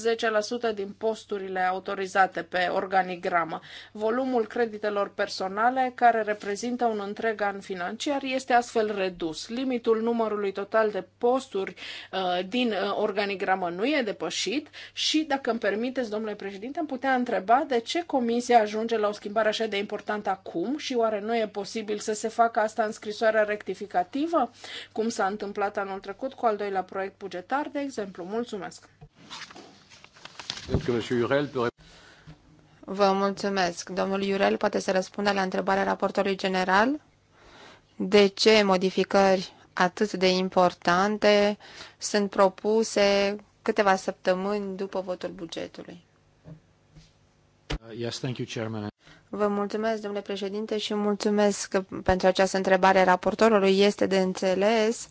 10% din posturile autorizate pe organigramă. Volumul creditelor personale, care reprezintă un întreg an financiar, este astfel redus. Limit limitul numărului total de posturi uh, din uh, organigramă nu e depășit și, dacă îmi permiteți, domnule președinte, am putea întreba de ce comisia ajunge la o schimbare așa de importantă acum și oare nu e posibil să se facă asta în scrisoarea rectificativă, cum s-a întâmplat anul trecut cu al doilea proiect bugetar, de exemplu. Mulțumesc! Vă mulțumesc. Domnul Iurel poate să răspundă la întrebarea raportorului general. De ce modificări atât de importante sunt propuse câteva săptămâni după votul bugetului. Yes, thank you, Chairman. Vă mulțumesc, domnule președinte, și mulțumesc pentru această întrebare raportorului. Este de înțeles.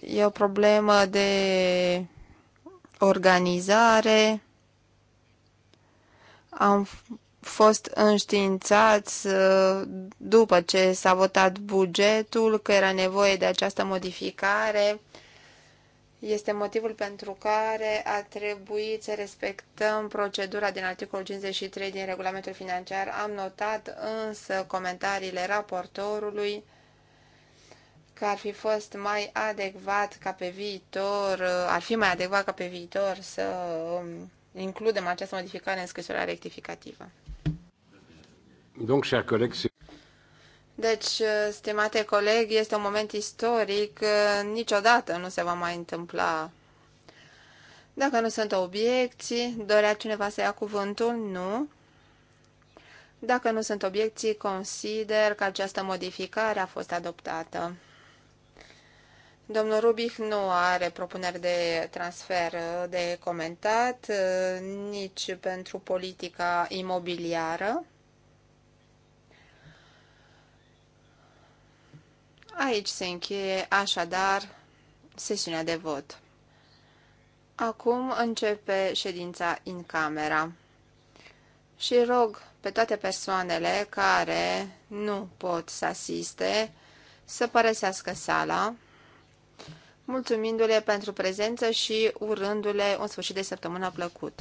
E o problemă de organizare. Am fost înștiințați uh, după ce s-a votat bugetul, că era nevoie de această modificare. Este motivul pentru care a trebuit să respectăm procedura din articolul 53 din regulamentul financiar. Am notat însă comentariile raportorului că ar fi fost mai adecvat ca pe viitor, uh, ar fi mai adecvat ca pe viitor să um, includem această modificare în scrisoarea rectificativă deci, uh, stimate coleg, este un moment istoric, uh, niciodată nu se va mai întâmpla. Dacă nu sunt obiecții, dorea cineva să ia cuvântul? Nu. Dacă nu sunt obiecții, consider că această modificare a fost adoptată. Domnul Rubic nu are propuneri de transfer uh, de comentat, nici pentru politica imobiliară. Aici se încheie așadar sesiunea de vot. Acum începe ședința în camera și rog pe toate persoanele care nu pot să asiste să părăsească sala, mulțumindu-le pentru prezență și urându-le un sfârșit de săptămână plăcut.